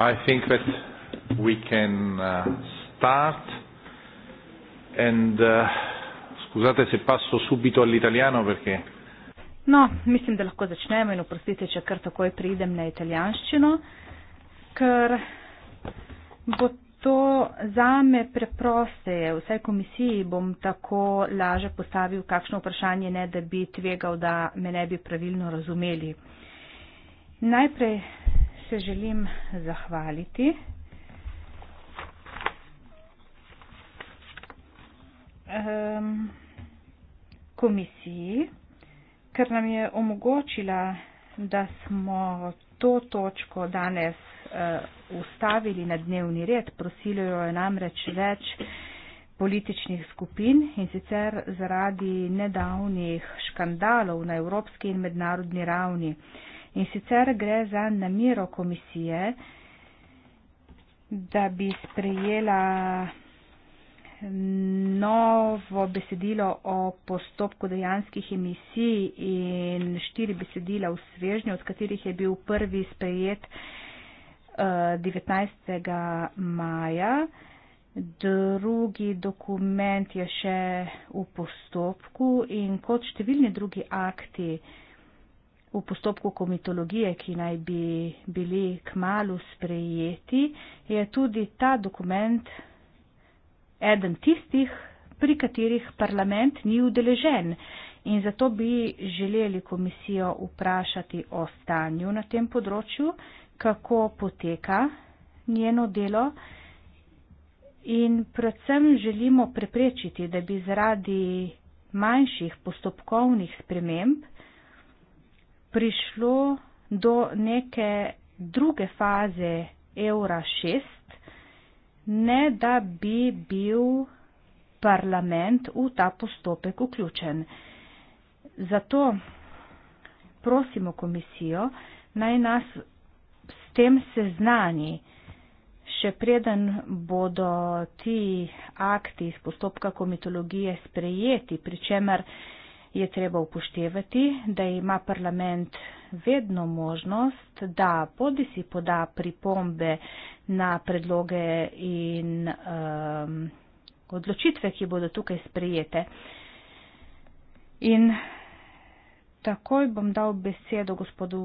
I think that we can uh, start and uh, scusate se passo subito all'italiano perché No, mislim da lahko začnemo in oprostite, če kar takoj pridem na italijanščino, ker bo to zame preprosteje. V vsej komisiji bom tako laže postavil kakšno vprašanje, ne da bi tvegal, da me ne bi pravilno razumeli. Najprej se želim zahvaliti. Um, komisiji, ker nam je omogočila, da smo to točko danes uh, ustavili na dnevni red. Prosilo jo je namreč več političnih skupin in sicer zaradi nedavnih škandalov na evropski in mednarodni ravni. Uh, In sicer gre za namero komisije, da bi sprejela novo besedilo o postopku dejanskih emisij in štiri besedila v svežnju, od katerih je bil prvi sprejet 19. Eh, maja. Drugi dokument je še v postopku in kot številni drugi akti v postopku komitologije, ki naj bi bili k malu sprejeti, je tudi ta dokument eden tistih, pri katerih parlament ni udeležen. In zato bi želeli komisijo vprašati o stanju na tem področju, kako poteka njeno delo. In predvsem želimo preprečiti, da bi zaradi manjših postopkovnih sprememb prišlo do neke druge faze evra 6, ne da bi bil parlament v ta postopek vključen. Zato prosimo komisijo, naj nas s tem seznani, še preden bodo ti akti iz postopka komitologije sprejeti, pri čemer je treba upoštevati, da ima parlament vedno možnost, da bodi si poda pripombe na predloge in um, odločitve, ki bodo tukaj sprejete. In takoj bom dal besedo gospodu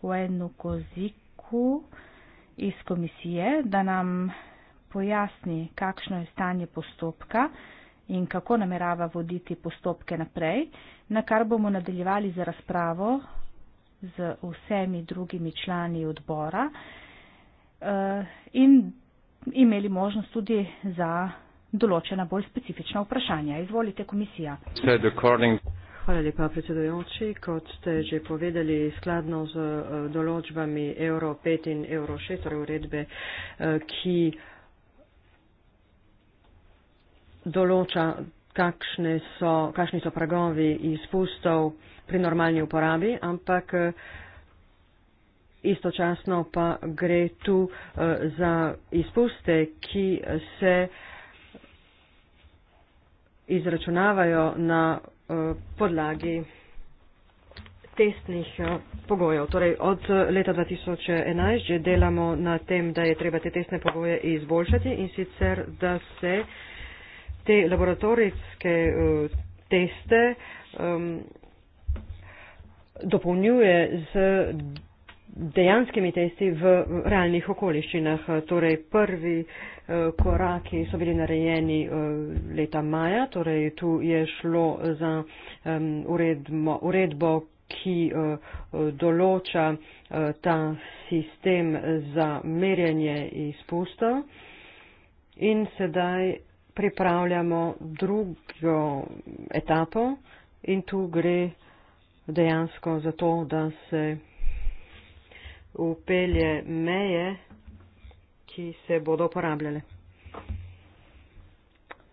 Gwenu Koziku iz komisije, da nam pojasni, kakšno je stanje postopka in kako namerava voditi postopke naprej, na kar bomo nadaljevali za razpravo z vsemi drugimi člani odbora eh, in imeli možnost tudi za določena bolj specifična vprašanja. Izvolite, komisija. Hvala lepa, predsedujoči. Kot ste že povedali, skladno z eh, določbami Euro 5 in Euro 6, torej uredbe, eh, ki določa, kakšni so, kakšni so pragovi izpustov pri normalni uporabi, ampak istočasno pa gre tu za izpuste, ki se izračunavajo na podlagi testnih pogojev. Torej od leta 2011 že delamo na tem, da je treba te testne pogoje izboljšati in sicer, da se uh, te laboratorijske uh, teste um, dopolnjuje z dejanskimi testi v realnih okoliščinah. Torej, prvi eh, koraki so bili narejeni eh, leta maja, torej tu je šlo za uredbo, uredbo ki določa ta sistem za merjanje izpustov. In sedaj pripravljamo drugo etapo in tu gre dejansko za to, da se upelje meje, ki se bodo uporabljale.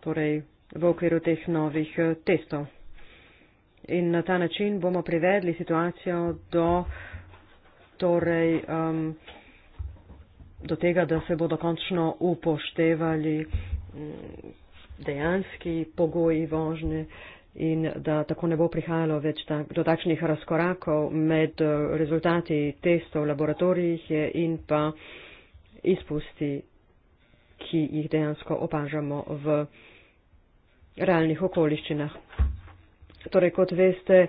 Torej, v okviru teh novih eh, testov. In na ta način bomo privedli situacijo do, torej, um, do tega, da se bodo končno upoštevali Mm, dejanski pogoji vožnje in da tako ne bo prihajalo več tak, do takšnih razkorakov med eh, rezultati testov v laboratorijih in pa izpusti, ki jih dejansko opažamo v realnih okoliščinah. Torej, kot veste,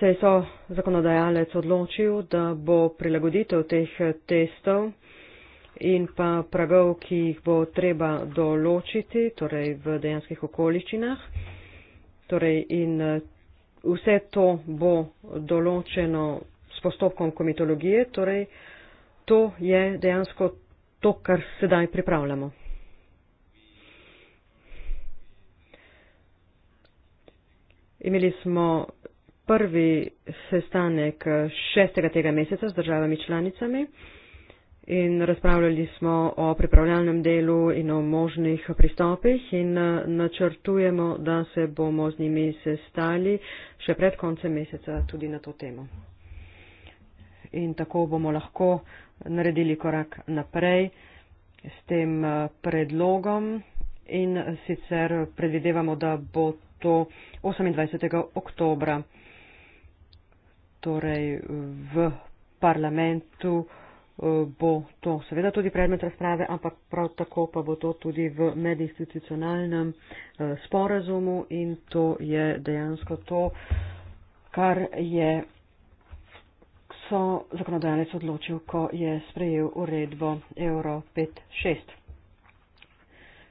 se je so zakonodajalec odločil, da bo prilagoditev teh testov in pa pragov, ki jih bo treba določiti, torej v dejanskih okoliščinah. Torej in eh, vse to bo določeno s postopkom komitologije, torej to je dejansko to, kar sedaj pripravljamo. Imeli smo prvi sestanek šestega tega meseca z državami članicami in razpravljali smo o pripravljalnem delu in o možnih pristopih in eh, načrtujemo, da se bomo z njimi sestali še pred koncem meseca tudi na to temo. In tako bomo lahko naredili korak naprej s tem eh, predlogom in sicer predvidevamo, da bo to 28. oktobra, torej v parlamentu, bo to seveda tudi predmet razprave, ampak prav tako pa bo to tudi v medinstitucionalnem eh, sporazumu in to je dejansko to, kar je so zakonodajalec odločil, ko je sprejel uredbo Euro 5.6.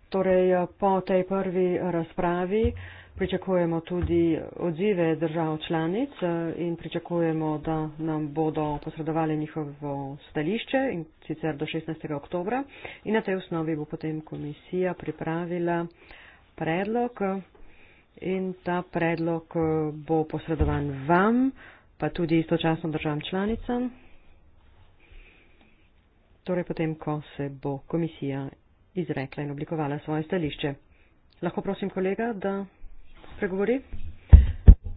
Torej, eh, po tej prvi razpravi uh, pričakujemo tudi odzive držav članic eh, in pričakujemo, da nam bodo posredovali njihovo stališče in sicer do 16. oktober. In na tej osnovi bo potem komisija pripravila predlog eh, in ta predlog eh, bo posredovan vam, pa tudi istočasno državam članicam. Torej potem, ko se bo komisija izrekla in oblikovala svoje stališče. Lahko prosim kolega, da spregovori.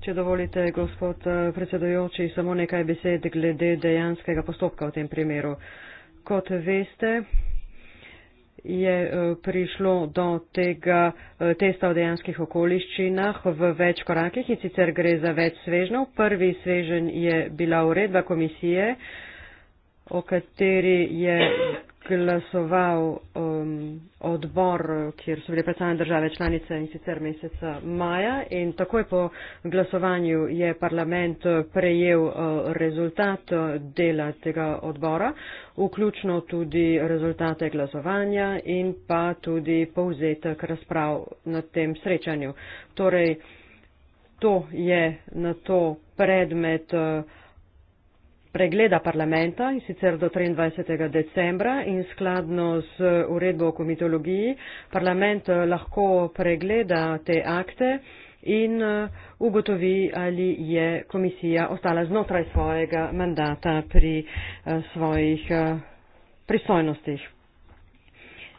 Če dovolite, gospod eh, predsedojoči, samo nekaj besed glede dejanskega postopka v tem primeru. Kot veste, je eh, prišlo do tega eh, testa v dejanskih okoliščinah v več korakih in sicer gre za več svežnjev. Prvi svežen je bila uredba komisije, o kateri je glasoval um, odbor, kjer so bile predstavljene države članice in sicer meseca maja in takoj po glasovanju je parlament uh, prejel uh, rezultat uh, dela tega odbora, vključno tudi rezultate glasovanja in pa tudi povzetek razprav na tem srečanju. Torej, to je na to predmet. Uh, pregleda parlamenta in sicer do 23. decembra in skladno z uredbo o komitologiji parlament eh, lahko pregleda te akte in eh, ugotovi, ali je komisija ostala znotraj svojega mandata pri eh, svojih pristojnostih.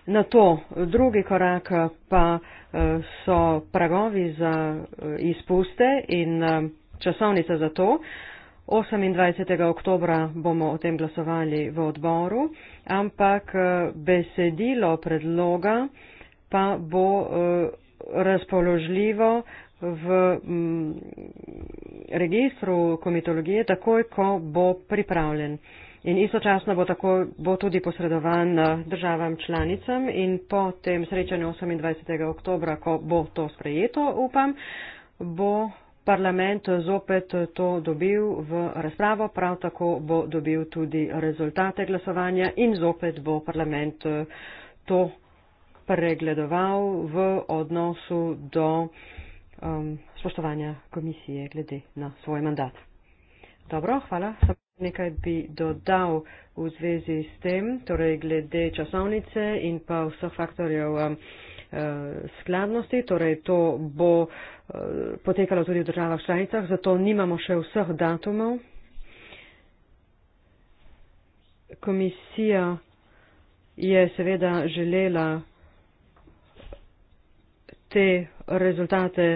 Na to drugi korak pa so pragovi za izpuste in časovnica za to. 28. oktobra bomo o tem glasovali v odboru, ampak eh, besedilo predloga pa bo eh, razpoložljivo v mm, registru komitologije takoj, ko bo pripravljen. In istočasno bo, tako, bo tudi posredovan eh, državam članicam in po tem srečanju 28. oktobra, ko bo to sprejeto, upam, bo parlament zopet to dobil v razpravo, prav tako bo dobil tudi rezultate glasovanja in zopet bo parlament eh, to pregledoval v odnosu do um, spoštovanja komisije glede na svoj mandat. Dobro, hvala. Samo nekaj bi dodal v zvezi s tem, torej glede časovnice in pa vseh faktorjev. Um, Eh, skladnosti, torej to bo eh, potekalo tudi v državah članicah, zato nimamo še vseh datumov. Komisija je seveda želela te rezultate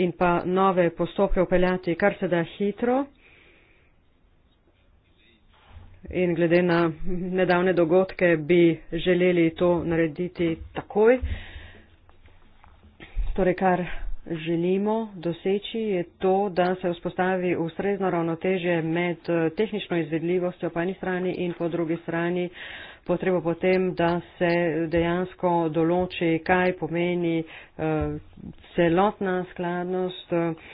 in pa nove postopke upeljati kar se da hitro. In glede na nedavne dogodke bi želeli to narediti takoj. Uh, Torej, kar želimo doseči je to, da se vzpostavi ustrezno ravnoteže med eh, tehnično izvedljivostjo po eni strani in po drugi strani potrebo potem, da se dejansko določi, kaj pomeni eh, celotna skladnost eh,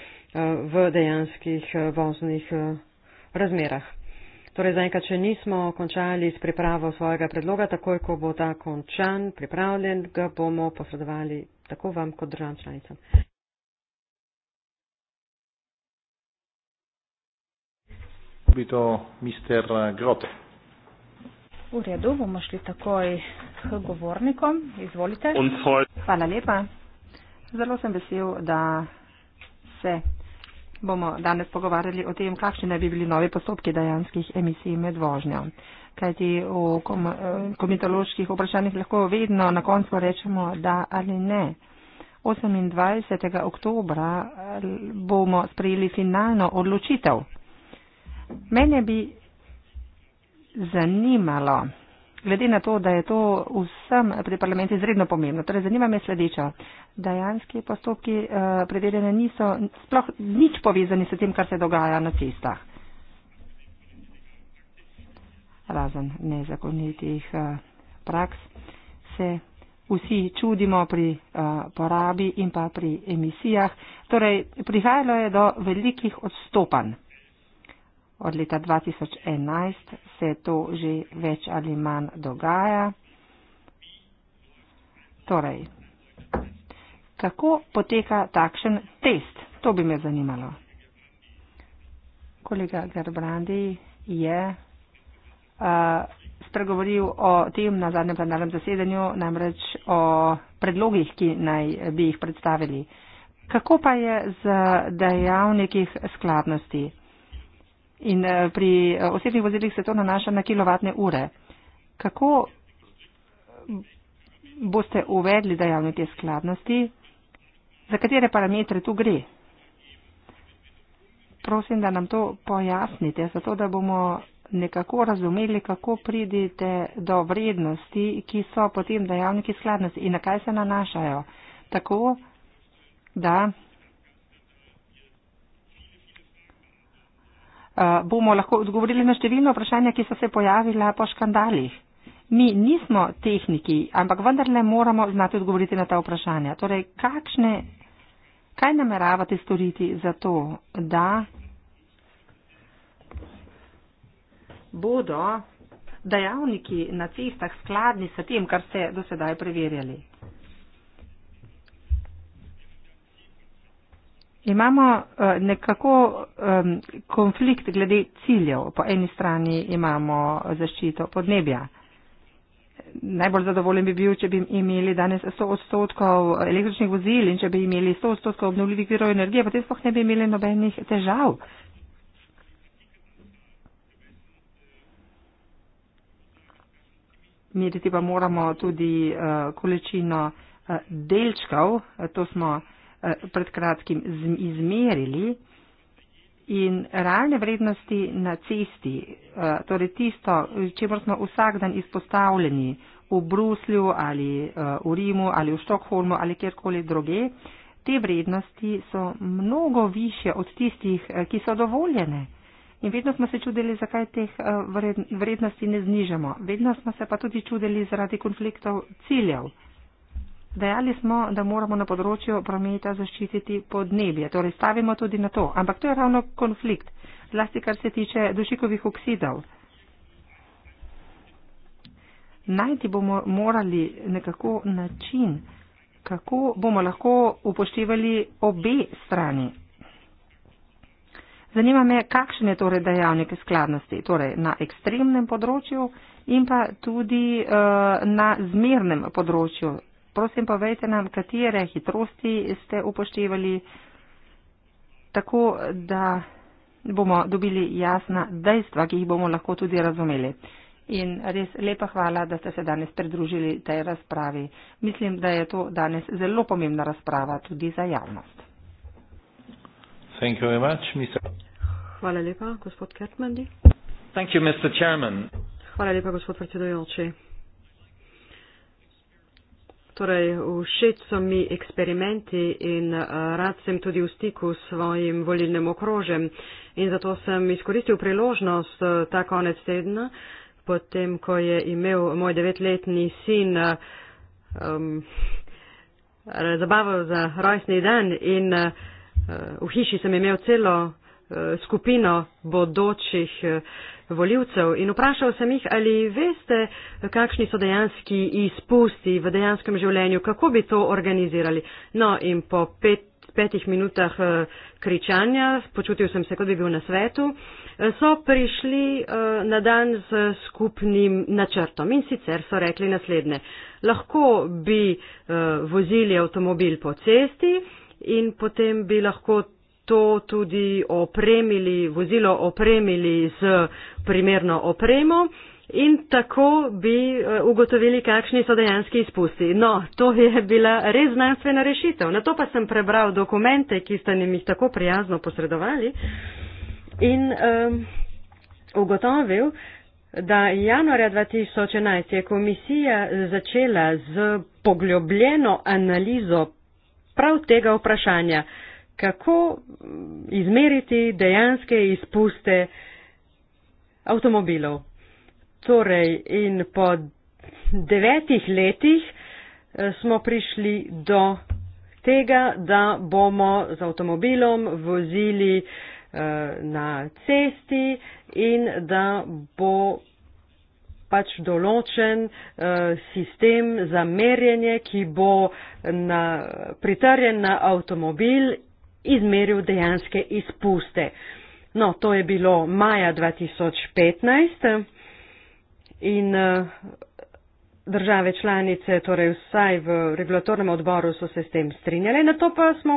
v dejanskih voznih razmerah. Torej, zaenkrat, če nismo končali s pripravo svojega predloga, takoj, ko bo ta končan, pripravljen, ga bomo posredovali tako vam kot državam članicam. Bi to mister eh, Grote. V redu, bomo šli takoj k govornikom. Izvolite. Hvala lepa. Zelo sem vesel, da se bomo danes pogovarjali o tem, kakšni naj bi bili novi postopki dejanskih emisij med vožnjo kajti v eh, komitoloških vprašanjih lahko vedno na koncu rečemo da ali ne. 28. oktobra eh, bomo sprejeli finalno odločitev. Mene bi zanimalo, glede na to, da je to vsem pri parlamentu izredno pomembno, torej zanima me sledeča, dejanski postopki uh, eh, predeljene niso sploh nič povezani s tem, kar se dogaja na cestah razen nezakonitih eh, praks, se vsi čudimo pri eh, porabi in pa pri emisijah. Torej, prihajalo je do velikih odstopanj. Od leta 2011 se to že več ali manj dogaja. Torej, kako poteka takšen test? To bi me zanimalo. Kolega Gerbrandi je Eh, spregovoril o tem na zadnjem plenarnem zasedanju, namreč o predlogih, ki naj bi jih predstavili. Kako pa je z dejavnikih skladnosti? In eh, pri eh, osebnih vozilih se to nanaša na kilovatne ure. Kako boste uvedli dejavnike skladnosti? Za katere parametre tu gre? Prosim, da nam to pojasnite, zato da bomo nekako razumeli, kako pridite do vrednosti, ki so potem dejavniki skladnosti in na kaj se nanašajo. Tako da eh, bomo lahko odgovorili na številno vprašanje, ki so se pojavila po škandalih. Mi nismo tehniki, ampak vendarle moramo znati odgovoriti na ta vprašanja. Torej, kakšne, kaj nameravate storiti za to, da bodo dejavniki na cestah skladni s tem, kar ste do sedaj preverjali? Imamo eh, nekako konflikt glede ciljev. Po eni strani imamo zaščito podnebja. Najbolj zadovoljen bi bil, če bi imeli danes 100 odstotkov električnih vozil in če bi imeli 100 odstotkov obnovljivih virov energije, potem sploh ne bi imeli nobenih težav, meriti pa moramo tudi uh, količino uh, delčkov, uh, to smo uh, pred kratkim izmerili. In realne vrednosti na cesti, torej tisto, če smo vsak dan izpostavljeni v Bruslju ali v Rimu ali v Štokholmu ali kjerkoli druge, te vrednosti so mnogo više od tistih, ki so dovoljene. In vedno smo se čudili, zakaj teh eh, vrednosti ne znižamo. Vedno smo se pa tudi čudili zaradi konfliktov ciljev. Dejali smo, da moramo na področju prometa zaščititi podnebje, torej stavimo tudi na to. Ampak to je ravno konflikt, zlasti kar se tiče dušikovih oksidov. Najti bomo morali nekako način, kako bomo lahko upoštevali obe strani. Zanima me, kakšen je torej dejavnik skladnosti, torej na ekstremnem področju in pa tudi uh, na zmernem področju. Prosim, povejte nam, katere hitrosti ste upoštevali, tako da bomo dobili jasna dejstva, ki jih bomo lahko tudi razumeli. In res lepa hvala, da ste se danes pridružili tej razpravi. Mislim, da je to danes zelo pomembna razprava tudi za javnost. Thank you very much, Mr. Hvala lepa, gospod Kertmendi. Thank you, Mr. Chairman. Hvala lepa, gospod predsedujoči. Torej, všeč so mi eksperimenti in uh, rad sem tudi v stiku s svojim volilnim okrožjem. In zato sem izkoristil priložnost uh, ta konec tedna, potem, ko je imel moj devetletni sin uh, um, zabavo za rojstni dan in uh, Eh, v hiši sem imel celo eh, skupino bodočih eh, voljivcev in vprašal sem jih, ali veste, kakšni so dejanski izpusti v dejanskem življenju, kako bi to organizirali. No in po pet, petih minutah kričanja, počutil sem se, kot bi bil na svetu, so prišli na dan z skupnim načrtom in sicer so rekli naslednje. Lahko bi vozili avtomobil po cesti, in potem bi lahko to tudi opremili, vozilo opremili z primerno opremo in tako bi eh, ugotovili, kakšni so dejanski izpusti. No, to je bila res znanstvena rešitev. Na to pa sem prebral dokumente, ki ste nam jih tako prijazno posredovali in um, ugotovil, da januarja 2011 je komisija začela z poglobljeno analizo prav tega vprašanja, kako mm, izmeriti dejanske izpuste avtomobilov. Torej, in po devetih letih eh, smo prišli do tega, da bomo z avtomobilom vozili eh, na cesti in da bo pač določen eh, sistem za merjenje, ki bo na, pritarjen na avtomobil, izmeril dejanske izpuste. No, to je bilo maja 2015 in eh, države članice, torej vsaj v regulatornem odboru, so se s tem strinjali. Na to pa smo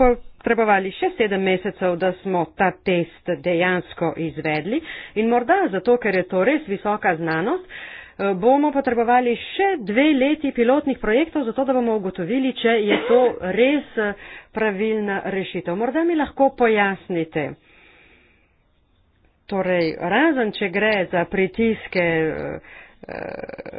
potrebovali še sedem mesecev, da smo ta test dejansko izvedli in morda zato, ker je to res visoka znanost, eh, bomo potrebovali še dve leti pilotnih projektov, zato da bomo ugotovili, če je to res eh, pravilna rešitev. Morda mi lahko pojasnite. Torej, razen če gre za pritiske eh, Eh,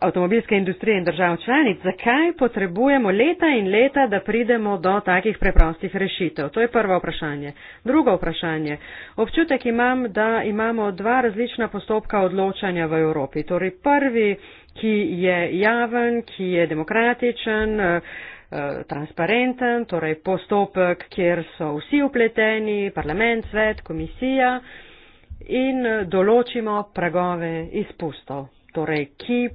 avtomobilske industrije in držav članic, zakaj potrebujemo leta in leta, da pridemo do takih preprostih rešitev. To je prvo vprašanje. Drugo vprašanje. Občutek imam, da imamo dva različna postopka odločanja v Evropi. Torej prvi, ki je javen, ki je demokratičen, eh, eh, transparenten, torej postopek, kjer so vsi upleteni, parlament, svet, komisija in določimo pragove izpustov torej, ki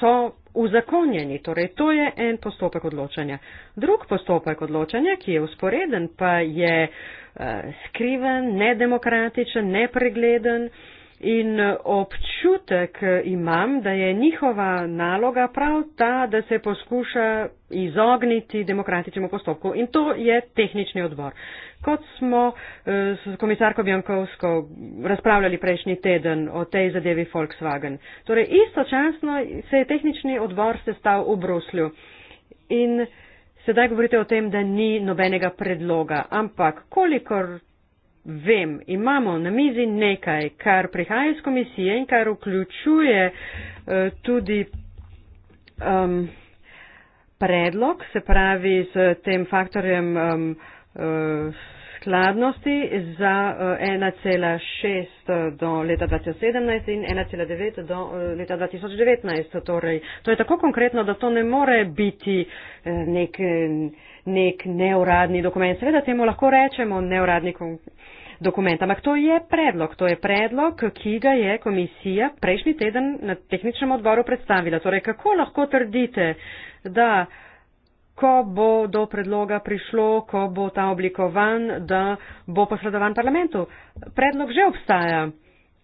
so uzakonjeni. Torej, to je en postopek odločanja. Drug postopek odločanja, ki je usporeden, pa je uh, skriven, nedemokratičen, nepregleden. Uh, In eh, občutek eh, imam, da je njihova naloga prav ta, da se poskuša izogniti demokratičnemu postopku. In to je tehnični odbor. Kot smo eh, s komisarko Bjankovsko razpravljali prejšnji teden o tej zadevi Volkswagen. Torej, istočasno se je tehnični odbor sestav v Bruslju. In sedaj govorite o tem, da ni nobenega predloga. Ampak, kolikor vem, imamo na mizi nekaj, kar prihaja iz komisije in kar vključuje uh, tudi um, predlog, se pravi s tem faktorjem um, uh, skladnosti za uh, eh, 1,6 do leta 2017 in 1,9 do uh, leta 2019. Torej, to je tako konkretno, da to ne more biti uh, nek. Nek neuradni dokument. Seveda temu lahko rečemo neuradni dokument. Ampak to je predlog, to je predlog, ki ga je komisija prejšnji teden na tehničnem odboru predstavila. Torej, kako lahko trdite, da ko bo do predloga prišlo, ko bo ta oblikovan, da bo posredovan parlamentu? Predlog že obstaja.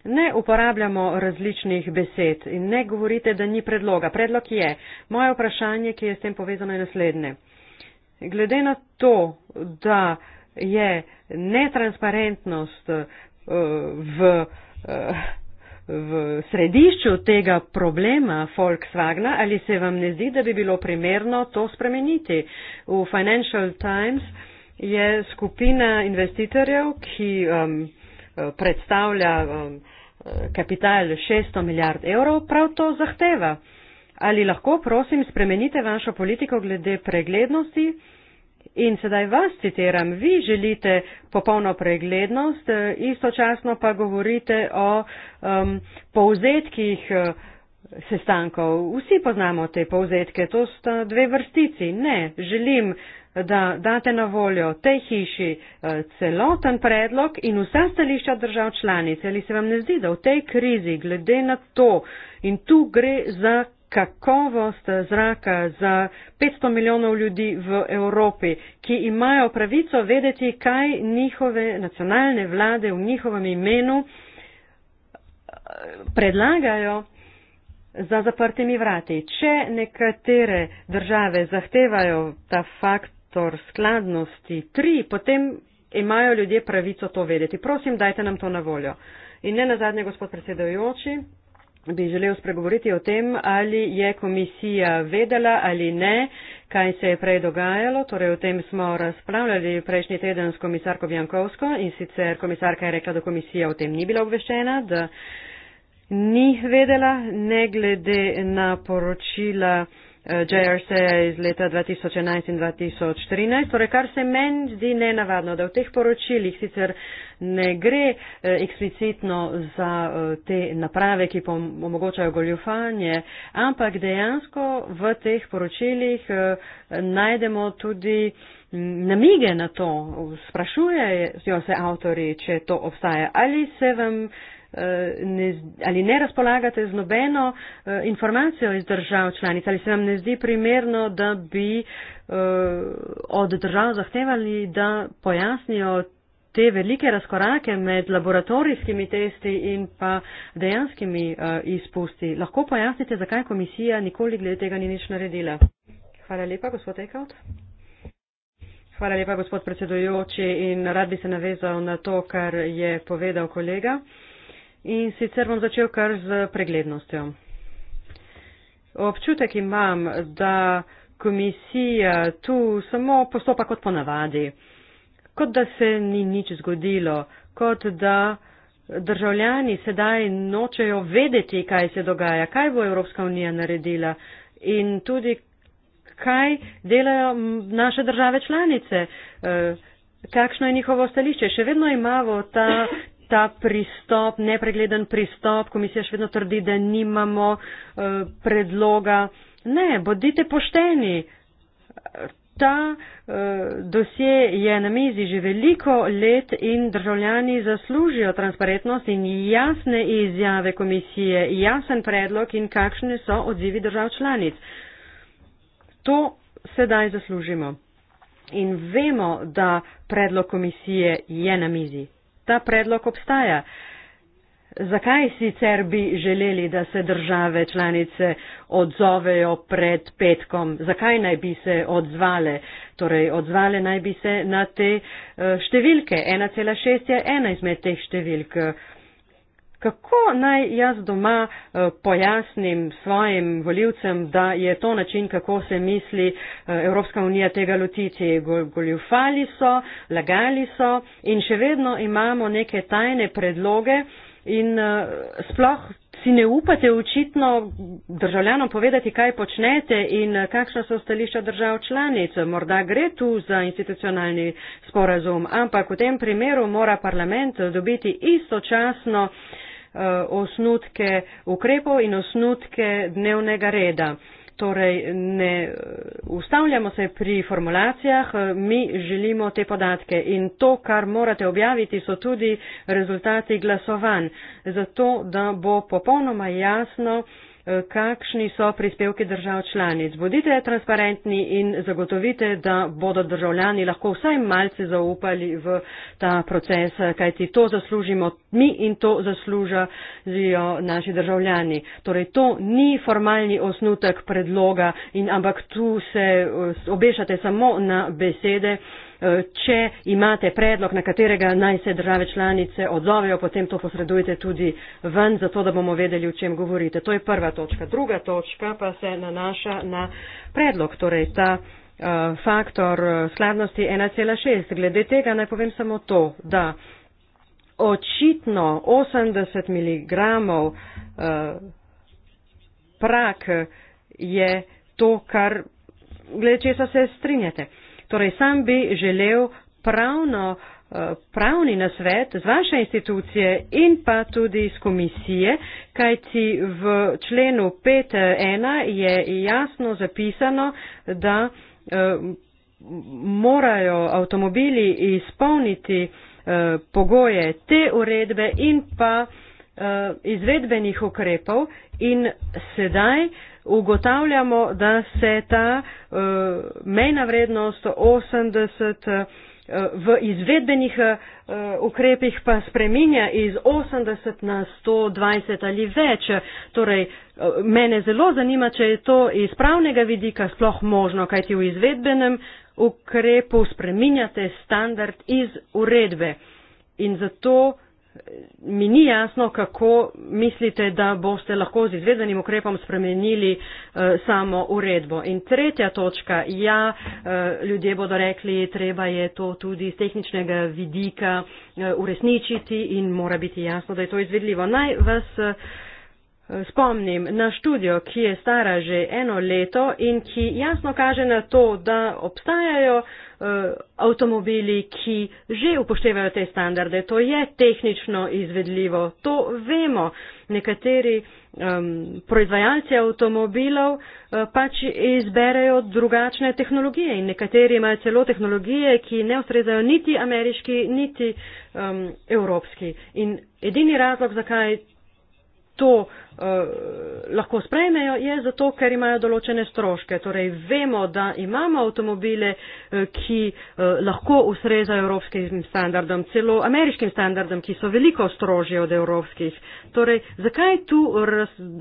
Ne uporabljamo različnih besed in ne govorite, da ni predloga. Predlog je. Moje vprašanje, ki je s tem povezano, je naslednje. Glede na to, da je netransparentnost eh, v, eh, v središču tega problema Volkswagna, ali se vam ne zdi, da bi bilo primerno to spremeniti? V Financial Times je skupina investitorjev, ki um, predstavlja um, kapital 600 milijard evrov, prav to zahteva. Ali lahko, prosim, spremenite vašo politiko glede preglednosti? In sedaj vas citiram, vi želite popolno preglednost, eh, istočasno pa govorite o um, povzetkih eh, sestankov. Vsi poznamo te povzetke, to sta dve vrstici. Ne, želim, da date na voljo tej hiši eh, celoten predlog in vsa stališča držav članic. Ali se vam ne zdi, da v tej krizi, glede na to, in tu gre za kakovost zraka za 500 milijonov ljudi v Evropi, ki imajo pravico vedeti, kaj njihove nacionalne vlade v njihovem imenu eh, predlagajo za zaprtimi vrati. Če nekatere države zahtevajo ta faktor skladnosti 3, potem imajo ljudje pravico to vedeti. Prosim, dajte nam to na voljo. In ne na zadnje, gospod predsedojoči bi želel spregovoriti o tem, ali je komisija vedela ali ne, kaj se je prej dogajalo. Torej, o tem smo razpravljali prejšnji teden s komisarko Jankovsko in sicer komisarka je rekla, da komisija o tem ni bila obveščena, da ni vedela, ne glede na poročila. Eh, JRC-ja iz leta 2011 in 2013. Torej, kar se meni zdi nenavadno, da v teh poročilih sicer ne gre eh, eksplicitno za eh, te naprave, ki omogočajo goljufanje, ampak dejansko v teh poročilih najdemo tudi mm, namige na to. Sprašujejo se avtori, če to obstaja. Ali se vam Eh, ne, ali ne razpolagate z nobeno eh, informacijo iz držav članic, ali se vam ne zdi primerno, da bi eh, od držav zahtevali, da pojasnijo te velike razkorake med laboratorijskimi testi in pa dejanskimi izpusti. Lahko pojasnite, zakaj komisija nikoli glede tega ni nič naredila. Hvala lepa, gospod Ekaut. Hvala lepa, gospod predsedujoči. In rad bi se navezal na to, kar je povedal kolega. In sicer bom začel kar z preglednostjo. Občutek imam, da komisija tu samo postopa kot ponavadi, kot da se ni nič zgodilo, kot da državljani sedaj nočejo vedeti, kaj se dogaja, kaj bo Evropska unija naredila in tudi kaj delajo naše države članice, eh, kakšno je njihovo stališče. Še vedno imamo ta ta pristop, nepregleden pristop, komisija še vedno trdi, da nimamo eh, predloga. Ne, bodite pošteni. Ta eh, dosje je na mizi že veliko let in državljani zaslužijo transparentnost in jasne izjave komisije, jasen predlog in kakšne so odzivi držav članic. To sedaj zaslužimo. In vemo, da predlog komisije je na mizi ta predlog obstaja. Zakaj sicer bi želeli, da se države članice odzovejo pred petkom? Zakaj naj bi se odzvale? Torej, odzvale naj bi se na te eh, številke. 1,6 je ena izmed teh številk kako naj jaz doma eh, pojasnim svojim voljivcem, da je to način, kako se misli eh, Evropska unija tega lotiti. Goljufali so, lagali so in še vedno imamo neke tajne predloge in eh, sploh si ne upate očitno državljanom povedati, kaj počnete in eh, kakšna so stališča držav članic. Morda gre tu za institucionalni sporazum, ampak v tem primeru mora parlament dobiti istočasno eh, osnutke ukrepov in osnutke dnevnega reda. Torej, ne ustavljamo se pri formulacijah, mi želimo te podatke in to, kar morate objaviti, so tudi rezultati glasovanj, zato da bo popolnoma jasno, Eh, kakšni so prispevki držav članic. Bodite transparentni in zagotovite, da bodo državljani lahko vsaj malce zaupali v ta proces, kajti to zaslužimo mi in to zaslužajo naši državljani. Torej, to ni formalni osnutek predloga, in, ampak tu se eh, obešate samo na besede. Eh, če imate predlog, na katerega naj se države članice odzovejo, potem to posredujte tudi ven, zato da bomo vedeli, o čem govorite. To je prva točka. Druga točka pa se nanaša na predlog, torej ta eh, faktor eh, skladnosti 1,6. Glede tega naj povem samo to, da očitno 80 mg prak je to, kar glede česa se strinjate. Torej, sam bi želel pravno, eh, pravni nasvet z vaše institucije in pa tudi z komisije, kajti v členu 5.1 je jasno zapisano, da eh, morajo avtomobili izpolniti eh, pogoje te uredbe in pa izvedbenih ukrepov in sedaj ugotavljamo, da se ta uh, mejna vrednost 80 uh, eh, v izvedbenih uh, ukrepih pa spreminja iz 80 na 120 ali več. Torej, uh, mene zelo zanima, če je to iz pravnega vidika sploh možno, kajti v izvedbenem ukrepu spreminjate standard iz uredbe. In zato mi ni jasno, kako mislite, da boste lahko z izvedenim ukrepom spremenili eh, samo uredbo. In tretja točka, ja, eh, ljudje bodo rekli, treba je to tudi z tehničnega vidika eh, uresničiti in mora biti jasno, da je to izvedljivo. Naj vas. Eh, spomnim na študijo, ki je stara že eno leto in ki jasno kaže na to, da obstajajo eh, avtomobili, ki že upoštevajo te standarde. To je tehnično izvedljivo. To vemo. Nekateri um, proizvajalci avtomobilov uh, pač izberejo drugačne tehnologije in nekateri imajo celo tehnologije, ki ne ustrezajo niti ameriški, niti um, evropski. In edini razlog, zakaj to uh, Eh, lahko sprejmejo, je zato, ker imajo določene stroške. Torej, vemo, da imamo avtomobile, eh, ki eh, lahko ustrezajo evropskim standardom, celo ameriškim standardom, ki so veliko strožje od evropskih. Torej, zakaj tu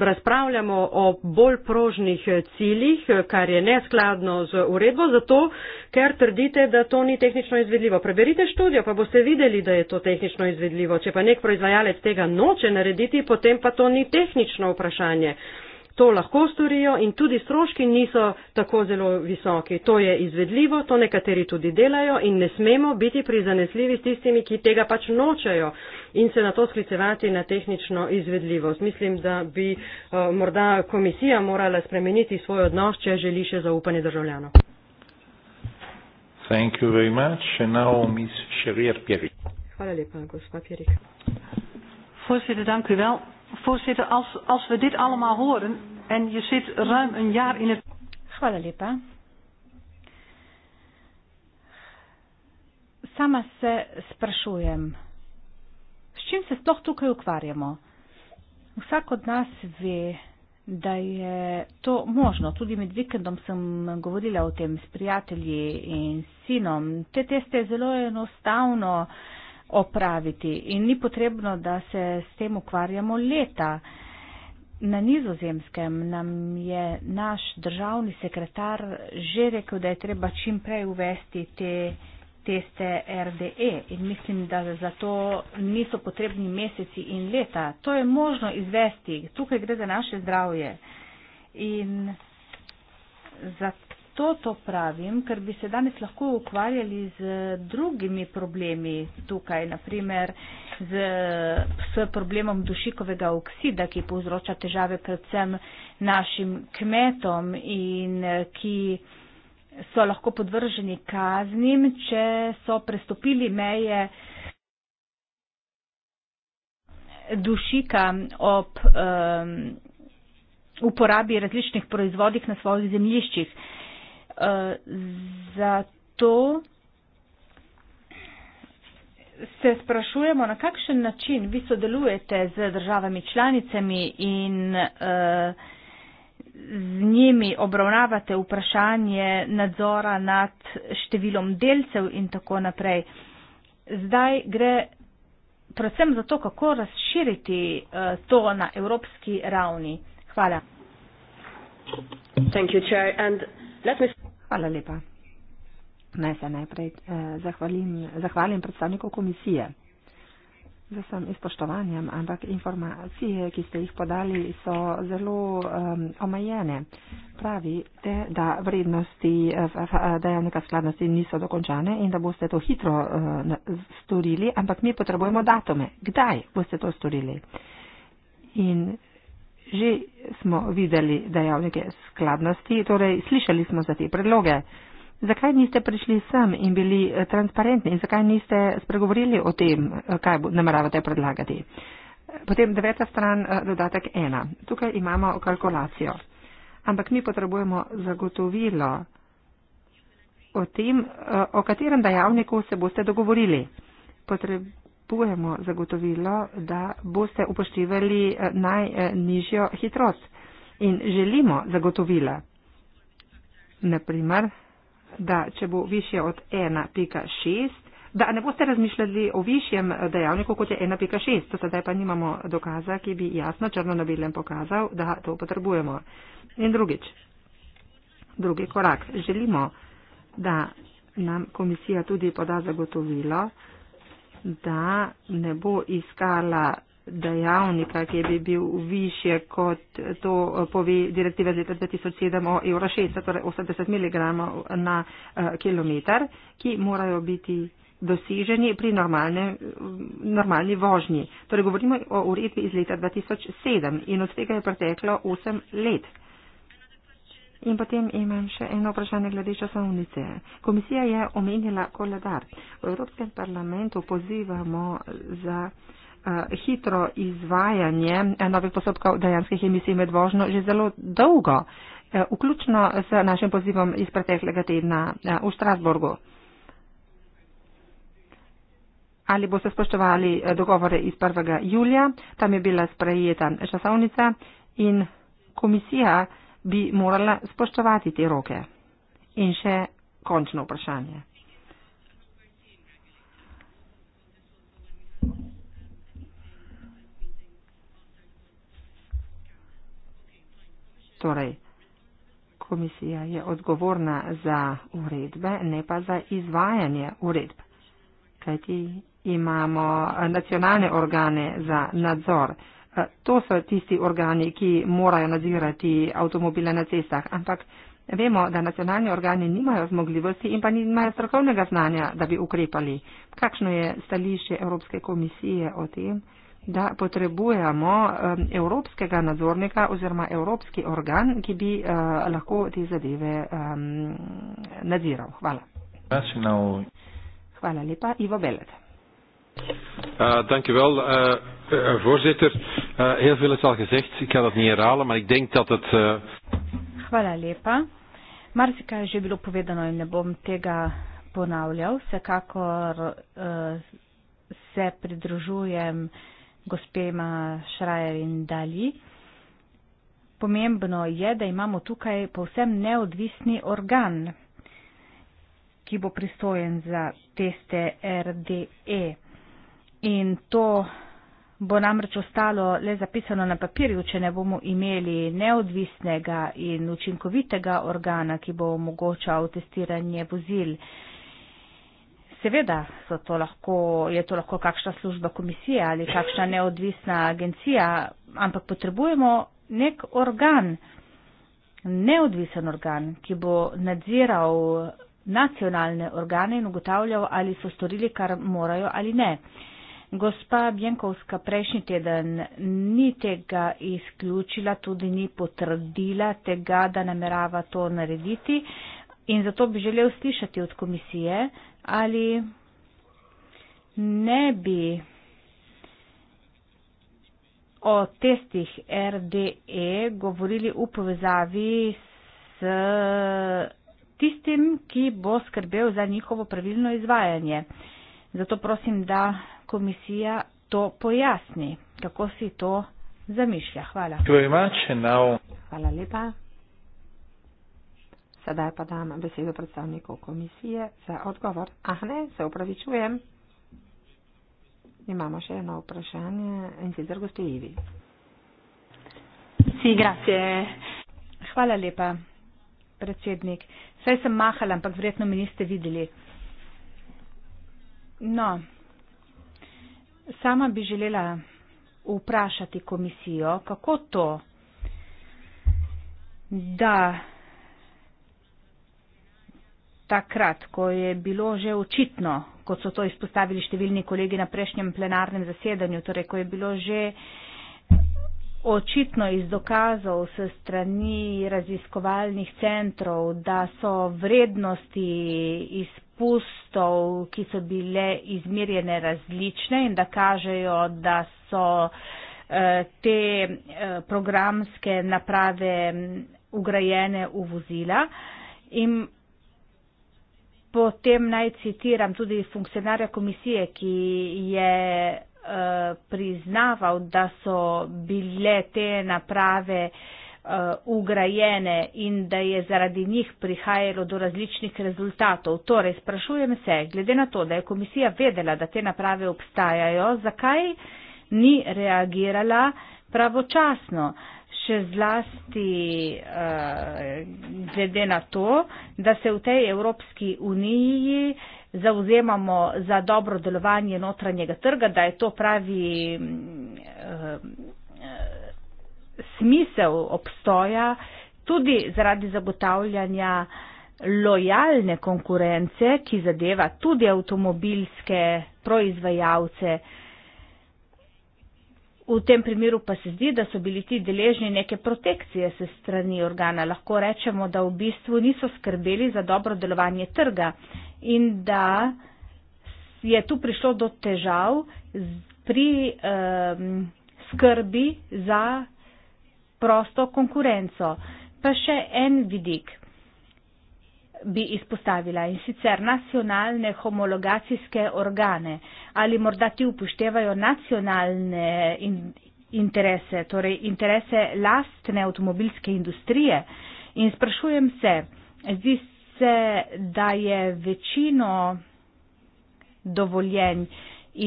razpravljamo o bolj prožnih ciljih, kar je neskladno z uredbo? Zato, ker trdite, da to ni tehnično izvedljivo. Preberite študijo, pa boste videli, da je to tehnično izvedljivo. Če pa nek proizvajalec tega noče narediti, potem pa to ni tehnično tehnično vprašanje. To lahko storijo in tudi stroški niso tako zelo visoki. To je izvedljivo, to nekateri tudi delajo in ne smemo biti prizanesljivi s tistimi, ki tega pač nočejo in se na to sklicevati na tehnično izvedljivost. Mislim, da bi uh, morda komisija morala spremeniti svoj odnos, če želi še zaupanje državljanov. Hvala lepa, gospod Pirik. Voorzitter, dank u wel. Voorzitter, als, als we dit allemaal horen en je zit ruim een jaar in het. Hvala lepa. Sama se sprašujem, s čim se sploh tukaj ukvarjamo? Vsak od nas ve, da je to možno. Tudi med vikendom sem govorila o tem s prijatelji in sinom. Te teste je zelo enostavno. Uh, opraviti in ni potrebno, da se s tem ukvarjamo leta. Na nizozemskem nam je naš državni sekretar že rekel, da je treba čim prej uvesti te teste RDE in mislim, da za to niso potrebni meseci in leta. To je možno izvesti, tukaj gre za naše zdravje. In za zato to pravim, ker bi se danes lahko ukvarjali z drugimi problemi tukaj, naprimer z, s problemom dušikovega oksida, ki povzroča težave predvsem našim kmetom in ki so lahko podvrženi kaznim, če so prestopili meje dušika ob um, uporabi različnih proizvodih na svojih zemljiščih zato se sprašujemo, na kakšen način vi sodelujete z državami članicami in z njimi obravnavate vprašanje nadzora nad številom delcev in tako naprej. Zdaj gre predvsem za to, kako razširiti to na evropski ravni. Hvala. Thank you, Chair. And let me... Hvala lepa. Naj se najprej eh, zahvalim, zahvalim predstavnikov komisije z vsem izpoštovanjem, ampak informacije, ki ste jih podali, so zelo um, omejene. Pravite, da vrednosti eh, dejavnika skladnosti niso dokončane in da boste to hitro uh, storili, ampak mi potrebujemo datume. Kdaj boste to storili? In Že smo videli dejavnike skladnosti, torej slišali smo za te predloge. Zakaj niste prišli sem in bili eh, transparentni in zakaj niste spregovorili o tem, eh, kaj nameravate predlagati? Potem deveta stran, eh, dodatek ena. Tukaj imamo kalkulacijo. Ampak mi potrebujemo zagotovilo o tem, o katerem dejavniku se boste dogovorili. Potreb pričakujemo zagotovilo, da boste upoštevali eh, najnižjo hitrost in želimo zagotovila. Naprimer, da če bo više od 1.6, da ne boste razmišljali o višjem eh, dejavniku kot je 1.6, to sedaj pa nimamo dokaza, ki bi jasno črno na belem pokazal, da to potrebujemo. In drugič, drugi korak, želimo, da nam komisija tudi poda zagotovilo, da ne bo iskala dejavnika, ki bi bil više kot to pove direktiva z leta 2007 o evro 6, torej 80 mg na eh, kilometr, ki morajo biti doseženi pri normalne, normalni vožnji. Torej govorimo o uredbi iz leta 2007 in od tega je preteklo 8 let. In potem imam še eno vprašanje glede časovnice. Komisija je omenila koledar. V Evropskem parlamentu pozivamo za eh, hitro izvajanje eh, novih postopkov dejanskih emisij med vožnjo že zelo dolgo, eh, vključno s našim pozivom iz preteklega tedna v Strasburgu. Ali boste spoštovali dogovore iz 1. julija, tam je bila sprejeta časovnica in komisija bi morala spoštovati te roke. In še končno vprašanje. Torej, komisija je odgovorna za uredbe, ne pa za izvajanje uredb. Kajti imamo nacionalne organe za nadzor. Eh, to so tisti organi, ki morajo nadzirati avtomobile na cestah. Ampak vemo, da nacionalni organi nimajo zmogljivosti in pa nimajo strokovnega znanja, da bi ukrepali. Kakšno je stališče Evropske komisije o tem, da potrebujemo eh, evropskega nadzornika oziroma evropski organ, ki bi eh, lahko te zadeve nadziral? Hvala. Hvala lepa, Ivo Belet. Uh, thank you well. Uh... Eh, eh, voorzitter, eh, heel veel is al gezegd. Ik ga dat niet herhalen, maar ik denk dat het... Uh... Hvala lepa. Marsika je že bilo povedano in ne bom tega ponavljal. Vsekakor uh, se pridružujem gospema Šrajer in Dali. Pomembno je, da imamo tukaj povsem neodvisni organ, ki bo pristojen za teste RDE. In to bo namreč ostalo le zapisano na papirju, če ne bomo imeli neodvisnega in učinkovitega organa, ki bo omogočal testiranje vozil. Seveda to lahko, je to lahko kakšna služba komisije ali kakšna neodvisna agencija, ampak potrebujemo nek organ, neodvisen organ, ki bo nadziral nacionalne organe in ugotavljal, ali so storili, kar morajo ali ne. Gospa Bjenkovska prejšnji teden ni tega izključila, tudi ni potrdila tega, da namerava to narediti in zato bi želel slišati od komisije, ali ne bi o testih RDE govorili v povezavi s tistim, ki bo skrbel za njihovo pravilno izvajanje. Zato prosim, da komisija to pojasni, kako si to zamišlja. Hvala. Hvala lepa. Sedaj pa dam besedo predstavniku komisije za odgovor. Ah, ne, se upravičujem. Imamo še eno vprašanje in sicer gospe Ivi. Si, grazie. Hvala lepa, predsednik. Saj sem mahala, ampak verjetno mi niste videli. No, Sama bi želela vprašati komisijo, kako to, da takrat, ko je bilo že očitno, kot so to izpostavili številni kolegi na prejšnjem plenarnem zasedanju, torej ko je bilo že očitno iz dokazov se strani raziskovalnih centrov, da so vrednosti iz izpustov, ki so bile izmerjene različne in da kažejo, da so eh, te eh, programske naprave ugrajene mm, v vozila. In potem naj citiram tudi funkcionarja komisije, ki je eh, priznaval, da so bile te naprave uh, Eh, ugrajene in da je zaradi njih prihajalo do različnih rezultatov. Torej, sprašujem se, glede na to, da je komisija vedela, da te naprave obstajajo, zakaj ni reagirala pravočasno? Še zlasti eh, glede na to, da se v tej Evropski uniji zauzemamo za dobro delovanje notranjega trga, da je to pravi. Uh, smisel obstoja tudi zaradi zagotavljanja lojalne konkurence, ki zadeva tudi avtomobilske proizvajalce. V tem primeru pa se zdi, da so bili ti deležni neke protekcije se strani organa. Lahko rečemo, da v bistvu niso skrbeli za dobro delovanje trga in da je tu prišlo do težav pri um, skrbi za prosto konkurenco. Pa še en vidik bi izpostavila in sicer nacionalne homologacijske organe ali morda ti upoštevajo nacionalne in, interese, torej interese lastne avtomobilske industrije. In sprašujem se, zdi se, da je večino dovoljenj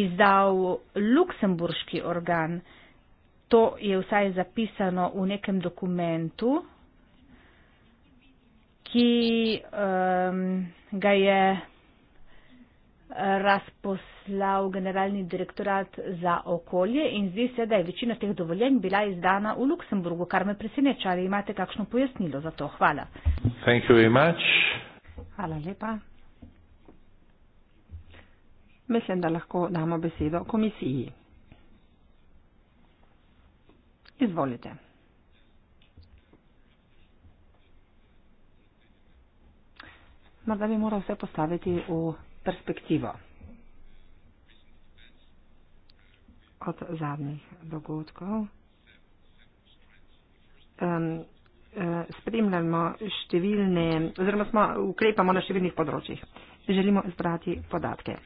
izdal luksemburški organ to je vsaj zapisano v nekem dokumentu, ki um, ga je eh, razposlal generalni direktorat za okolje in zdi se, da je večina teh dovoljenj bila izdana v Luksemburgu, kar me preseneča. Ali imate kakšno pojasnilo za to? Hvala. Hvala lepa. Mislim, da lahko damo besedo komisiji. Izvolite. Morda bi moral vse postaviti v perspektivo. Od zadnjih dogodkov. Um, spremljamo številne, oziroma smo, ukrepamo na številnih področjih. Želimo zbrati podatke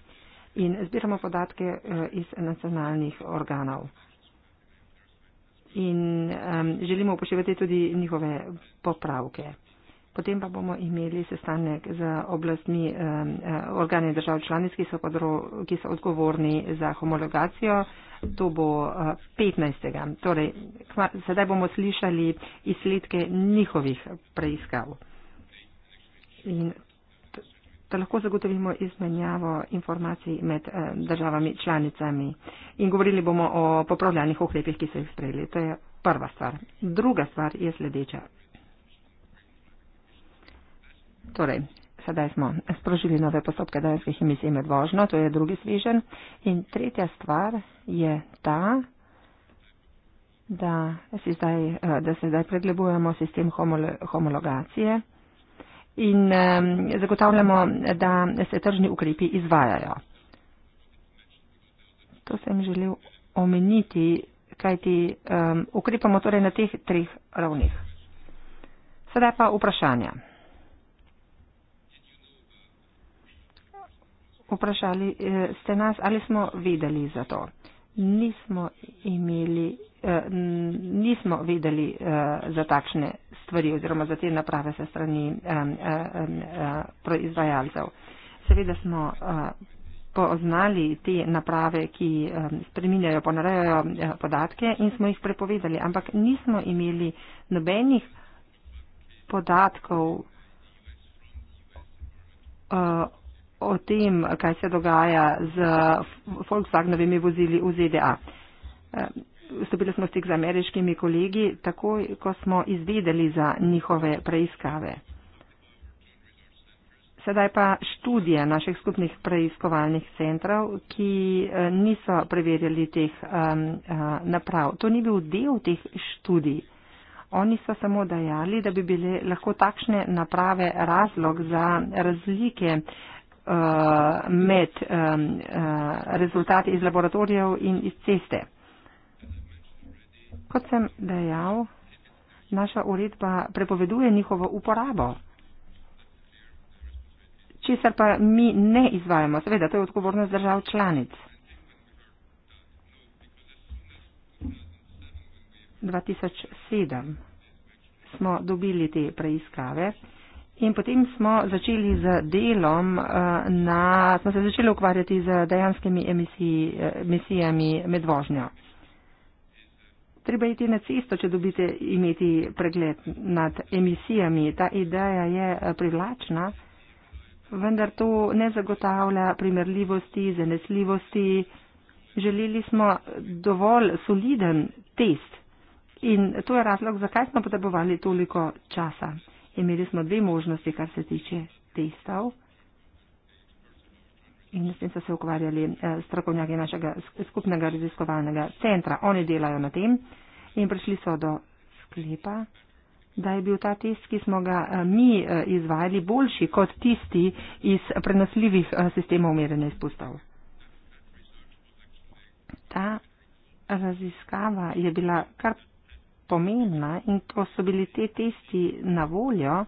in zbiramo podatke eh, iz nacionalnih organov in um, želimo upoštevati tudi njihove popravke. Potem pa bomo imeli sestanek z oblastmi um, organi držav članic, ki so, podro, ki so odgovorni za homologacijo. To bo uh, eh, 15. Torej, kva, sedaj bomo slišali izsledke njihovih preiskav. In da lahko zagotovimo izmenjavo informacij med eh, državami članicami. In govorili bomo o popravljalnih ukrepih, ki so jih sprejeli. To je prva stvar. Druga stvar je sledeča. Torej, sedaj smo sprožili nove postopke danskih emisij med vožnjo, to je drugi svižen. In tretja stvar je ta, da, zdaj, eh, da se zdaj predlebujemo sistem homologacije in zagotavljamo, da se tržni ukrepi izvajajo. To sem želel omeniti, kajti um, ukrepamo torej na teh treh ravnih. Sedaj pa vprašanja. Vprašali eh, ste nas, ali smo vedeli za to nismo imeli, eh, nismo vedeli eh, za takšne stvari oziroma za te naprave se strani eh, eh, eh, eh proizvajalcev. Seveda smo eh, poznali te naprave, ki eh, spreminjajo, ponarejajo eh, podatke in smo jih prepovedali, ampak nismo imeli nobenih podatkov o tem, kaj se dogaja z Volkswagenovimi vozili v ZDA. Eh, vstopili smo stik z ameriškimi kolegi, takoj, ko smo izvedeli za njihove preiskave. Sedaj pa študije naših skupnih preiskovalnih centrov, ki eh, niso preverjali teh um, naprav. To ni bil del teh študij. Oni so samo dajali, da bi bile lahko takšne naprave razlog za razlike uh, Eh, med um, uh, rezultati iz laboratorijev in iz ceste. Kot sem dejal, naša uredba prepoveduje njihovo uporabo, česar pa mi ne izvajamo. Seveda, to je odgovornost držav članic. 2007 smo dobili te preiskave. In potem smo začeli z delom, eh, na, smo se začeli ukvarjati z dejanskimi emisij, eh, emisijami med vožnjo. Treba iti na cesto, če dobite imeti pregled nad emisijami. Ta ideja je eh, privlačna, vendar to ne zagotavlja primerljivosti, zanesljivosti. Želeli smo dovolj soliden test in to je razlog, zakaj smo potrebovali toliko časa imeli smo dve možnosti, kar se tiče testov. In s tem so se ukvarjali eh, strokovnjaki našega skupnega raziskovalnega centra. Oni delajo na tem in prišli so do sklepa, da je bil ta test, ki smo ga eh, mi eh, izvajali, boljši kot tisti iz prenosljivih sistemov merjenja izpustov. Ta raziskava je bila kar pomembna in ko so bili te testi na voljo,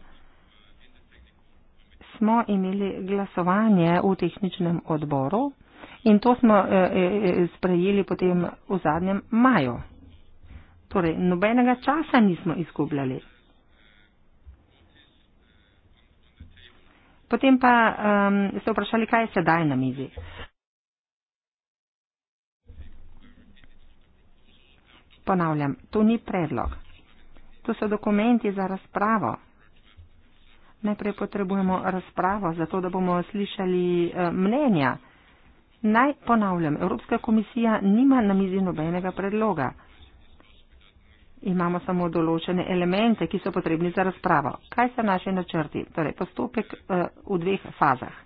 smo imeli glasovanje v tehničnem odboru in to smo eh, eh, eh, sprejeli potem v zadnjem maju. Torej, nobenega časa nismo izgubljali. Potem pa um, ste vprašali, kaj je sedaj na mizi. ponavljam, to ni predlog. To so dokumenti za razpravo. Najprej potrebujemo razpravo, zato da bomo slišali eh, mnenja. Naj ponavljam, Evropska komisija nima na mizi nobenega predloga. Imamo samo določene elemente, ki so potrebni za razpravo. Kaj so naše načrti? Torej, postopek eh, v dveh fazah.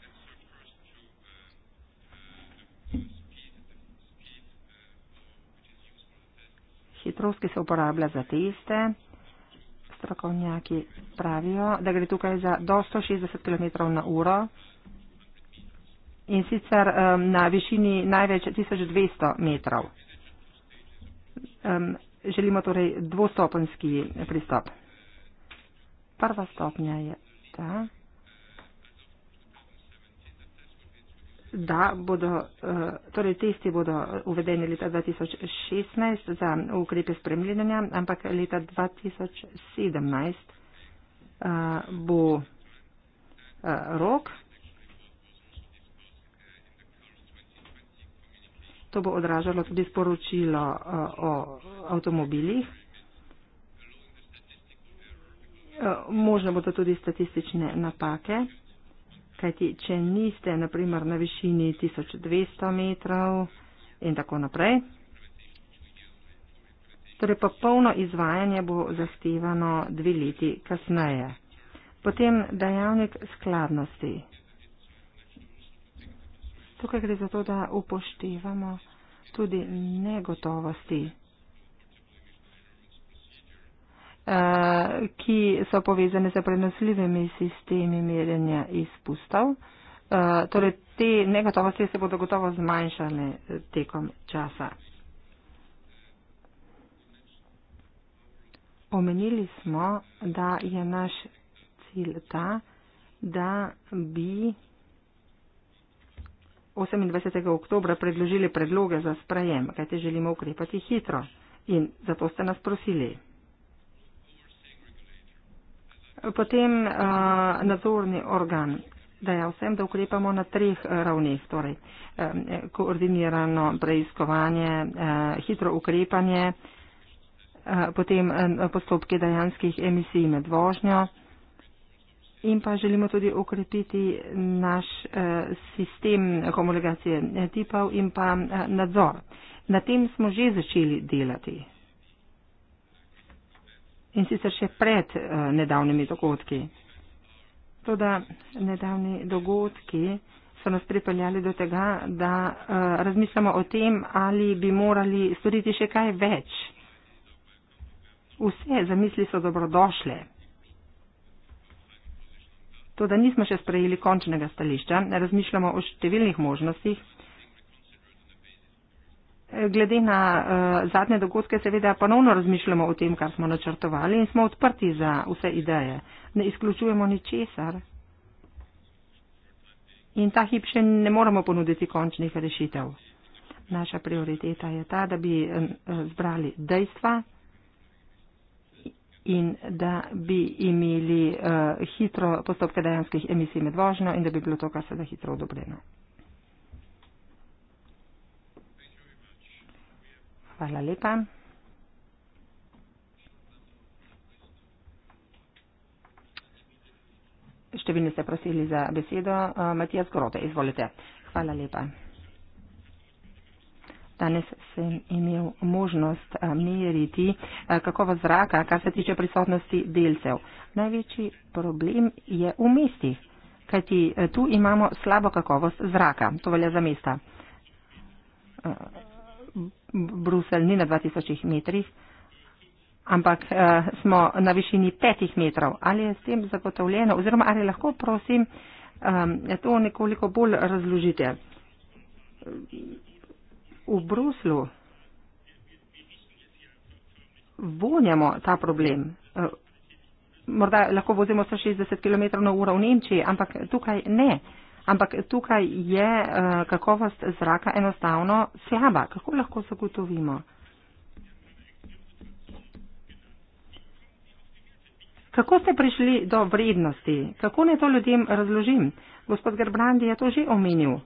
hitrost, ki se uporablja za teste. Strokovnjaki pravijo, da gre tukaj za do 160 km na uro in sicer um, na višini največ 1200 metrov. Um, želimo torej dvostopenski pristop. Prva stopnja je ta. da bodo, eh, torej testi bodo uvedeni leta 2016 za ukrepe spremljanja, ampak leta 2017 eh, bo eh, rok. To bo odražalo tudi sporočilo o avtomobilih. Možno bodo tudi statistične napake kajti če niste naprimer na višini 1200 metrov in tako naprej. Torej pa polno izvajanje bo zahtevano dve leti kasneje. Potem dejavnik skladnosti. Tukaj gre za to, da upoštevamo tudi negotovosti. Eh, ki so povezane z prenosljivimi sistemi merjenja izpustov. Eh, torej, te negotovosti se bodo gotovo zmanjšale tekom časa. Omenili smo, da je naš cilj ta, da bi 28. oktobra predložili predloge za sprejem, kajte želimo ukrepati hitro in zato ste nas prosili potem uh, nadzorni organ daje vsem, da ukrepamo na treh eh, ravneh, torej um, koordinirano preiskovanje, uh, hitro ukrepanje, uh, potem uh, postopke dejanskih emisij med vožnjo. In pa želimo tudi ukrepiti naš sistem homologacije tipov in pa nadzor. Na tem smo že začeli delati in sicer še pred uh, nedavnimi dogodki. Toda nedavni dogodki so nas pripeljali do tega, da uh, razmišljamo o tem, ali bi morali storiti še kaj več. Vse zamisli so dobrodošle. Toda nismo še sprejeli končnega stališča, razmišljamo o številnih možnostih Glede na uh, zadnje dogodke seveda ponovno razmišljamo o tem, kar smo načrtovali in smo odprti za vse ideje. Ne izključujemo ničesar. In ta hip še ne moremo ponuditi končnih rešitev. Naša prioriteta je ta, da bi eh, zbrali dejstva in da bi imeli uh, hitro postopke dejanskih emisij med vožnjo in da bi bilo to, kar se da hitro odobreno. Hvala lepa. Številni ste prosili za besedo. Eh, Matija Skorote, izvolite. Hvala lepa. Danes sem imel možnost eh, meriti eh, kakovo zraka, kar se tiče prisotnosti delcev. Največji problem je v mestih, kajti tu imamo slabo kakovost zraka. To velja za mesta. Bruselj ni na 2000 metrih, ampak uh, smo na višini 5 metrov. Ali je s tem zagotovljeno oziroma ali lahko prosim um, to nekoliko bolj razložite? V Bruslu vonjamo ta problem. Uh, morda lahko vozimo 160 km na uro v Nemčiji, ampak tukaj ne. Uh, ampak tukaj je eh, kakovost zraka enostavno slaba. Kako lahko zagotovimo? Kako ste prišli do vrednosti? Kako ne to ljudem razložim? Gospod Gerbrandi je to že omenil.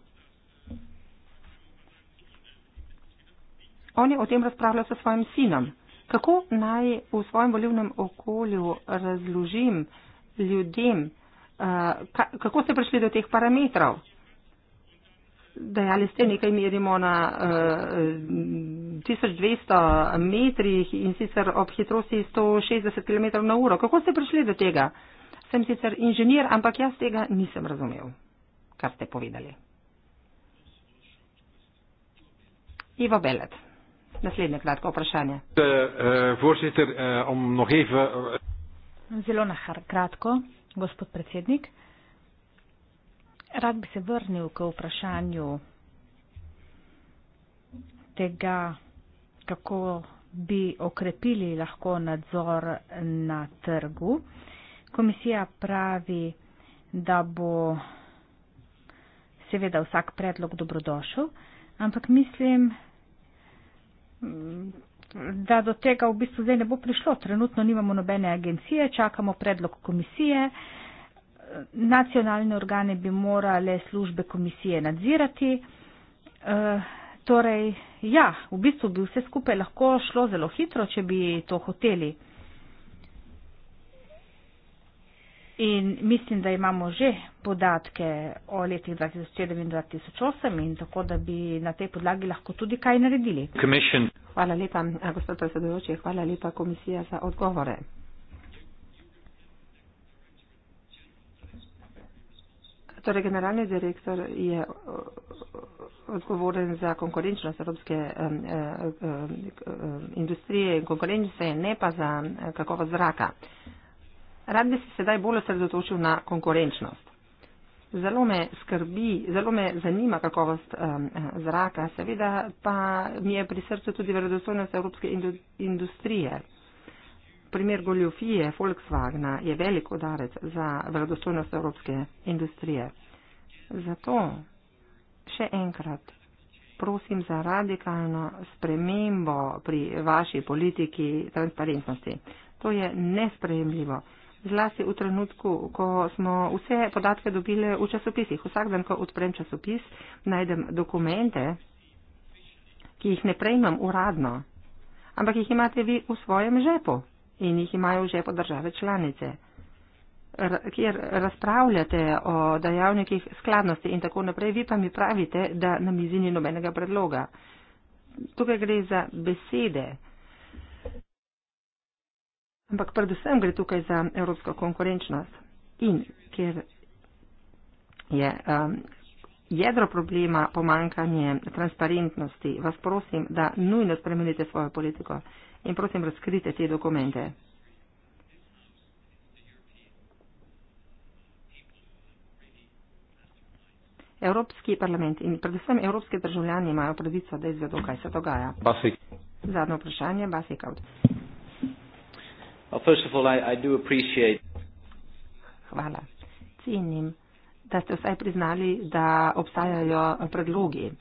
On je o tem razpravljal s svojim sinom. Kako naj v svojem volivnem okolju razložim ljudem, Eh, kako ste prišli do teh parametrov? Dejali ste nekaj merimo na uh, eh, 1200 metrih in sicer ob hitrosti 160 km na uro. Kako ste prišli do tega? Sem sicer inženir, ampak jaz tega nisem razumel, kar ste povedali. Ivo Belet, naslednje kratko vprašanje. Uh, uh, voorzitter, uh, om nog even... Zelo nahar, kratko gospod predsednik. Rad bi se vrnil k vprašanju tega, kako bi okrepili lahko nadzor na trgu. Komisija pravi, da bo seveda vsak predlog dobrodošel, ampak mislim, da do tega v bistvu zdaj ne bo prišlo. Trenutno nimamo nobene agencije, čakamo predlog komisije. Nacionalne organe bi morale službe komisije nadzirati. E, torej, ja, v bistvu bi vse skupaj lahko šlo zelo hitro, če bi to hoteli. In mislim, da imamo že podatke o letih 2007 in 2008 in tako, da bi na tej podlagi lahko tudi kaj naredili. Commission. Hvala lepa, gospod predsedujoči, hvala lepa komisija za odgovore. Torej, generalni direktor je eh, odgovoren za konkurenčnost evropske eh, eh, industrije in konkurenčnosti, ne pa za kakovost zraka. Rad bi se sedaj bolj osredotočil na konkurenčnost. Zelo me skrbi, zelo me zanima kakovost um, zraka, seveda pa mi je pri srcu tudi verodostojnost evropske industrije. Primer goljofije Volkswagen je velik udarec za verodostojnost evropske industrije. Zato še enkrat prosim za radikalno spremembo pri vaši politiki transparentnosti. To je nespremljivo zlasti v trenutku, ko smo vse podatke dobili v časopisih. Vsak dan, ko odprem časopis, najdem dokumente, ki jih ne prejmem uradno, ampak jih imate vi v svojem žepu in jih imajo v žepu države članice, kjer razpravljate o dejavnikih skladnosti in tako naprej, vi pa mi pravite, da na mizini nobenega predloga. Tukaj gre za besede ampak predvsem gre tukaj za evropsko konkurenčnost. In ker je um, jedro problema pomankanje transparentnosti, vas prosim, da nujno spremenite svojo politiko in prosim, razkrite te dokumente. Evropski parlament in predvsem evropske državljani imajo pravico, da izvedo, kaj se dogaja. Basik. Zadnje vprašanje, Basikaut. Well, first of all, I, I do appreciate. Hvala. Cenim, da ste vsaj priznali, da obstajajo predlogi.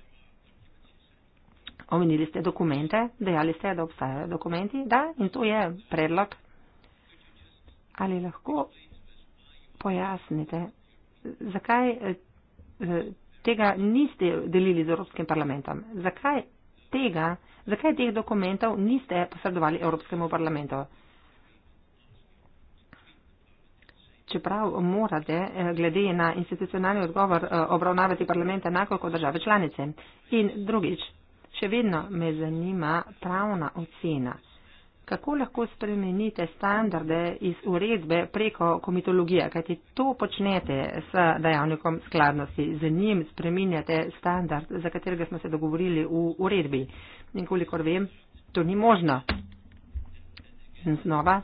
Omenili ste dokumente, dejali ste, da obstajajo dokumenti, da, in to je predlog. Ali lahko pojasnite, zakaj eh, tega niste delili z Evropskim parlamentom? Zakaj tega, zakaj teh dokumentov niste posredovali Evropskemu parlamentu? čeprav morate eh, glede na institucionalni odgovor eh, obravnavati parlament enako kot države članice. In drugič, še vedno me zanima pravna ocena. Kako lahko spremenite standarde iz uredbe preko komitologije, kajti to počnete s dejavnikom skladnosti, z njim spreminjate standard, za katerega smo se dogovorili v uredbi. In kolikor vem, to ni možno. In znova,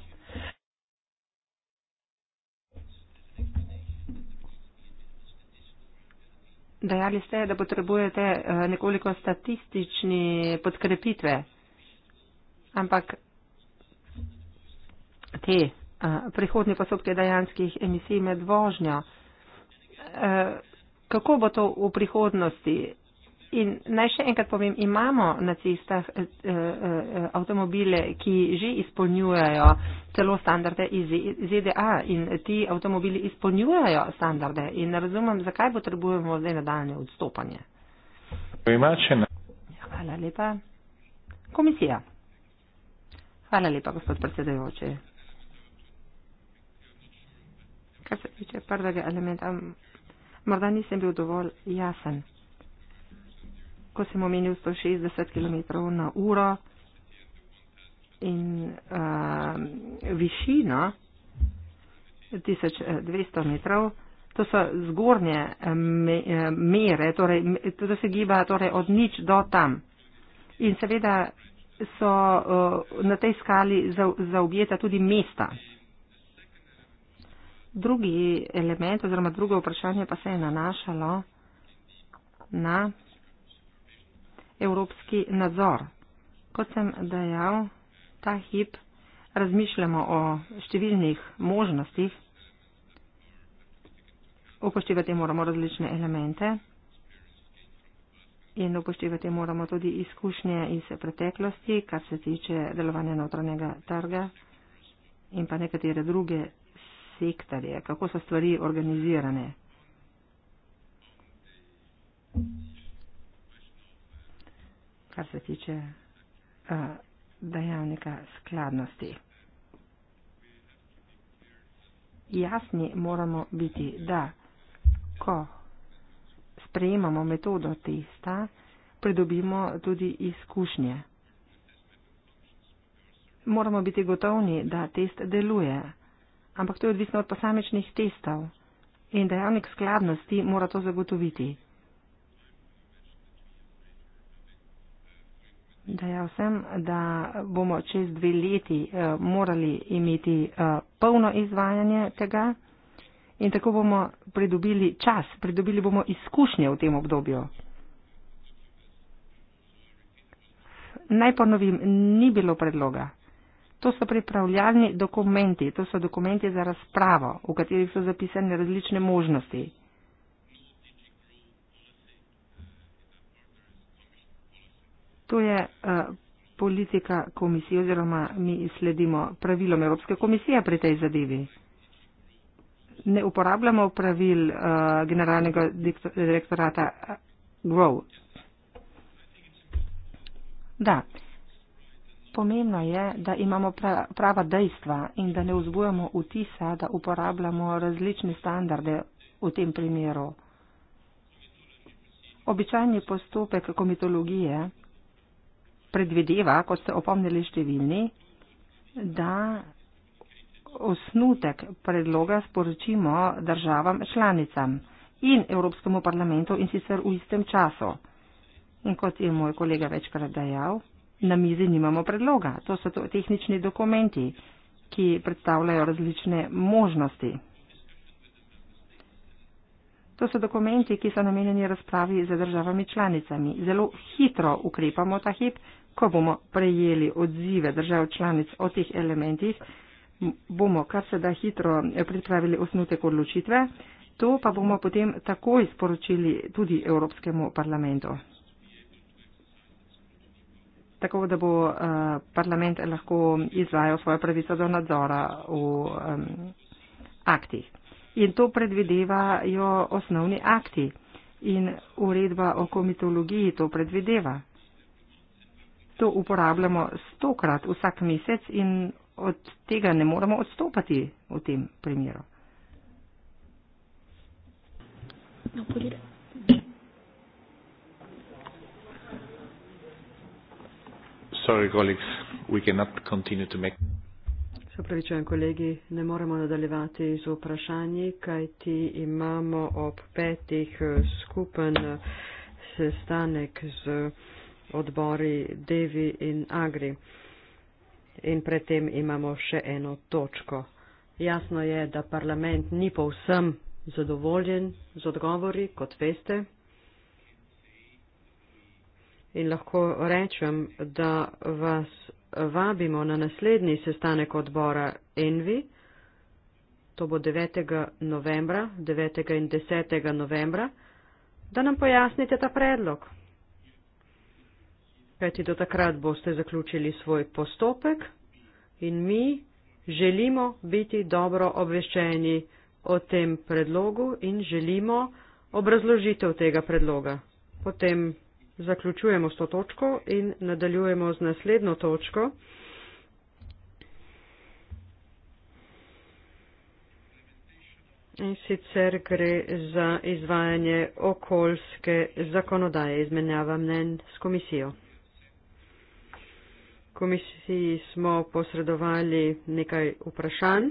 Dejali ste, da potrebujete eh, nekoliko statistične podkrepitve, ampak te eh, prihodne postopke dejanskih emisij med vožnjo, eh, kako bo to v prihodnosti, In naj še enkrat povem, imamo na cestah eh, eh, eh, avtomobile, ki že izpolnjujejo celo standarde iz ZDA in ti avtomobili izpolnjujejo standarde in ne razumem, zakaj potrebujemo zdaj nadaljne odstopanje. Hvala lepa. Komisija. Hvala lepa, gospod predsedajoče. Kar se tiče prvega elementa, morda nisem bil dovolj jasen ko sem omenil 160 km na uro in uh, višina 1200 metrov, to so zgornje um, me, um, mere, torej, to se giba torej, od nič do tam. In seveda so uh, na tej skali zaobjeta tudi mesta. Drugi element oziroma drugo vprašanje pa se je nanašalo na evropski nadzor. Kot sem dejal, ta hip razmišljamo o številnih možnostih. Upoštevati moramo različne elemente in upoštevati moramo tudi izkušnje iz preteklosti, kar se tiče delovanja notranjega trga in pa nekatere druge sektorje, kako so stvari organizirane. kar se tiče uh, dejavnika skladnosti. Jasni moramo biti, da ko sprejemamo metodo testa, pridobimo tudi izkušnje. Moramo biti gotovni, da test deluje, ampak to je odvisno od posamečnih testov in dejavnik skladnosti mora to zagotoviti. Da ja vsem, da bomo čez dve leti uh, morali imeti uh, polno izvajanje tega in tako bomo pridobili čas, pridobili bomo izkušnje v tem obdobju. Naj ponovim, ni bilo predloga. To so pripravljalni dokumenti, to so dokumenti za razpravo, v katerih so zapisane različne možnosti. To je uh, politika komisije oziroma mi sledimo pravilom Evropske komisije pri tej zadevi. Ne uporabljamo pravil uh, generalnega direktorata eh, GROW. Da, pomembno je, da imamo prava dejstva in da ne vzbujamo vtisa, da uporabljamo različne standarde v tem primeru. Običajni postopek komitologije predvideva, kot ste opomnili številni, da osnutek predloga sporočimo državam članicam in Evropskemu parlamentu in sicer v istem času. In kot je moj kolega večkrat dejal, na mizi nimamo predloga. To so to tehnični dokumenti, ki predstavljajo različne možnosti. To so dokumenti, ki so namenjeni razpravi z državami članicami. Zelo hitro ukrepamo ta hip, ko bomo prejeli odzive držav članic o teh elementih, bomo kar se da hitro pripravili osnutek odločitve, to pa bomo potem takoj sporočili tudi Evropskemu parlamentu. Tako da bo eh, parlament lahko izvajal svojo pravico do nadzora v aktih in to predvidevajo osnovni akti in uredba o komitologiji to predvideva. To uporabljamo stokrat vsak mesec in od tega ne moremo odstopati v tem primeru. No, Sorry, colleagues, we cannot continue to make. Se upravičujem, kolegi, ne moremo nadaljevati z vprašanji, kajti imamo ob petih eh, skupen eh, sestanek z odbori Devi in Agri. In predtem imamo še eno točko. Jasno je, da parlament ni povsem zadovoljen z odgovori, kot veste. In lahko rečem, da vas vabimo na naslednji sestanek odbora Envi, to bo 9. novembra, 9. in 10. novembra, da nam pojasnite ta predlog. Kajti do takrat boste zaključili svoj postopek in mi želimo biti dobro obveščeni o tem predlogu in želimo obrazložitev tega predloga. Potem zaključujemo s to točko in nadaljujemo z naslednjo točko. In sicer gre za izvajanje okoljske zakonodaje izmenjava mnen s komisijo. Komisiji smo posredovali nekaj vprašanj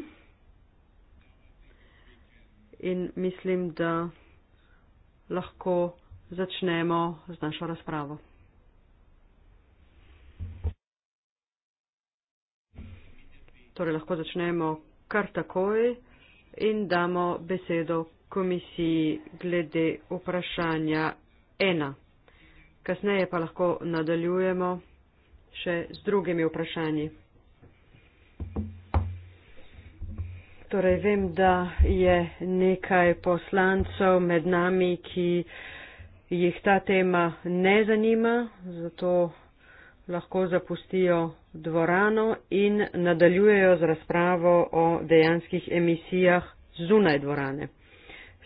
in mislim, da lahko začnemo z našo razpravo. Torej lahko začnemo kar takoj in damo besedo komisiji glede vprašanja ena. Kasneje pa lahko nadaljujemo še z drugimi vprašanji. Torej vem, da je nekaj poslancev med nami, ki uh, jih ta tema ne zanima, zato lahko zapustijo dvorano in nadaljujejo z razpravo o dejanskih emisijah zunaj dvorane.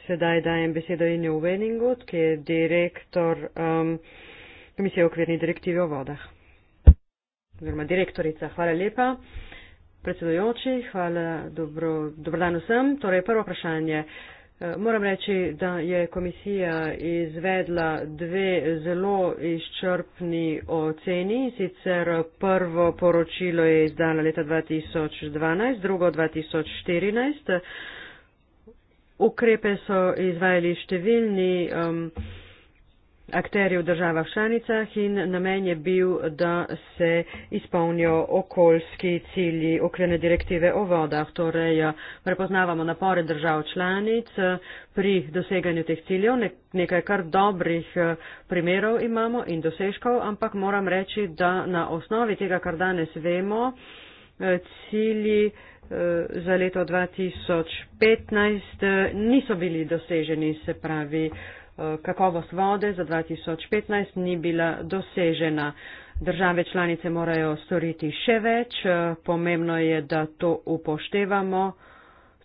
Sedaj dajem besedo Inju Veningot, ki je direktor um, Komisije okvirni direktive o vodah. Oziroma direktorica, hvala lepa. Predsedujoči, hvala, dobro, dobro dan vsem. Torej, prvo vprašanje. Eh, moram reči, da je komisija izvedla dve zelo izčrpni oceni. Sicer prvo poročilo je izdano leta 2012, drugo 2014. Ukrepe so izvajali številni. Um, akteri v državah članicah in namen je bil, da se izpolnijo okoljski cilji okrene direktive o vodah. Torej, eh, prepoznavamo napore držav članic eh, pri doseganju teh ciljev. Nekaj kar dobrih eh, primerov imamo in dosežkov, ampak moram reči, da na osnovi tega, kar danes vemo, cilji za leto 2015 niso bili doseženi, se pravi, kakovost vode za 2015 ni bila dosežena. Države članice morajo storiti še več, eh, pomembno je, da to upoštevamo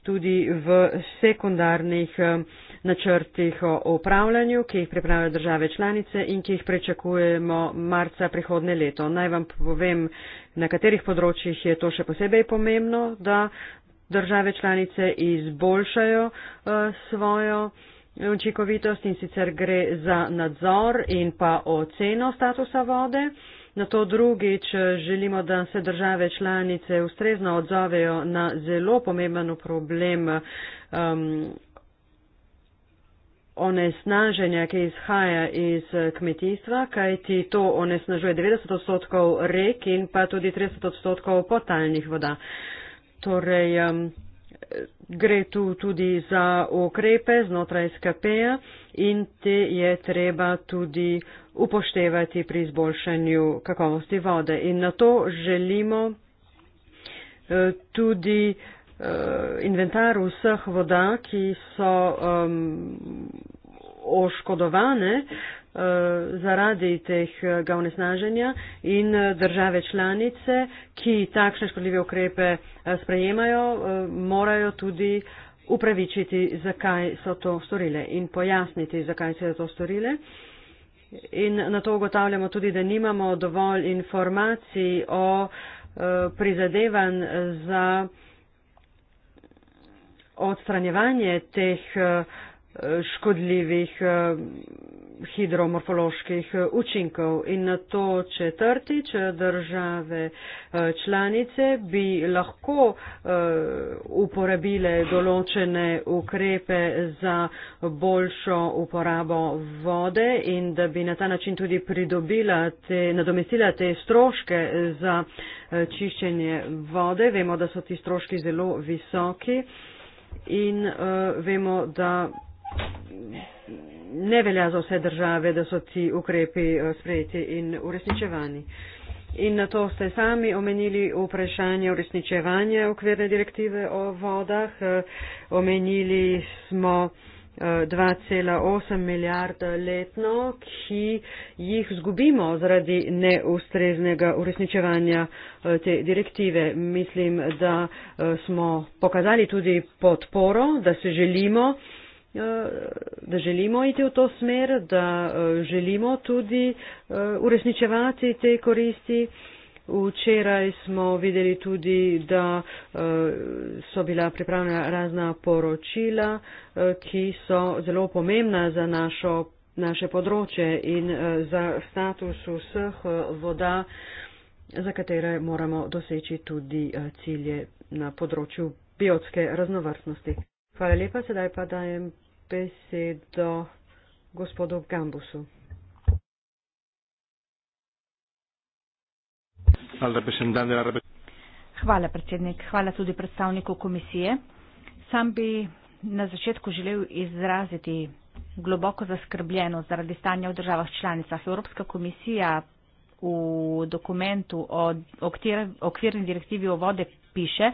tudi v sekundarnih eh, načrtih o upravljanju, ki jih pripravljajo države članice in ki jih pričakujemo marca prihodne leto. Naj vam povem, na katerih področjih je to še posebej pomembno, da države članice izboljšajo eh, svojo. Učinkovitost in sicer gre za nadzor in pa oceno statusa vode. Na to drugič želimo, da se države članice ustrezno odzovejo na zelo pomemben problem um, onesnaženja, ki izhaja iz kmetijstva, kajti to onesnažuje 90 odstotkov rek in pa tudi 30 odstotkov potalnih voda. Torej, um, gre tu tudi za okrepe znotraj SKP-ja in te je treba tudi upoštevati pri izboljšanju kakovosti vode. In na to želimo eh, tudi eh, inventar vseh voda, ki so. Um, oškodovane eh, zaradi tega eh, onesnaženja in eh, države članice, ki takšne škodljive ukrepe sprejemajo, morajo tudi upravičiti, zakaj so to storile in pojasniti, zakaj so to storile. In na to ugotavljamo tudi, da nimamo dovolj informacij o prizadevanj za odstranjevanje teh škodljivih eh, hidromorfoloških eh, učinkov. In na to četrtič eh, države članice bi lahko uporabile določene ukrepe za boljšo uporabo vode in da bi na ta način tudi pridobila te, nadomestila te stroške za čiščenje vode. Vemo, da so ti stroški zelo visoki in vemo, da ne velja za vse države, da so ti ukrepi eh, sprejeti in uresničevani. In na to ste sami omenili vprašanje uresničevanja okvirne direktive o vodah. Eh, omenili smo 2,8 eh, milijarda letno, ki jih zgubimo zaradi neustreznega uresničevanja te direktive. Mislim, da smo pokazali tudi podporo, da se želimo Ja, da želimo iti v to smer, da eh, želimo tudi eh, uresničevati te koristi. Včeraj smo videli tudi, da eh, so bila pripravljena razna poročila, ki so zelo pomembna za našo, naše področje in za status vseh voda, za katere moramo doseči tudi cilje na področju biotske raznovrstnosti. Hvala lepa, sedaj pa dajem besedo gospodu Gambusu. Hvala, predsednik. Hvala tudi predstavniku komisije. Sam bi na začetku želel izraziti globoko zaskrbljeno zaradi stanja v državah članicah. Evropska komisija v dokumentu o okvirni direktivi o vode piše,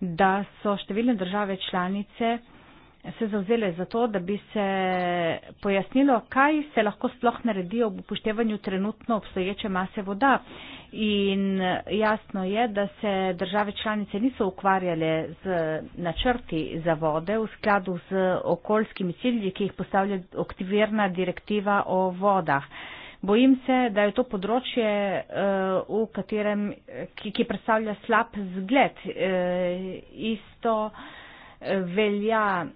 da so številne države članice se zauzele za to, da bi se pojasnilo, kaj se lahko sploh naredi ob upoštevanju trenutno obstoječe mase voda. In jasno je, da se države članice niso ukvarjale z načrti za vode v skladu z okoljskimi cilji, ki jih postavlja aktivirna direktiva o vodah. Bojim se, da je to področje, eh, v katerem, ki predstavlja slab zgled, eh, isto eh, velja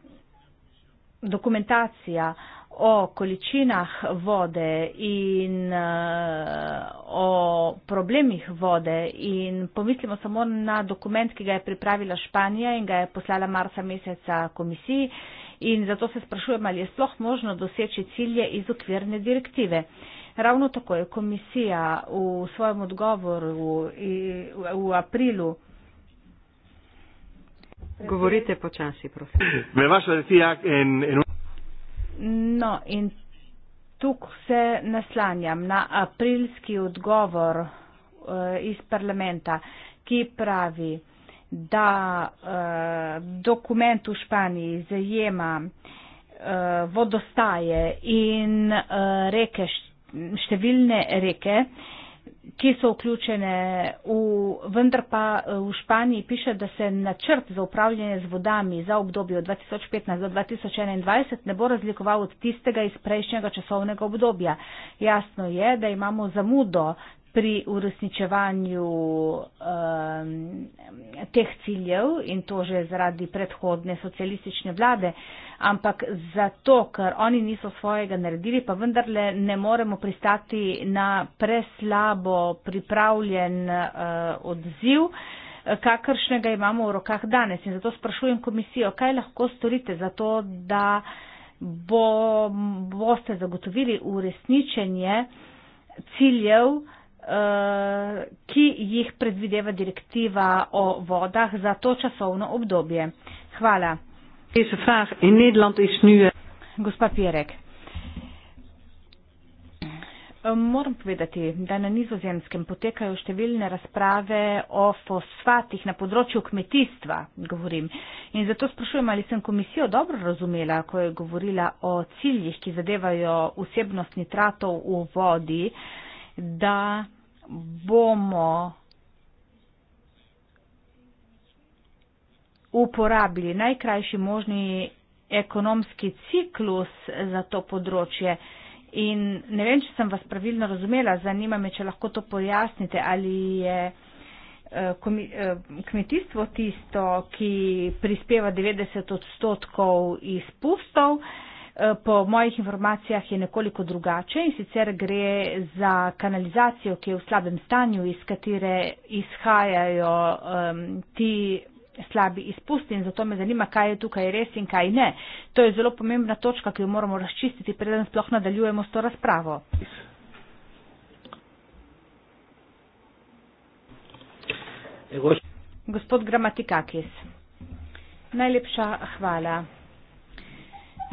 dokumentacija o količinah vode in uh, o problemih vode in pomislimo samo na dokument, ki ga je pripravila Španija in ga je poslala marca meseca komisiji in zato se sprašujem, ali je sploh možno doseči cilje iz okvirne direktive. Ravno tako je komisija v svojem odgovoru v, v aprilu Govorite počasi, prosim. Me vaša decía en, en... No, in tukaj se naslanjam na aprilski odgovor uh, iz parlamenta, ki pravi, da uh, dokument v Španiji zajema uh, vodostaje in uh, reke, številne reke, uh, ki so vključene v, vendar pa eh, v Španiji piše, da se načrt za upravljanje z vodami za obdobje od 2015 do 2021 ne bo razlikoval od tistega iz prejšnjega časovnega obdobja. Jasno je, da imamo zamudo pri uresničevanju um, teh ciljev in to že zaradi predhodne socialistične vlade, ampak zato, ker oni niso svojega naredili, pa vendarle ne moremo pristati na preslabo pripravljen uh, odziv kakršnega imamo v rokah danes. In zato sprašujem komisijo, kaj lahko storite za to, da bo, boste zagotovili uresničenje ciljev uh, Eh, ki jih predvideva direktiva o vodah za to časovno obdobje. Hvala. Eh, Gospa Pierek. Moram povedati, da na nizozemskem potekajo številne razprave o fosfatih na področju kmetijstva, govorim. In zato sprašujem, ali sem komisijo dobro razumela, ko je govorila o ciljih, ki zadevajo vsebnost nitratov v vodi. Uh, da bomo uporabili najkrajši možni ekonomski ciklus za to področje. In ne vem, če sem vas pravilno razumela, zanima me, če lahko to pojasnite, ali je eh, eh, kmetijstvo tisto, ki prispeva 90 odstotkov izpustov. Eh, po mojih informacijah je nekoliko drugače in sicer gre za kanalizacijo, ki je v slabem stanju, iz katere izhajajo um, ti slabi izpusti in zato me zanima, kaj je tukaj res in kaj ne. To je zelo pomembna točka, ki jo moramo razčistiti, preden sploh nadaljujemo s to razpravo. Gospod Gramatikakis, najlepša hvala.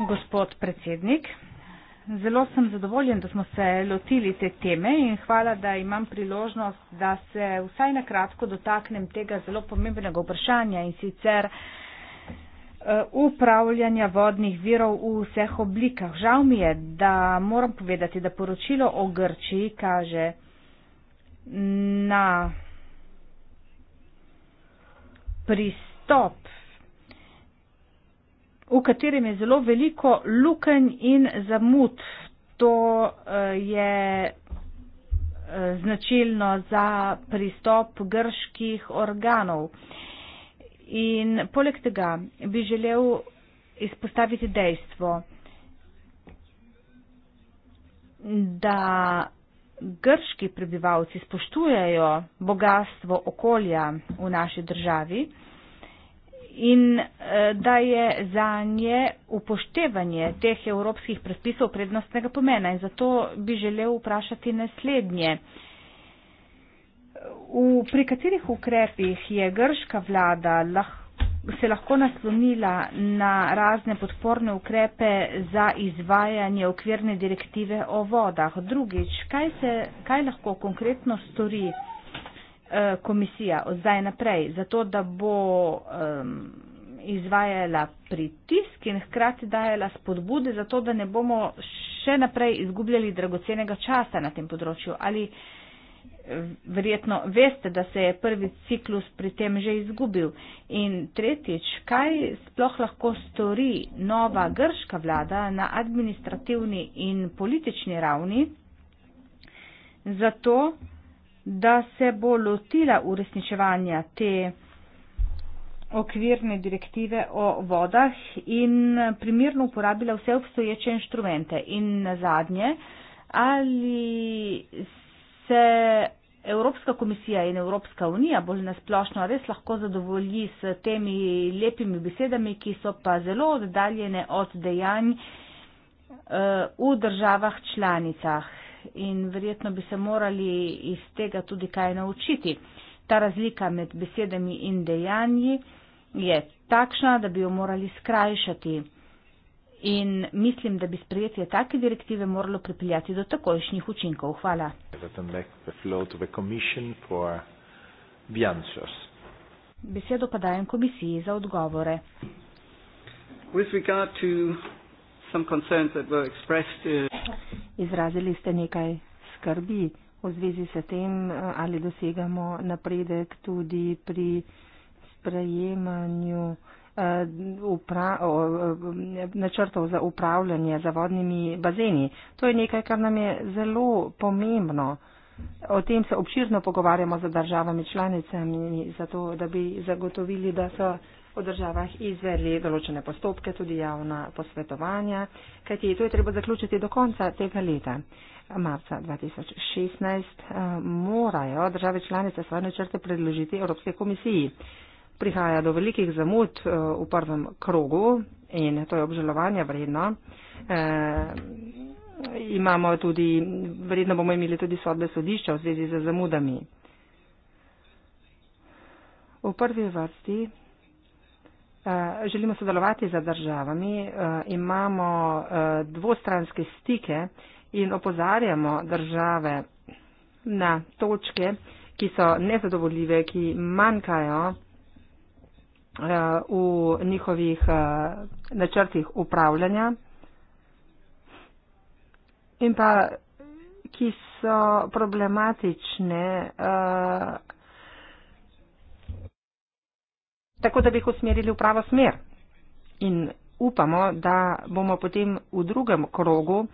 Gospod predsednik, zelo sem zadovoljen, da smo se lotili te teme in hvala, da imam priložnost, da se vsaj na kratko dotaknem tega zelo pomembnega vprašanja in sicer eh, upravljanja vodnih virov v vseh oblikah. Žal mi je, da moram povedati, da poročilo o Grčiji kaže na pristop v katerem je zelo veliko lukenj in zamud. To eh, je eh, značilno za pristop grških organov. In poleg tega bi želel izpostaviti dejstvo, da grški prebivalci spoštujejo bogatstvo okolja v naši državi in eh, da je za nje upoštevanje teh evropskih predpisov prednostnega pomena. In zato bi želel vprašati naslednje. V, pri katerih ukrepih je grška vlada lahko se lahko naslonila na razne podporne ukrepe za izvajanje okvirne direktive o vodah. Drugič, kaj, se, kaj lahko konkretno stori Eh, komisija od zdaj naprej, zato da bo um, izvajala pritisk in hkrati dajala spodbude, zato da ne bomo še naprej izgubljali dragocenega časa na tem področju. Ali eh, verjetno veste, da se je prvi ciklus pri tem že izgubil. In tretjič, kaj sploh lahko stori nova grška vlada na administrativni in politični ravni, zato, da se bo lotila uresničevanja te okvirne direktive o vodah in primerno uporabila vse obstoječe inštrumente. In na zadnje, ali se Evropska komisija in Evropska unija bolj nasplošno res lahko zadovolji s temi lepimi besedami, ki so pa zelo oddaljene od dejanj eh, v državah članicah in verjetno bi se morali iz tega tudi kaj naučiti. Ta razlika med besedami in dejanji je takšna, da bi jo morali skrajšati. In mislim, da bi sprejetje take direktive moralo pripeljati do takojšnjih učinkov. Hvala. Besedo pa dajem komisiji za odgovore. With regard to some concerns that were expressed uh, Izrazili ste nekaj skrbi v zvezi s tem, ali dosegamo napredek tudi pri sprejemanju eh, eh, načrtov za upravljanje za vodnimi bazeni. To je nekaj, kar nam je zelo pomembno. O tem se obširno pogovarjamo z državami članicami, zato da bi zagotovili, da so v državah izvedli določene postopke, tudi javna posvetovanja, kajti to je treba zaključiti do konca tega leta. Marca 2016 eh, morajo države članice svoje načrte predložiti Evropske komisiji. Prihaja do velikih zamud eh, v prvem krogu in to je obžalovanja vredno. Eh, imamo tudi, verjetno bomo imeli tudi sodbe sodišča v zvezi z zamudami. V prvi vrsti Eh, želimo sodelovati z državami, eh, imamo eh, dvostranske stike in opozarjamo države na točke, ki so nezadovoljive, ki manjkajo v njihovih načrtih upravljanja in pa ki so problematične tako da bi jih usmerili v pravo smer. In upamo, da bomo potem v drugem krogu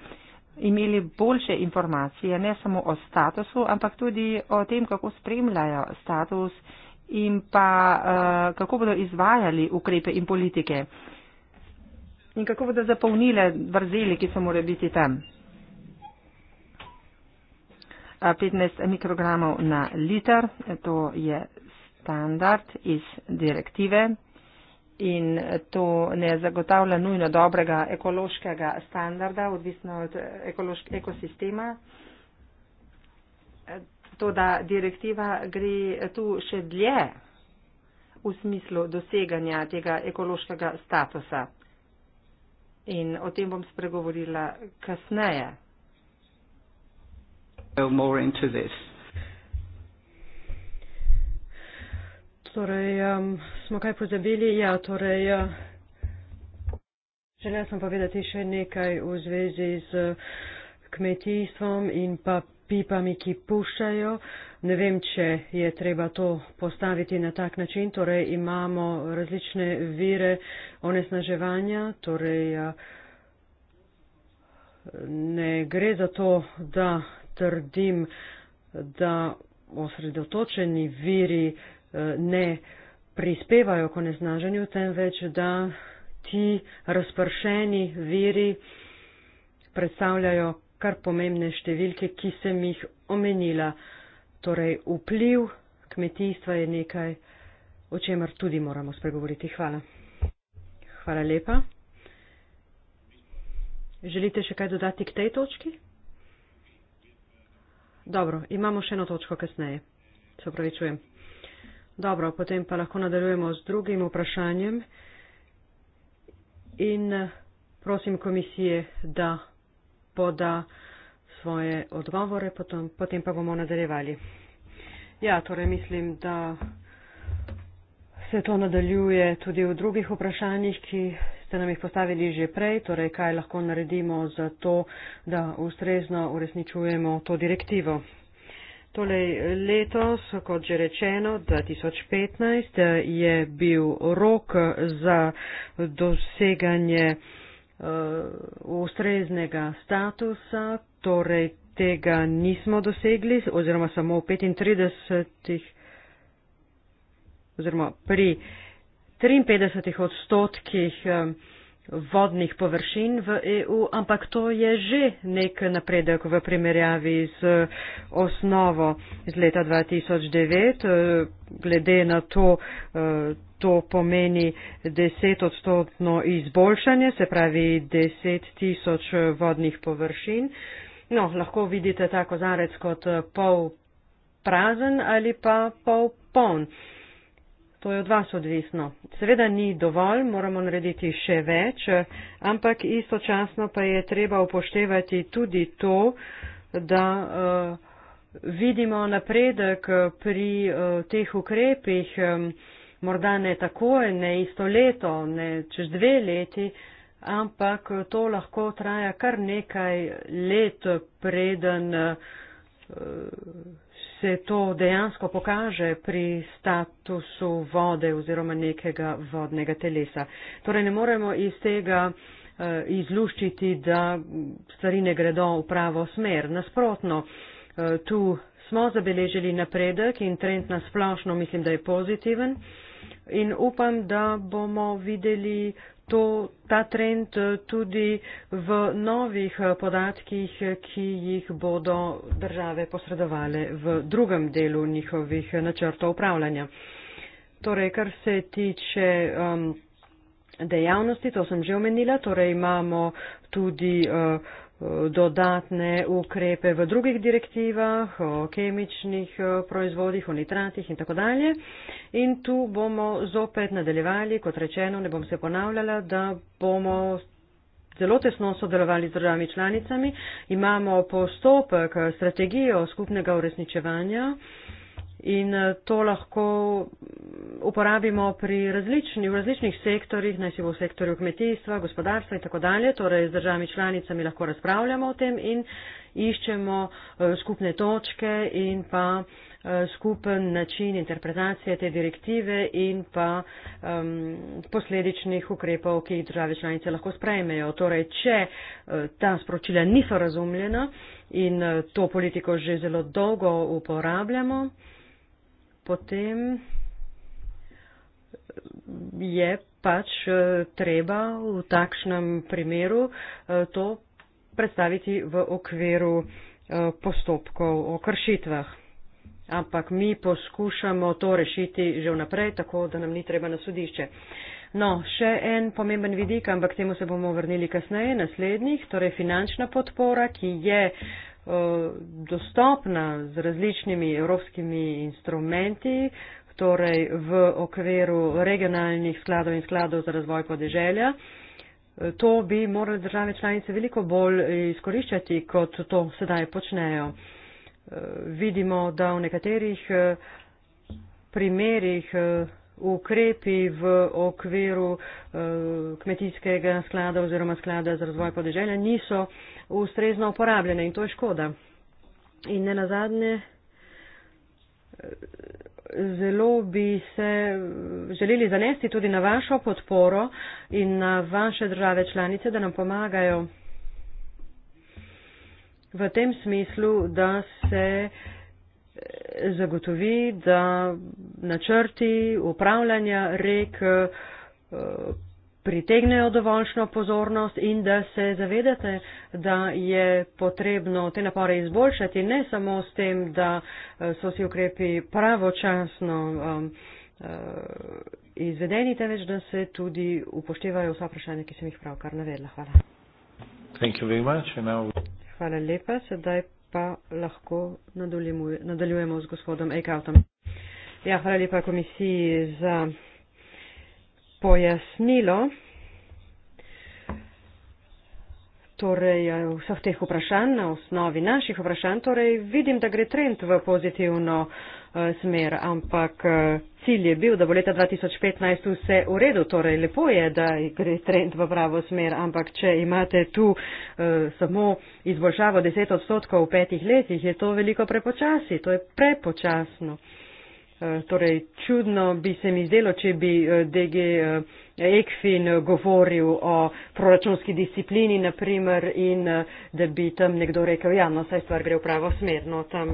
imeli boljše informacije, ne samo o statusu, ampak tudi o tem, kako spremljajo status in pa uh, kako bodo izvajali ukrepe in politike in kako bodo zapolnile vrzeli, ki so mora biti tam. 15 eh, mikrogramov na liter, to je standard iz direktive in to ne zagotavlja nujno dobrega ekološkega standarda, odvisno od ekosistema. To, da direktiva gre tu še dlje v smislu doseganja tega ekološkega statusa. In o tem bom spregovorila kasneje. torej um, smo kaj pozabili. Ja, torej, uh, želela sem povedati še nekaj v zvezi z kmetijstvom in pa pipami, ki puščajo. Ne vem, če je treba to postaviti na tak način. Torej, imamo različne vire onesnaževanja. Torej, ne gre za to, da trdim, da osredotočeni viri uh, Eh, ne prispevajo k onesnaženju, temveč da ti razpršeni viri predstavljajo kar pomembne številke, ki sem jih omenila. Torej, vpliv kmetijstva je nekaj, o čemer tudi moramo spregovoriti. Hvala. Hvala lepa. Želite še kaj dodati k tej točki? Dobro, imamo še eno točko kasneje. Se opravičujem. Dobro, potem pa lahko nadaljujemo z drugim vprašanjem in prosim komisije, da poda svoje odgovore, potem, potem pa bomo nadaljevali. Ja, torej mislim, da se to nadaljuje tudi v drugih vprašanjih, ki ste nam jih postavili že prej, torej kaj lahko naredimo za to, da ustrezno uresničujemo to direktivo. Tole letos, kot že rečeno, 2015 eh, je bil rok za doseganje uh, ustreznega statusa, torej tega nismo dosegli oziroma samo v 35. oziroma pri 53 odstotkih. Uh, vodnih površin v EU, ampak to je že nek napredek v primerjavi z osnovo iz leta 2009. Eh, glede na to, eh, to pomeni 10 odstotno izboljšanje, se pravi 10 tisoč vodnih površin. No, lahko vidite ta kozarec kot pol prazen ali pa pol poln. To je od vas odvisno. Seveda ni dovolj, moramo narediti še več, ampak istočasno pa je treba upoštevati tudi to, da uh, vidimo napredek pri uh, teh ukrepih, um, morda ne takoj, ne isto leto, ne čez dve leti, ampak to lahko traja kar nekaj let preden. Uh, se to dejansko pokaže pri statusu vode oziroma nekega vodnega telesa. Torej ne moremo iz tega eh, izluščiti, da stvari ne gredo v pravo smer. Nasprotno, eh, tu smo zabeležili napredek in trend na splošno mislim, da je pozitiven. In upam, da bomo videli to, ta trend eh, tudi v novih eh, podatkih, eh, ki jih bodo države posredovale v drugem delu njihovih načrtov upravljanja. Torej, kar se tiče um, dejavnosti, to sem že omenila, torej imamo tudi uh, dodatne ukrepe v drugih direktivah, o kemičnih proizvodih, o nitratih in tako dalje. In tu bomo zopet nadaljevali, kot rečeno, ne bom se ponavljala, da bomo zelo tesno sodelovali z državami članicami. Imamo postopek strategijo skupnega uresničevanja. Uh, in eh, to lahko uporabimo pri različni, v različnih sektorjih, naj si bo v sektorju kmetijstva, gospodarstva in tako dalje, torej z državami članicami lahko razpravljamo o tem in iščemo eh, skupne točke in pa eh, skupen način interpretacije te direktive in pa um, posledičnih ukrepov, ki jih države članice lahko sprejmejo. Torej, če uh, ta sporočila niso razumljena in uh, to politiko že zelo dolgo uporabljamo, uh, potem je pač eh, treba v takšnem primeru eh, to predstaviti v okviru eh, postopkov o kršitvah. Ampak mi poskušamo to rešiti že vnaprej, tako da nam ni treba na sodišče. No, še en pomemben vidik, ampak temu se bomo vrnili kasneje, naslednjih, torej finančna podpora, ki je uh, Eh, dostopna z različnimi evropskimi instrumenti, torej v okviru regionalnih skladov in skladov za razvoj podeželja. Eh, to bi morali države članice veliko bolj izkoriščati, kot to sedaj počnejo. Eh, vidimo, da v nekaterih primerjih ukrepi v okviru kmetijskega sklada oziroma sklada za razvoj podeželja niso ustrezno uporabljene in to je škoda. In ne nazadnje, zelo bi se želeli zanesti tudi na vašo podporo in na vaše države članice, da nam pomagajo v tem smislu, da se eh, zagotovi, da načrti upravljanja rek eh, pritegnejo dovoljšno pozornost in da se zavedate, da je potrebno te napore izboljšati, ne samo s tem, da eh, so si ukrepi pravočasno um, eh, izvedeni, temveč da se tudi upoštevajo vsa vprašanja, ki sem jih pravkar navedla. Hvala. Hvala lepa. Sedaj pa lahko nadaljujemo z gospodom Eikautom. Ja, hvala lepa komisiji za pojasnilo torej, eh, vseh teh vprašanj na osnovi naših vprašanj. Torej, vidim, da gre trend v pozitivno eh, smer, ampak eh, cilj je bil, da bo leta 2015 vse v redu. Torej, lepo je, da gre trend v pravo smer, ampak če imate tu uh, samo izboljšavo 10 odstotkov v petih letih, je to veliko prepočasi, to je prepočasno. Uh, Eh, torej, čudno bi se mi zdelo, če bi eh, DG eh, Ekfin govoril o proračunski disciplini, naprimer, in da bi tam nekdo rekel, ja, no, saj stvar gre v pravo smer, no, tam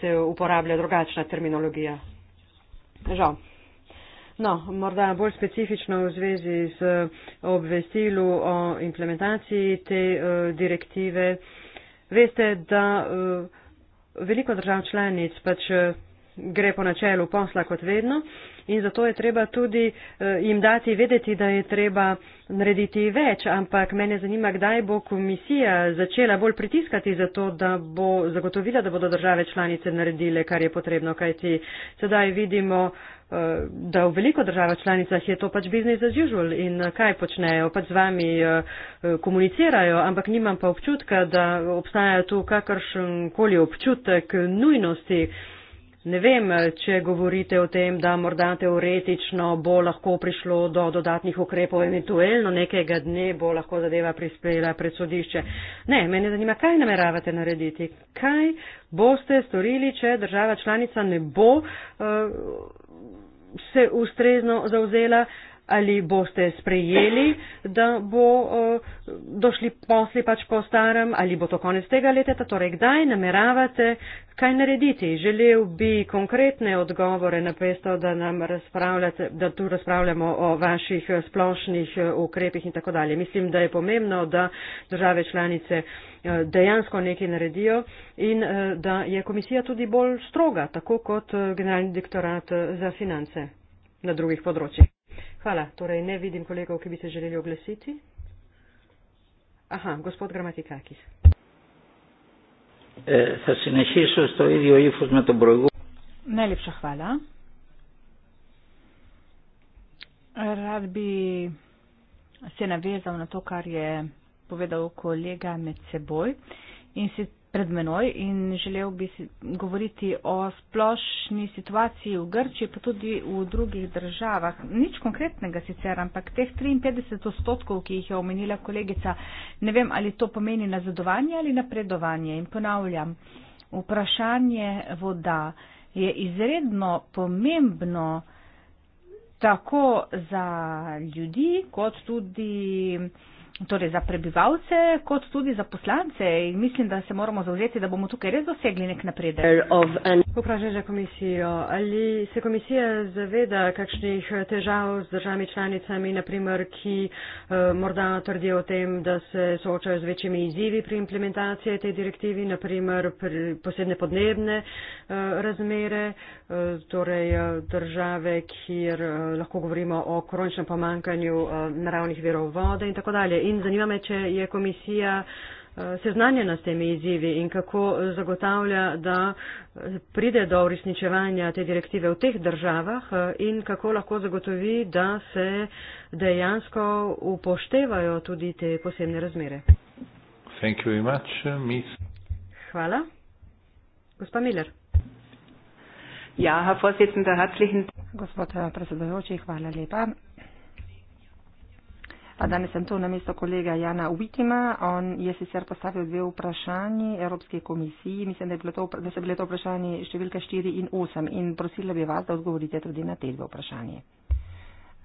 se uporablja drugačna terminologija. Žal. No, morda bolj specifično v zvezi z obvestilu o implementaciji te direktive. Veste, da veliko držav članic pač gre po načelu posla kot vedno in zato je treba tudi eh, jim dati vedeti, da je treba narediti več, ampak mene zanima, kdaj bo komisija začela bolj pritiskati za to, da bo zagotovila, da bodo države članice naredile, kar je potrebno, kajti sedaj vidimo, eh, da v veliko država članicah je to pač business as usual in eh, kaj počnejo, pač z vami komunicirajo, ampak nimam pa občutka, da obstaja tu kakršen koli občutek nujnosti Ne vem, če govorite o tem, da morda teoretično bo lahko prišlo do dodatnih ukrepov, eventualno nekega dne bo lahko zadeva prispela pred sodišče. Ne, mene zanima, kaj nameravate narediti? Kaj boste storili, če država članica ne bo uh, se ustrezno zauzela uh, ali boste sprejeli, da bo uh, došli posli pač po starem, ali bo to konec tega leteta, torej kdaj nameravate kaj narediti. Želel bi konkretne odgovore na pesto, da nam razpravljate, da tu razpravljamo o vaših eh, splošnih eh, ukrepih in tako dalje. Mislim, da je pomembno, da države članice dejansko nekaj naredijo in da je komisija tudi bolj stroga, tako kot generalni direktorat za finance na drugih področjih. Hvala. Torej, ne vidim kolegov, ki bi se želeli oglasiti. Aha, gospod Gramatikakis. Eh, Najlepša hvala. Rad bi se navezal na to, kar je povedal kolega med seboj. In sicer pred menoj in želel bi govoriti o splošni situaciji v Grčiji, pa tudi v drugih državah. Nič konkretnega sicer, ampak teh 53 odstotkov, ki jih je omenila kolegica, ne vem, ali to pomeni nazadovanje ali napredovanje. In ponavljam, vprašanje voda je izredno pomembno tako za ljudi, kot tudi torej za prebivalce, kot tudi za poslance. In mislim, da se moramo zauzeti, da bomo tukaj res dosegli nek napredek. Vprašanje za komisijo. Ali se komisija zaveda kakšnih težav z državami članicami, naprimer, ki uh, morda trdijo o tem, da se soočajo z večjimi izzivi pri implementaciji te direktivi, naprimer posebne podnebne uh, razmere? Uh, torej eh, države, kjer eh, lahko govorimo o kroničnem pomankanju eh, naravnih verov vode in tako dalje. In zanima me, če je komisija seznanjena s temi izzivi in kako zagotavlja, da pride do uresničevanja te direktive v teh državah in kako lahko zagotovi, da se dejansko upoštevajo tudi te posebne razmere. Hvala. Gospa Miller. Ja, Herr Vorsitzender, herzlichen Dank. Eh, A danes sem tu na mesto kolega Jana Uvitima. On je sicer postavil dve vprašanji Evropske komisiji. Mislim, da, to, da so bile to vprašanje številka 4 in 8 in prosila bi vas, da odgovorite tudi na te dve vprašanje.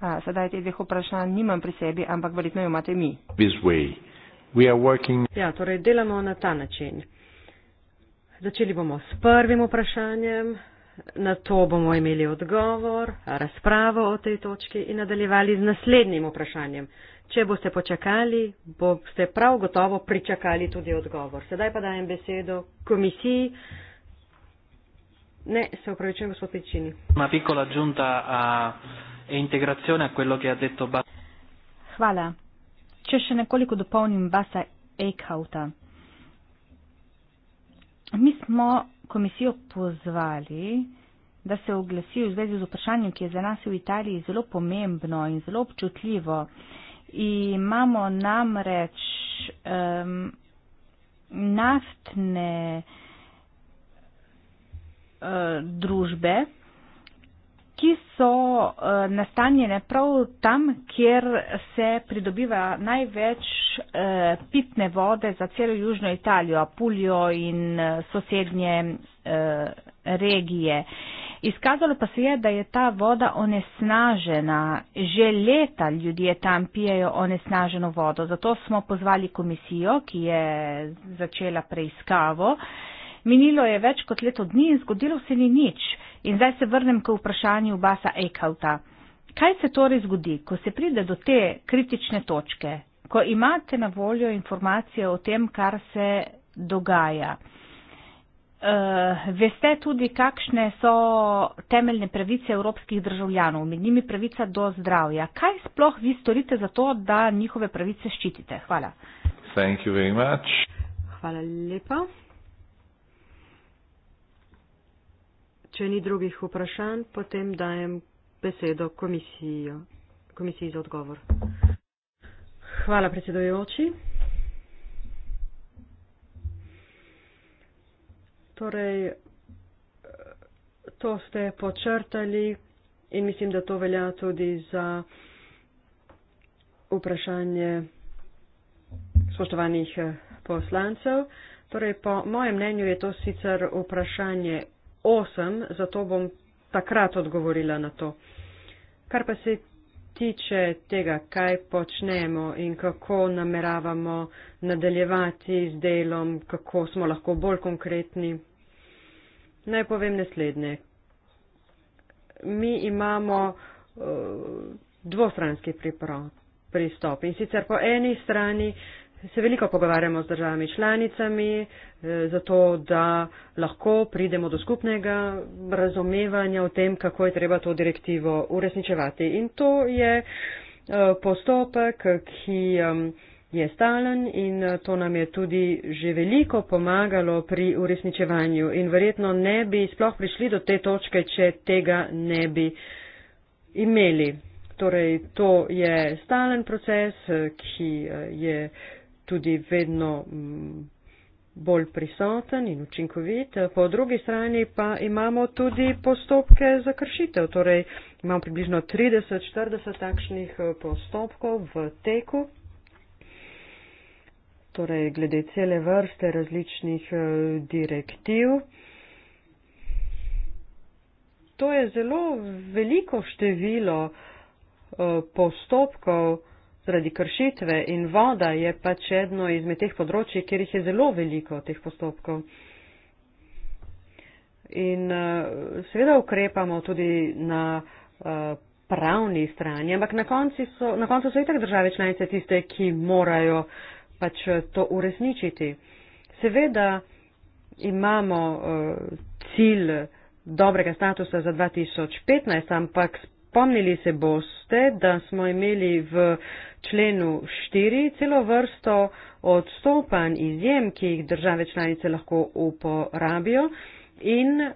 A, sedaj te dveh vprašanj nimam pri sebi, ampak verjetno jo imate mi. Ja, torej delamo na ta način. Začeli bomo s prvim vprašanjem. Na to bomo imeli odgovor, razpravo o tej točki in nadaljevali z naslednjim vprašanjem. Če boste počakali, boste prav gotovo pričakali tudi odgovor. Sedaj pa dajem besedo komisiji. Ne, se upravičujem, gospod Pečini. E Hvala. Če še nekoliko dopolnim Basa Eichhauta. Mi smo komisijo pozvali, da se oglasi v zvezi z vprašanjem, ki je za nas v Italiji zelo pomembno in zelo občutljivo. Imamo namreč um, naftne uh, družbe, ki so uh, nastanjene prav tam, kjer se pridobiva največ uh, pitne vode za celo Južno Italijo, Apulijo in uh, sosednje uh, regije. Izkazalo pa se je, da je ta voda onesnažena. Že leta ljudje tam pijejo onesnaženo vodo. Zato smo pozvali komisijo, ki je začela preiskavo. Minilo je več kot leto dni in zgodilo se ni nič. In zdaj se vrnem k vprašanju Basa Eikauta. Kaj se torej zgodi, ko se pride do te kritične točke, ko imate na voljo informacije o tem, kar se dogaja? Uh, veste tudi, kakšne so temeljne pravice evropskih državljanov, med njimi pravica do zdravja. Kaj sploh vi storite za to, da njihove pravice ščitite? Hvala. Hvala lepa. Če ni drugih vprašanj, potem dajem besedo komisijo, komisiji za odgovor. Hvala, predsedojoči. Torej, to ste počrtali in mislim, da to velja tudi za vprašanje spoštovanih poslancev. Torej, po mojem mnenju je to sicer vprašanje osem, zato bom takrat odgovorila na to. Kar pa se tiče tega, kaj počnemo in kako nameravamo nadaljevati z delom, kako smo lahko bolj konkretni, naj povem naslednje. Mi imamo uh, dvostranski pripro, pristop in sicer po eni strani uh, Se veliko pogovarjamo z državami članicami, eh, zato da lahko pridemo do skupnega razumevanja o tem, kako je treba to direktivo uresničevati. In to je eh, postopek, ki je stalen in eh, to nam je tudi že veliko pomagalo pri uresničevanju. In verjetno ne bi sploh prišli do te točke, če tega ne bi imeli. Torej, to je stalen proces, ki je tudi vedno mm, bolj prisoten in učinkovit. Po drugi strani pa imamo tudi postopke za kršitev. Torej imamo približno 30-40 takšnih eh, postopkov v teku. Torej glede cele vrste različnih eh, direktiv. To je zelo veliko število eh, postopkov, zaradi kršitve in voda je pač eno izmed teh področji, kjer jih je zelo veliko teh postopkov. In uh, seveda ukrepamo tudi na uh, pravni strani, ampak na koncu so, na koncu so itak države članice tiste, ki morajo pač eh, to uresničiti. Seveda imamo uh, cilj dobrega statusa za 2015, ampak s Spomnili se boste, da smo imeli v členu 4 celo vrsto odstopanj izjem, ki jih države članice lahko uporabijo in eh,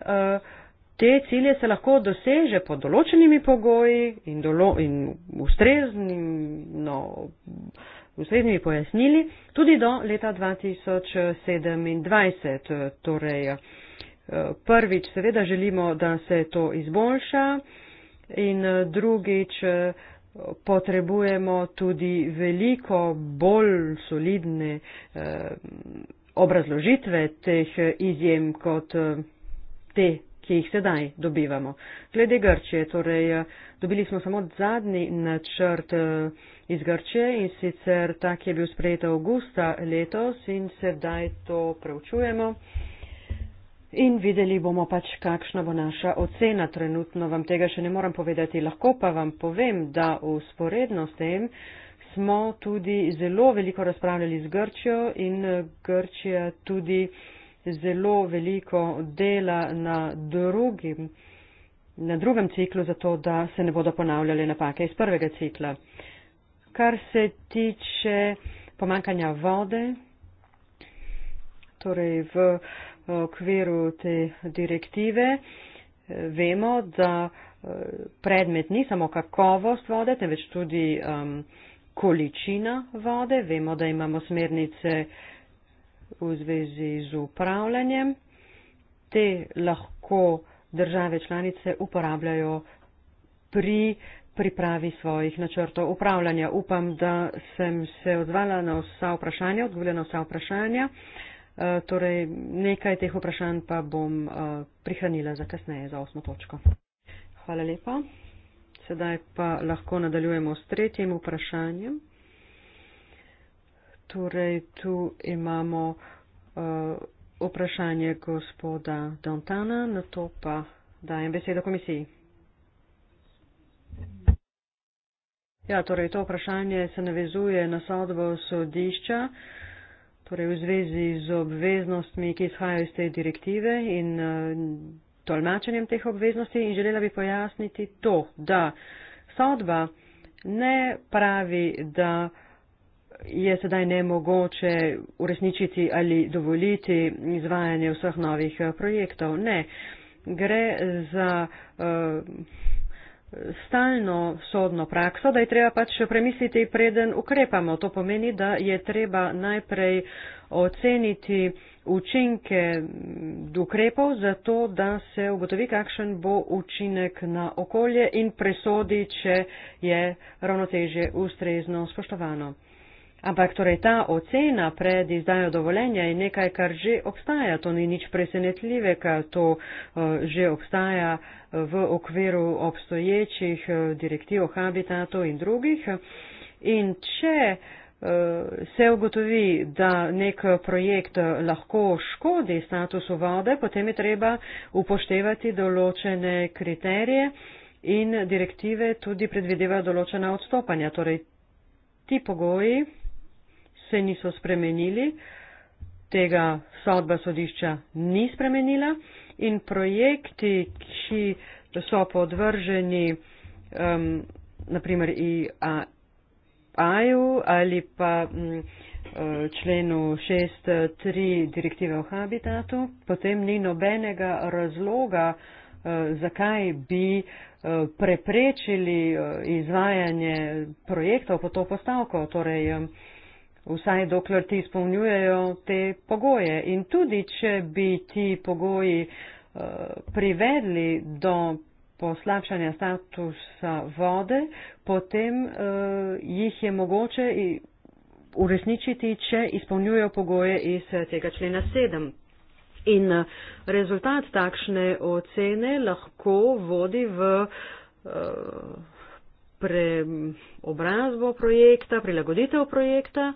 te cilje se lahko doseže pod določenimi pogoji in, dolo, in ustreznimi, no, ustreznimi pojasnili tudi do leta 2027. Torej, eh, prvič seveda želimo, da se to izboljša in eh, drugič eh, potrebujemo tudi veliko bolj solidne eh, obrazložitve teh izjem kot te, ki jih sedaj dobivamo. Glede Grčije, torej dobili smo samo zadnji načrt iz Grčije in sicer tak je bil sprejet avgusta letos in sedaj to preučujemo. In videli bomo pač, kakšna bo naša ocena. Trenutno vam tega še ne morem povedati, lahko pa vam povem, da usporedno s tem smo tudi zelo veliko razpravljali z Grčijo in eh, Grčija tudi zelo veliko dela na, drugim, na drugem ciklu, zato da se ne bodo ponavljale napake iz prvega cikla. Kar se tiče pomankanja vode, torej v v okviru te direktive. Vemo, da eh, predmet ni samo kakovost vode, temveč tudi um, količina vode. Vemo, da imamo smernice v zvezi z upravljanjem. Te lahko države članice uporabljajo pri pripravi svojih načrtov upravljanja. Upam, da sem se odzvala na vsa vprašanja, odgovorila na vsa vprašanja. Eh, torej nekaj teh vprašanj pa bom eh, prihranila za kasneje, za osmo točko. Hvala lepa. Sedaj pa lahko nadaljujemo s tretjim vprašanjem. Torej, tu imamo uh, vprašanje gospoda Dantana, na to pa dajem besedo komisiji. Ja, torej, to vprašanje se navezuje na sodbo sodišča. Uh, torej v zvezi z obveznostmi, ki izhajajo iz te direktive in eh, tolmačenjem teh obveznosti in želela bi pojasniti to, da sodba ne pravi, da je sedaj nemogoče uresničiti ali dovoliti izvajanje vseh novih eh, projektov. Ne, gre za. Uh, stalno sodno prakso, da je treba pač premisliti, preden ukrepamo. To pomeni, da je treba najprej oceniti učinke ukrepov, zato da se ugotovi, kakšen bo učinek na okolje in presodi, če je ravnotežje ustrezno spoštovano. Ampak torej ta ocena pred izdajo dovoljenja je nekaj, kar že obstaja. To ni nič presenetljive, ker to uh, že obstaja eh, v okviru obstoječih eh, direktiv o habitatu in drugih. In če se ugotovi, da nek projekt lahko škodi statusu vode, potem je treba upoštevati določene kriterije in direktive tudi predvideva določena odstopanja. Torej, ti pogoji se niso spremenili, tega sodba sodišča ni spremenila in projekti, ki so podvrženi um, naprimer IAU e e ali pa um, členu 6.3 direktive o habitatu, potem ni nobenega razloga, eh, zakaj bi eh, preprečili izvajanje projektov pod to postavko. Torej, um, vsaj dokler ti izpolnjujejo te pogoje. In tudi, če bi ti pogoji uh, privedli do poslabšanja statusa vode, potem uh, jih je mogoče uresničiti, če izpolnjujejo pogoje iz eh, tega člena 7. In uh, rezultat takšne ocene lahko vodi v. Uh, preobrazbo projekta, prilagoditev projekta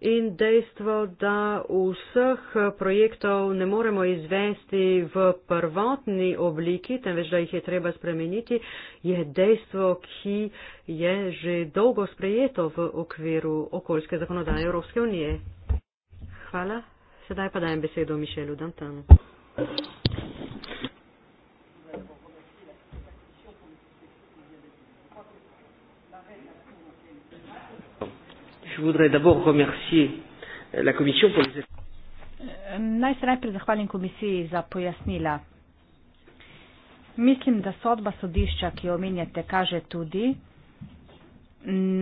in dejstvo, da vseh projektov ne moremo izvesti v prvotni obliki, temveč da jih je treba spremeniti, je dejstvo, ki je že dolgo sprejeto v okviru okoljske zakonodaje Evropske unije. Hvala. Sedaj pa dajem besedo Mišelu Dantanu. je voudrais d'abord remercier euh, la commission pour les Naj se najprej zahvalim komisiji za pojasnila. Mislim, da sodba sodišča, ki jo omenjate, kaže tudi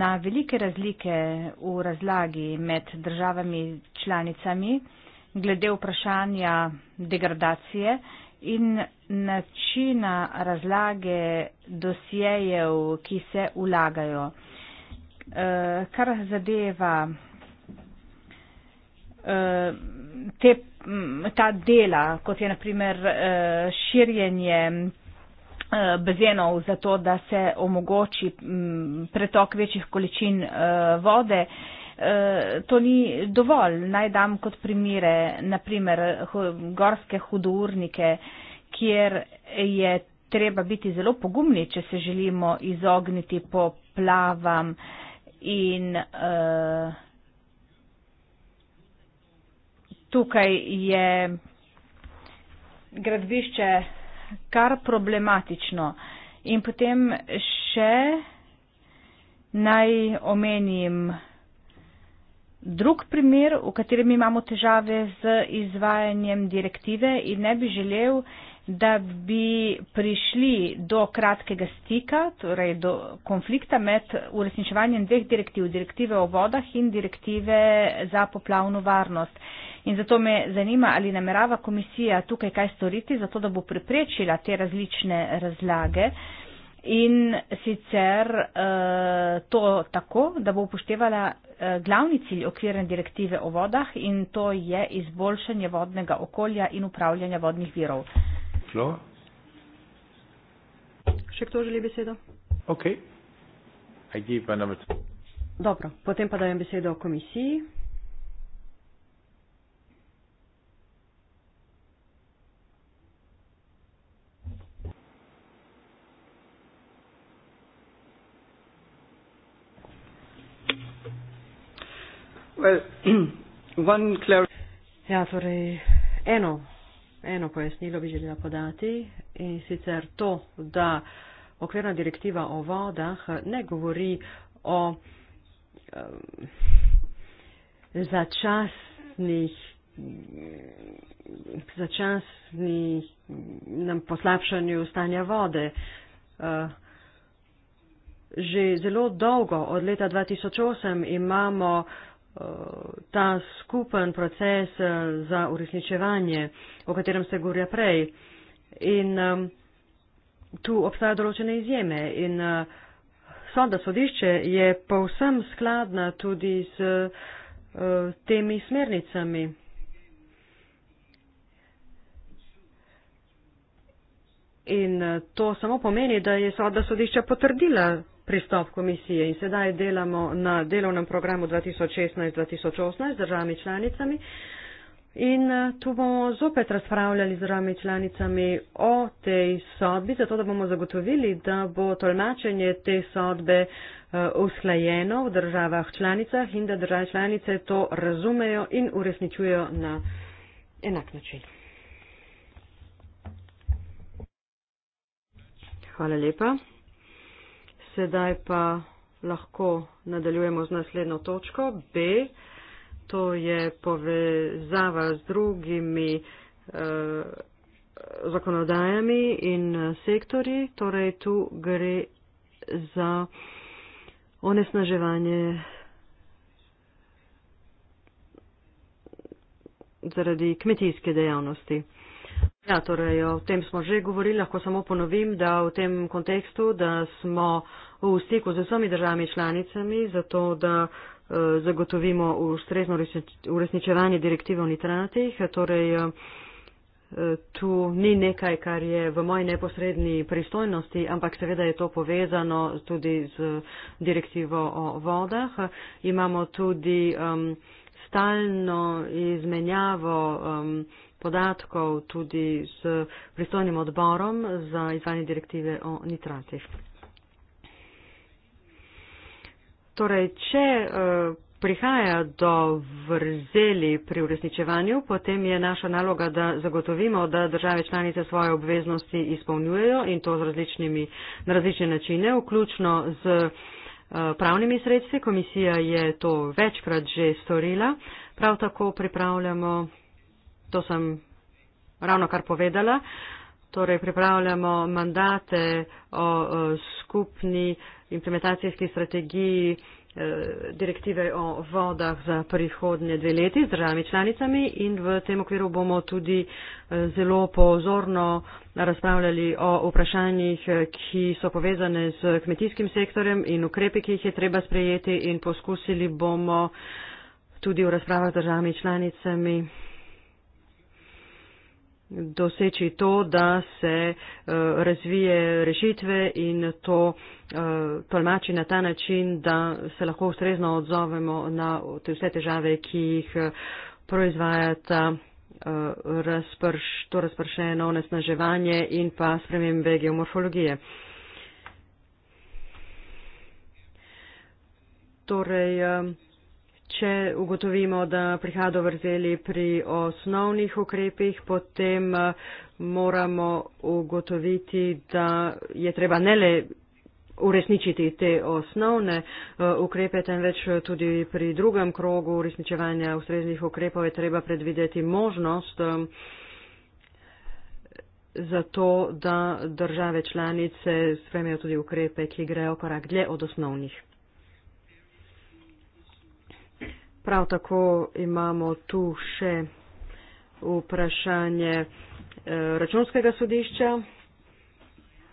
na velike razlike v razlagi med državami članicami glede vprašanja degradacije in načina razlage dosjejev, ki se ulagajo. Eh, kar zadeva eh, te, mm, ta dela, kot je naprimer eh, širjenje bazenov za to, da se omogoči mm, pretok večjih količin vode, to ni dovolj. Naj dam kot primere, naprimer, gorske hudournike, kjer je treba biti zelo pogumni, če se želimo izogniti poplavam in eh, tukaj je gradbišče kar problematično. In potem še naj omenim drug primer, v katerem imamo težave z izvajanjem direktive in ne bi želel, da bi prišli do kratkega stika, torej do konflikta med uresničevanjem dveh direktiv, direktive o vodah in direktive za poplavno varnost. In zato me zanima, ali namerava komisija tukaj kaj storiti, zato da bo preprečila te različne razlage. In sicer eh, to tako, da bo upoštevala eh, glavni cilj okvirne direktive o vodah in to je izboljšanje vodnega okolja in upravljanja vodnih virov šlo? Še kdo želi besedo? Ok. Ajdi pa na vrto. Dobro, potem pa dajem besedo o komisiji. Well, one clar ja, torej, eno eno pojasnilo bi želela podati in sicer to, da okvirna direktiva o vodah ne govori o um, začasnih začasni nam poslabšanju stanja vode. Uh, že zelo dolgo, od leta 2008, imamo ta skupen proces eh, za uresničevanje, o katerem se govorja prej. In tu obstajajo določene izjeme in eh, sodno sodišče je povsem skladna tudi z eh, temi smernicami. In to samo pomeni, da je sodna sodišča potrdila pristop komisije. In sedaj delamo na delovnem programu 2016-2018 z državami članicami. In eh, tu bomo zopet razpravljali z državami članicami o tej sodbi, zato da bomo zagotovili, da bo tolmačenje te sodbe eh, usklajeno v državah članicah in da države članice to razumejo in uresničujo na enak način. Hvala lepa. Sedaj pa lahko nadaljujemo z naslednjo točko B. To je povezava z drugimi eh, zakonodajami in eh, sektori. Torej tu gre za onesnaževanje zaradi kmetijske dejavnosti. Ja, torej o tem smo že govorili, lahko samo ponovim, da v tem kontekstu, da smo eh, v stiku z vsemi državami članicami, zato da eh, zagotovimo ustrezno uresničevanje direktive o nitratih. Torej, eh, tu ni nekaj, kar je v moji neposredni pristojnosti, ampak seveda je to povezano tudi z direktivo o vodah. Imamo tudi um, stalno izmenjavo um, podatkov tudi s pristojnim odborom za izvajanje direktive o nitratih. Torej, če eh, prihaja do vrzeli pri uresničevanju, potem je naša naloga, da zagotovimo, da države članice svoje obveznosti izpolnjujejo in to na različne načine, vključno z eh, pravnimi sredstvi. Komisija je to večkrat že storila. Prav tako pripravljamo, to sem ravno kar povedala, torej pripravljamo mandate o eh, skupni implementacijski strategiji eh, direktive o vodah za prihodnje dve leti z državami članicami in v tem okviru bomo tudi eh, zelo pozorno razpravljali o vprašanjih, eh, ki so povezane z kmetijskim sektorjem in ukrepi, ki jih je treba sprejeti in poskusili bomo tudi v razpravah z državami članicami doseči to, da se eh, razvije rešitve in to eh, tolmači na ta način, da se lahko ustrezno odzovemo na te vse težave, ki jih eh, proizvajata razprš, to razpršeno onesnaževanje in pa spremembe geomorfologije. Torej, Če ugotovimo, da prihaja do vrzeli pri osnovnih ukrepih, potem eh, moramo ugotoviti, da je treba ne le uresničiti te osnovne eh, ukrepe, temveč tudi pri drugem krogu uresničevanja ustreznih ukrepov je treba predvideti možnost eh, za to, da države članice spremijo tudi ukrepe, ki grejo korak dlje od osnovnih. Prav tako imamo tu še vprašanje eh, računskega sodišča.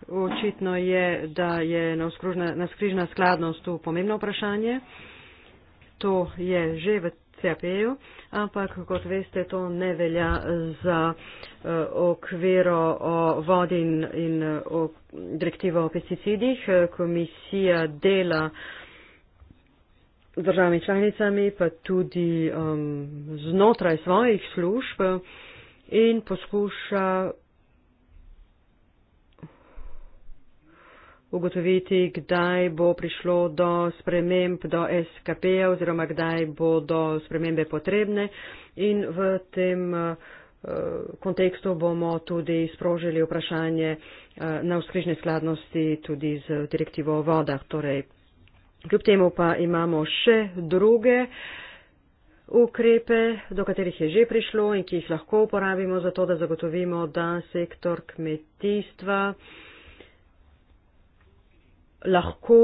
Očitno je, da je naskrižna skladnost tu pomembno vprašanje. To je že v CAP-ju, ampak kot veste, to ne velja za eh, okviro o vodin in o direktivo o pesticidih. Komisija dela z državami članicami, pa tudi um, znotraj svojih služb in poskuša ugotoviti, kdaj bo prišlo do sprememb do SKP oziroma kdaj bodo spremembe potrebne in v tem uh, kontekstu bomo tudi sprožili vprašanje uh, na vzkrižne skladnosti tudi z direktivo o vodah, torej Kljub temu pa imamo še druge ukrepe, do katerih je že prišlo in ki jih lahko uporabimo za to, da zagotovimo, da sektor kmetijstva lahko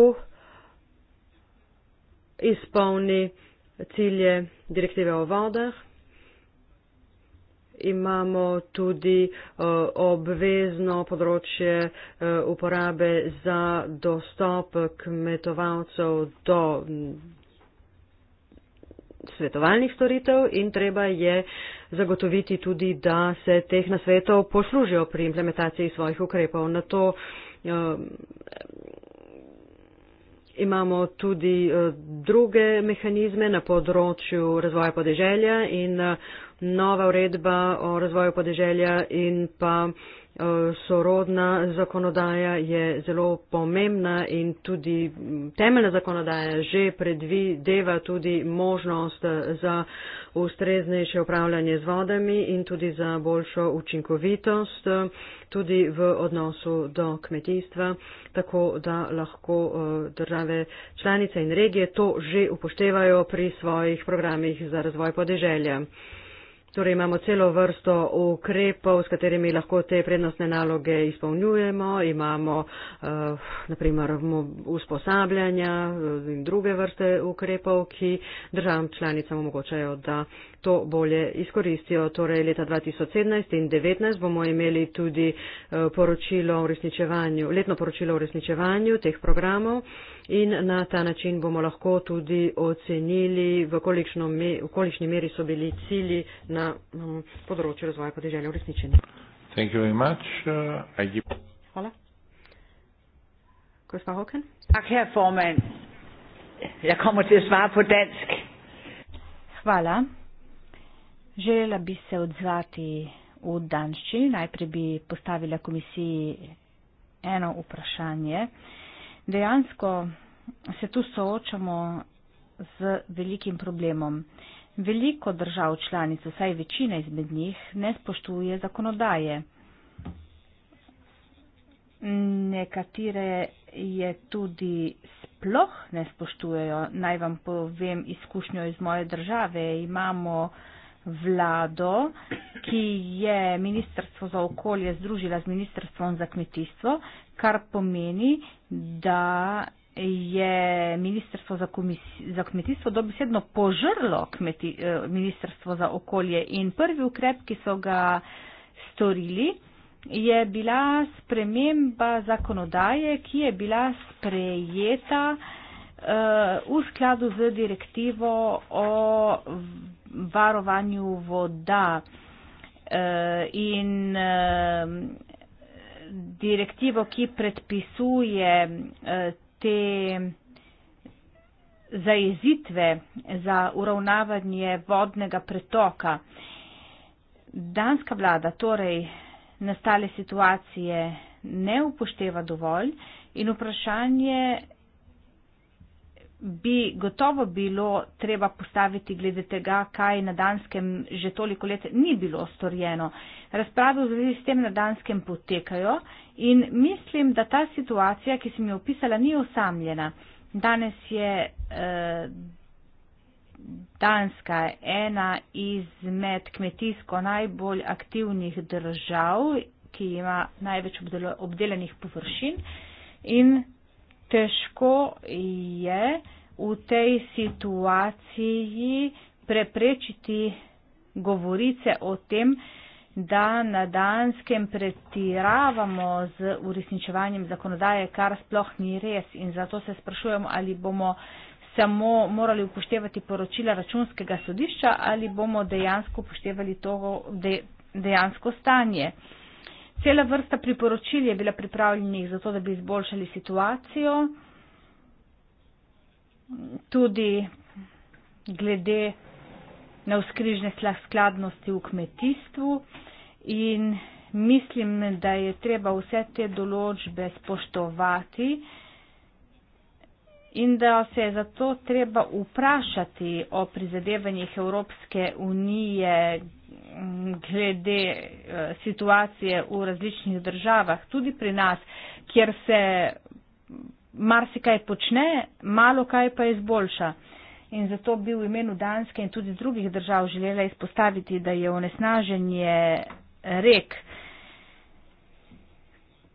izpolni cilje direktive o vodah imamo tudi uh, obvezno področje uh, uporabe za dostop kmetovalcev do svetovalnih storitev in treba je zagotoviti tudi, da se teh nasvetov poslužijo pri implementaciji svojih ukrepov. Na to um, imamo tudi uh, druge mehanizme na področju razvoja podeželja in uh, nova uredba o razvoju podeželja in pa eh, sorodna zakonodaja je zelo pomembna in tudi mm, temeljna zakonodaja že predvideva tudi možnost eh, za ustreznejše upravljanje z vodami in tudi za boljšo učinkovitost eh, tudi v odnosu do kmetijstva, tako da lahko države članice in regije to že upoštevajo pri svojih programih za razvoj podeželja. Torej imamo celo vrsto ukrepov, s katerimi lahko te prednostne naloge izpolnjujemo. Imamo uh, eh, naprimer usposabljanja eh, in druge vrste ukrepov, ki državam članicam omogočajo, da to bolje izkoristijo. Torej leta 2017 in 2019 bomo imeli tudi uh, poročilo letno poročilo o resničevanju teh programov. Uh, in na ta način bomo lahko tudi ocenili, v, me, v kolikšni meri so bili cilji na um, področju razvoja podeželja uresničeni. Uh, Hvala. Gospa Hoken. Tak, her formen. Ja, komu ti sva po dansk. Hvala. Želela bi se odzvati v danščini. Najprej bi postavila komisiji eno vprašanje. Uh, dejansko se tu soočamo z velikim problemom. Veliko držav članic, vsaj večina izmed njih, ne spoštuje zakonodaje. Nekatere je tudi sploh ne spoštujejo. Naj vam povem izkušnjo iz moje države. Imamo uh, vlado, ki je Ministrstvo za okolje združila z Ministrstvom za kmetijstvo, kar pomeni, da je Ministrstvo za, za kmetijstvo dobesedno požrlo kmeti, eh, Ministrstvo za okolje in prvi ukrep, ki so ga storili, je bila sprememba zakonodaje, ki je bila sprejeta eh, v skladu z direktivo o varovanju voda eh, in eh, direktivo, ki predpisuje eh, te zajezitve za uravnavanje vodnega pretoka. Danska vlada torej nastale situacije ne upošteva dovolj in vprašanje bi gotovo bilo treba postaviti glede tega, kaj na Danskem že toliko let ni bilo storjeno. Razprave v zvezi s tem na Danskem potekajo in mislim, da ta situacija, ki sem jo opisala, ni osamljena. Danes je eh, Danska ena izmed kmetijsko najbolj aktivnih držav, ki ima največ obdelanih površin. In težko je v tej situaciji preprečiti govorice o tem, da na danskem pretiravamo z uresničevanjem zakonodaje, kar sploh ni res. In zato se sprašujemo, ali bomo samo morali upoštevati poročila računskega sodišča ali bomo dejansko upoštevali to dejansko stanje. Cela vrsta priporočil je bila pripravljenih za to, da bi izboljšali situacijo, tudi glede na vzkrižne skladnosti v kmetijstvu in mislim, da je treba vse te določbe spoštovati in da se je zato treba vprašati o prizadevanjih Evropske unije mm, glede eh, situacije v različnih državah, tudi pri nas, kjer se marsikaj počne, malo kaj pa izboljša. In zato bi v imenu Danske in tudi drugih držav želela izpostaviti, da je onesnaženje rek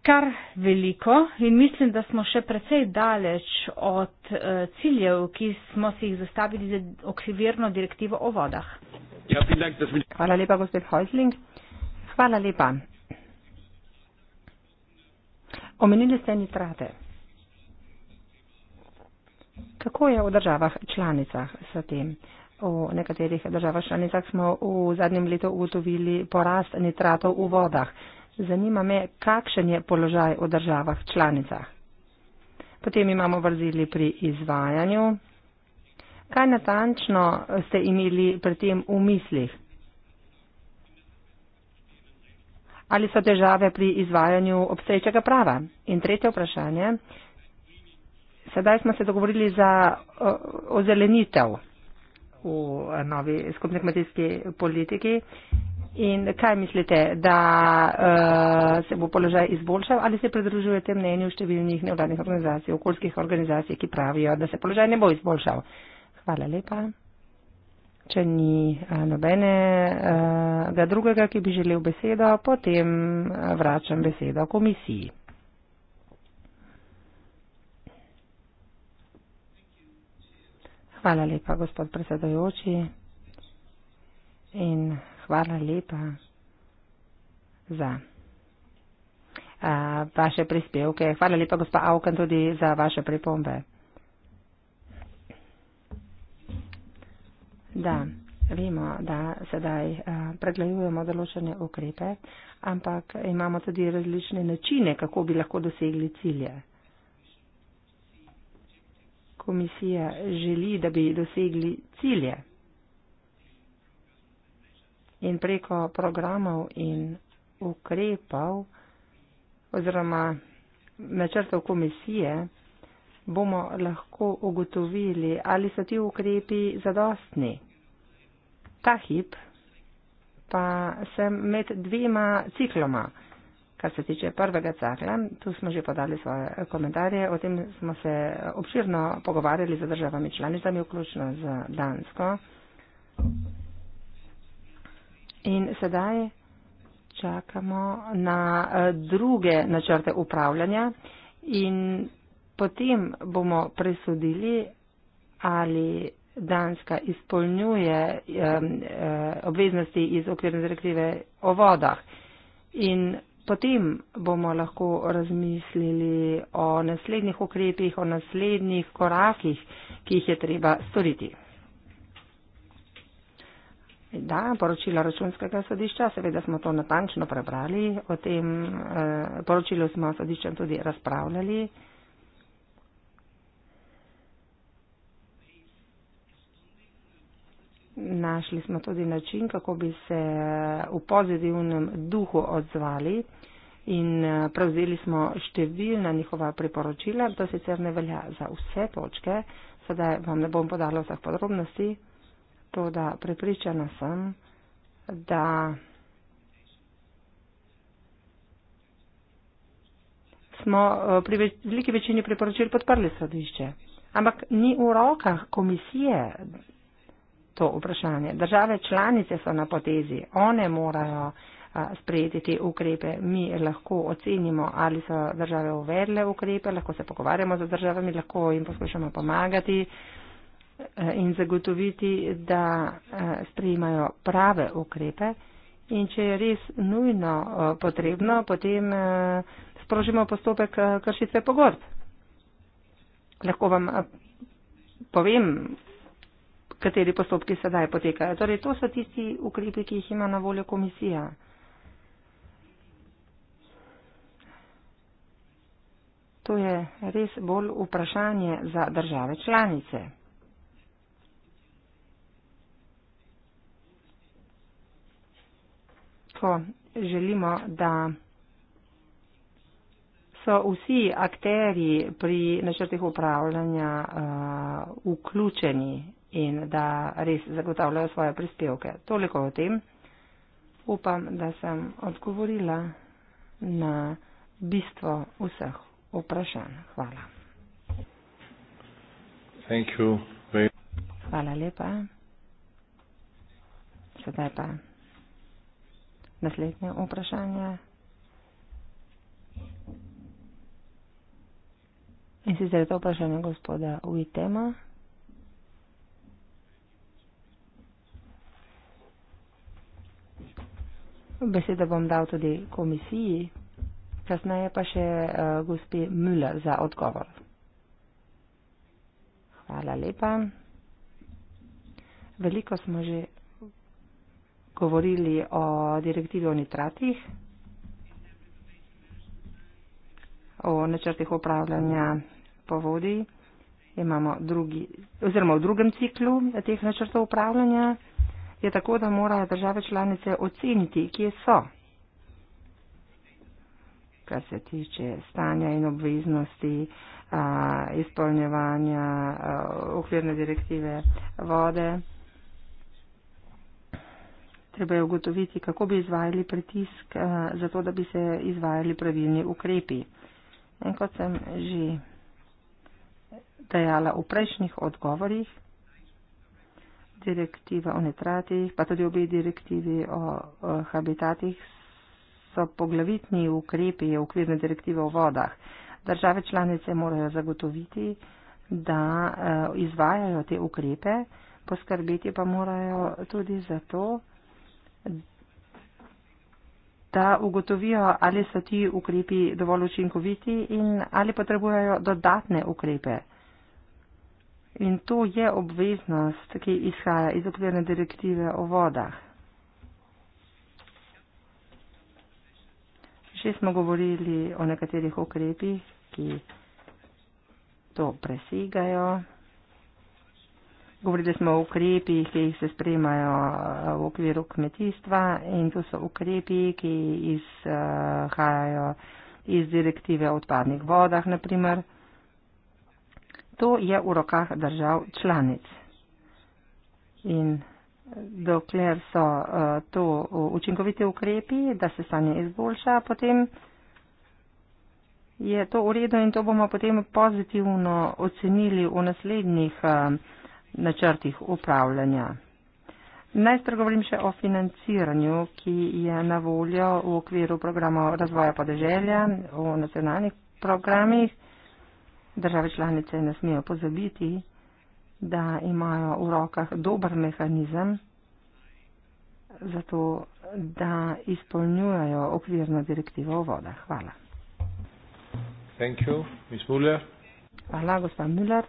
kar veliko in mislim, da smo še precej daleč od eh, ciljev, ki smo si jih zastavili za okvirno direktivo o vodah. Ja, Hvala lepa, gospod Heusling. Hvala lepa. Omenili ste nitrate. Kako je v državah članicah s tem? V nekaterih državah članicah smo v zadnjem letu ugotovili porast nitratov v vodah. Zanima me, kakšen je položaj v državah članicah. Potem imamo vrzili pri izvajanju. Kaj natančno ste imeli pri tem v mislih? Ali so težave pri izvajanju obstoječega prava? In tretje vprašanje. Sedaj smo se dogovorili za ozelenitev v eh, novi skupni kmetijski politiki. In kaj mislite, da uh, se bo položaj izboljšal ali se pridružuje tem mnenju številnih nevladnih organizacij, okoljskih organizacij, ki pravijo, da se položaj ne bo izboljšal? Hvala lepa. Če ni eh, nobene uh, ga drugega, ki bi želel besedo, potem vračam besedo komisiji. Hvala lepa, gospod predsedajoči. In hvala lepa za a, vaše prispevke. Hvala lepa, gospa Avkan, tudi za vaše pripombe. Da, vemo, da sedaj pregledujemo določene ukrepe, ampak imamo tudi različne načine, kako bi lahko dosegli cilje. Komisija želi, da bi dosegli cilje in preko programov in ukrepov oziroma načrtov komisije bomo lahko ugotovili, ali so ti ukrepi zadostni. Ta hip pa sem med dvema cikloma. Kar se tiče prvega cakla, tu smo že podali svoje komentarje, o tem smo se obširno pogovarjali z državami članicami, vključno z Dansko. In sedaj čakamo na eh, druge načrte upravljanja in potem bomo presodili, ali Danska izpolnjuje eh, obveznosti iz okvirne direktive o vodah. In potem bomo lahko razmislili o naslednjih ukrepih, o naslednjih korakih, ki jih je treba storiti. Da, poročila računskega sodišča, seveda smo to natančno prebrali, o tem eh, poročilu smo sodiščem tudi razpravljali. Našli smo tudi način, kako bi se eh, v pozitivnem duhu odzvali in eh, prevzeli smo številna njihova priporočila, to sicer ne velja za vse točke, sedaj vam ne bom podala vseh podrobnosti to, da prepričana sem, da smo eh, pri veliki večini priporočil podprli sodišče. Ampak ni v rokah komisije to vprašanje. Države članice so na potezi, one morajo eh, sprejeti te ukrepe. Mi lahko ocenimo, ali so države uvedle ukrepe, lahko se pogovarjamo z državami, lahko jim poskušamo pomagati. Uh, Eh, in zagotoviti, da eh, sprejmajo prave ukrepe. In če je res nujno eh, potrebno, potem sprožimo postopek kršitve pogodb. Lahko vam povem, kateri postopki sedaj potekajo. Torej, to so tisti ukrepi, ki jih ima na voljo komisija. To je res bolj vprašanje za države članice. ko želimo, da so vsi akteri pri načrtih upravljanja uh, vključeni in da res zagotavljajo svoje prispevke. Toliko o tem. Upam, da sem odgovorila na bistvo vseh vprašanj. Hvala. Hvala lepa. Sedaj pa. Naslednje vprašanje. In sicer je to vprašanje gospoda Uitema. Besedo bom dal tudi komisiji, kasneje pa še uh, eh, gospi Müller za odgovor. Hvala lepa. Veliko smo že govorili o direktivi o nitratih, o načrtih upravljanja povodi. Imamo drugi, oziroma v drugem ciklu teh načrtov upravljanja je tako, da morajo države članice oceniti, kje so, kar se tiče stanja in obveznosti izpolnjevanja okvirne direktive vode. Treba je ugotoviti, kako bi izvajali pritisk, eh, zato da bi se izvajali pravilni ukrepi. In kot sem že dejala v prejšnjih odgovorih, direktiva o netratih, pa tudi obe direktivi o habitatih so poglavitni ukrepi okvirne direktive o vodah. Države članice morajo zagotoviti, da eh, izvajajo te ukrepe, poskrbeti pa morajo tudi za to, da ugotovijo, ali so ti ukrepi dovolj učinkoviti in ali potrebujejo dodatne ukrepe. In to je obveznost, ki izhaja iz okvirne direktive o vodah. Še smo govorili o nekaterih ukrepih, ki to presegajo. Govorili smo o ukrepih, ki jih se sprejmajo eh, v okviru kmetijstva in to so ukrepi, ki izhajajo eh, iz direktive o odpadnih vodah, naprimer. To je v rokah držav članic. In eh, dokler so to učinkoviti ukrepi, da se stanje izboljša, potem je to v redu in to bomo potem pozitivno ocenili v naslednjih načrtih upravljanja. Naj spregovorim še o financiranju, ki je na voljo v okviru programa razvoja podeželja v nacionalnih programih. Države članice ne smejo pozabiti, da imajo v rokah dober mehanizem za to, da izpolnjujejo okvirno direktivo o vodah. Hvala. Thank you, Ms. Hvala, gospod Müller.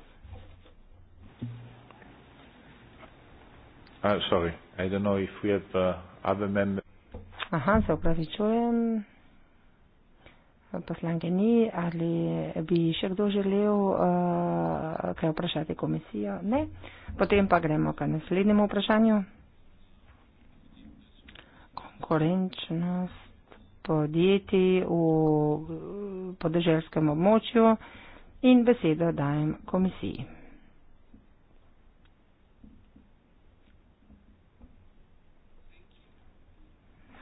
Sorry, I don't know if we have uh, other members. Aha, se opravičujem. Poslanke ni, ali bi še kdo želel uh, kaj vprašati komisijo? Ne. Potem pa gremo k naslednjemu vprašanju. Konkurenčnost podjetij v podeželskem območju in besedo dajem komisiji.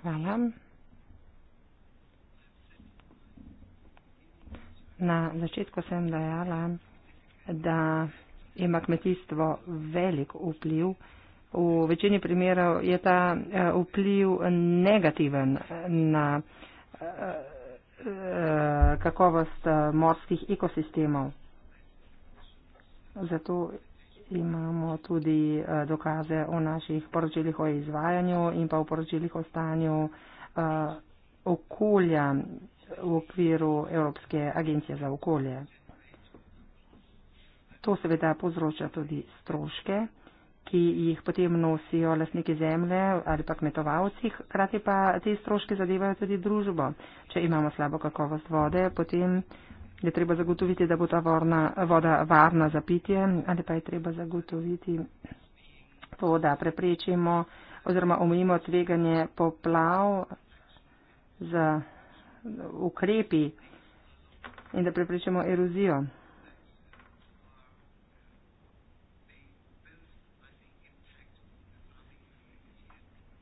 Hvala. Na začetku sem dejala, da ima kmetijstvo velik vpliv. V večini primerov je ta eh, vpliv negativen na eh, eh, kakovost morskih ekosistemov. Zato imamo tudi eh, dokaze o naših poročilih o izvajanju in pa o poročilih o stanju eh, okolja v okviru Evropske agencije za okolje. To seveda povzroča tudi stroške, ki jih potem nosijo lasniki zemlje ali pa kmetovalci, hkrati pa te stroške zadevajo tudi družbo. Če imamo slabo kakovost vode, potem je treba zagotoviti, da bo ta vorna, voda varna za pitje ali pa je treba zagotoviti to, da preprečimo oziroma omejimo tveganje poplav z ukrepi in da preprečimo erozijo.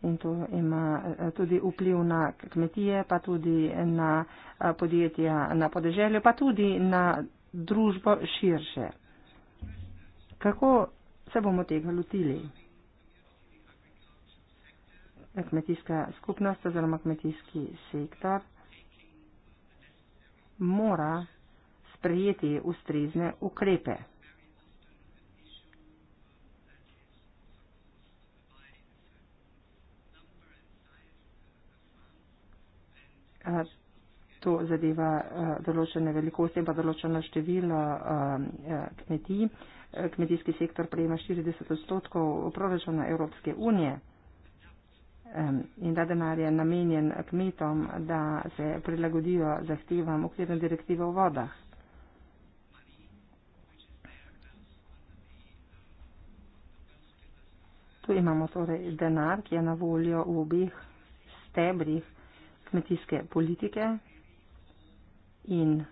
in to ima eh, tudi vpliv na kmetije, pa tudi na eh, podjetja na podeželju, pa tudi na družbo širše. Kako se bomo tega lotili? Kmetijska skupnost oziroma kmetijski sektor mora sprejeti ustrezne ukrepe. To zadeva določene velikosti in pa določeno število kmetij. Kmetijski sektor prejema 40 odstotkov proračuna Evropske unije in da denar je namenjen kmetom, da se prilagodijo zahtevam okvirne direktive o vodah. Tu imamo torej denar, ki je na voljo v obeh stebrih kmetijske politike in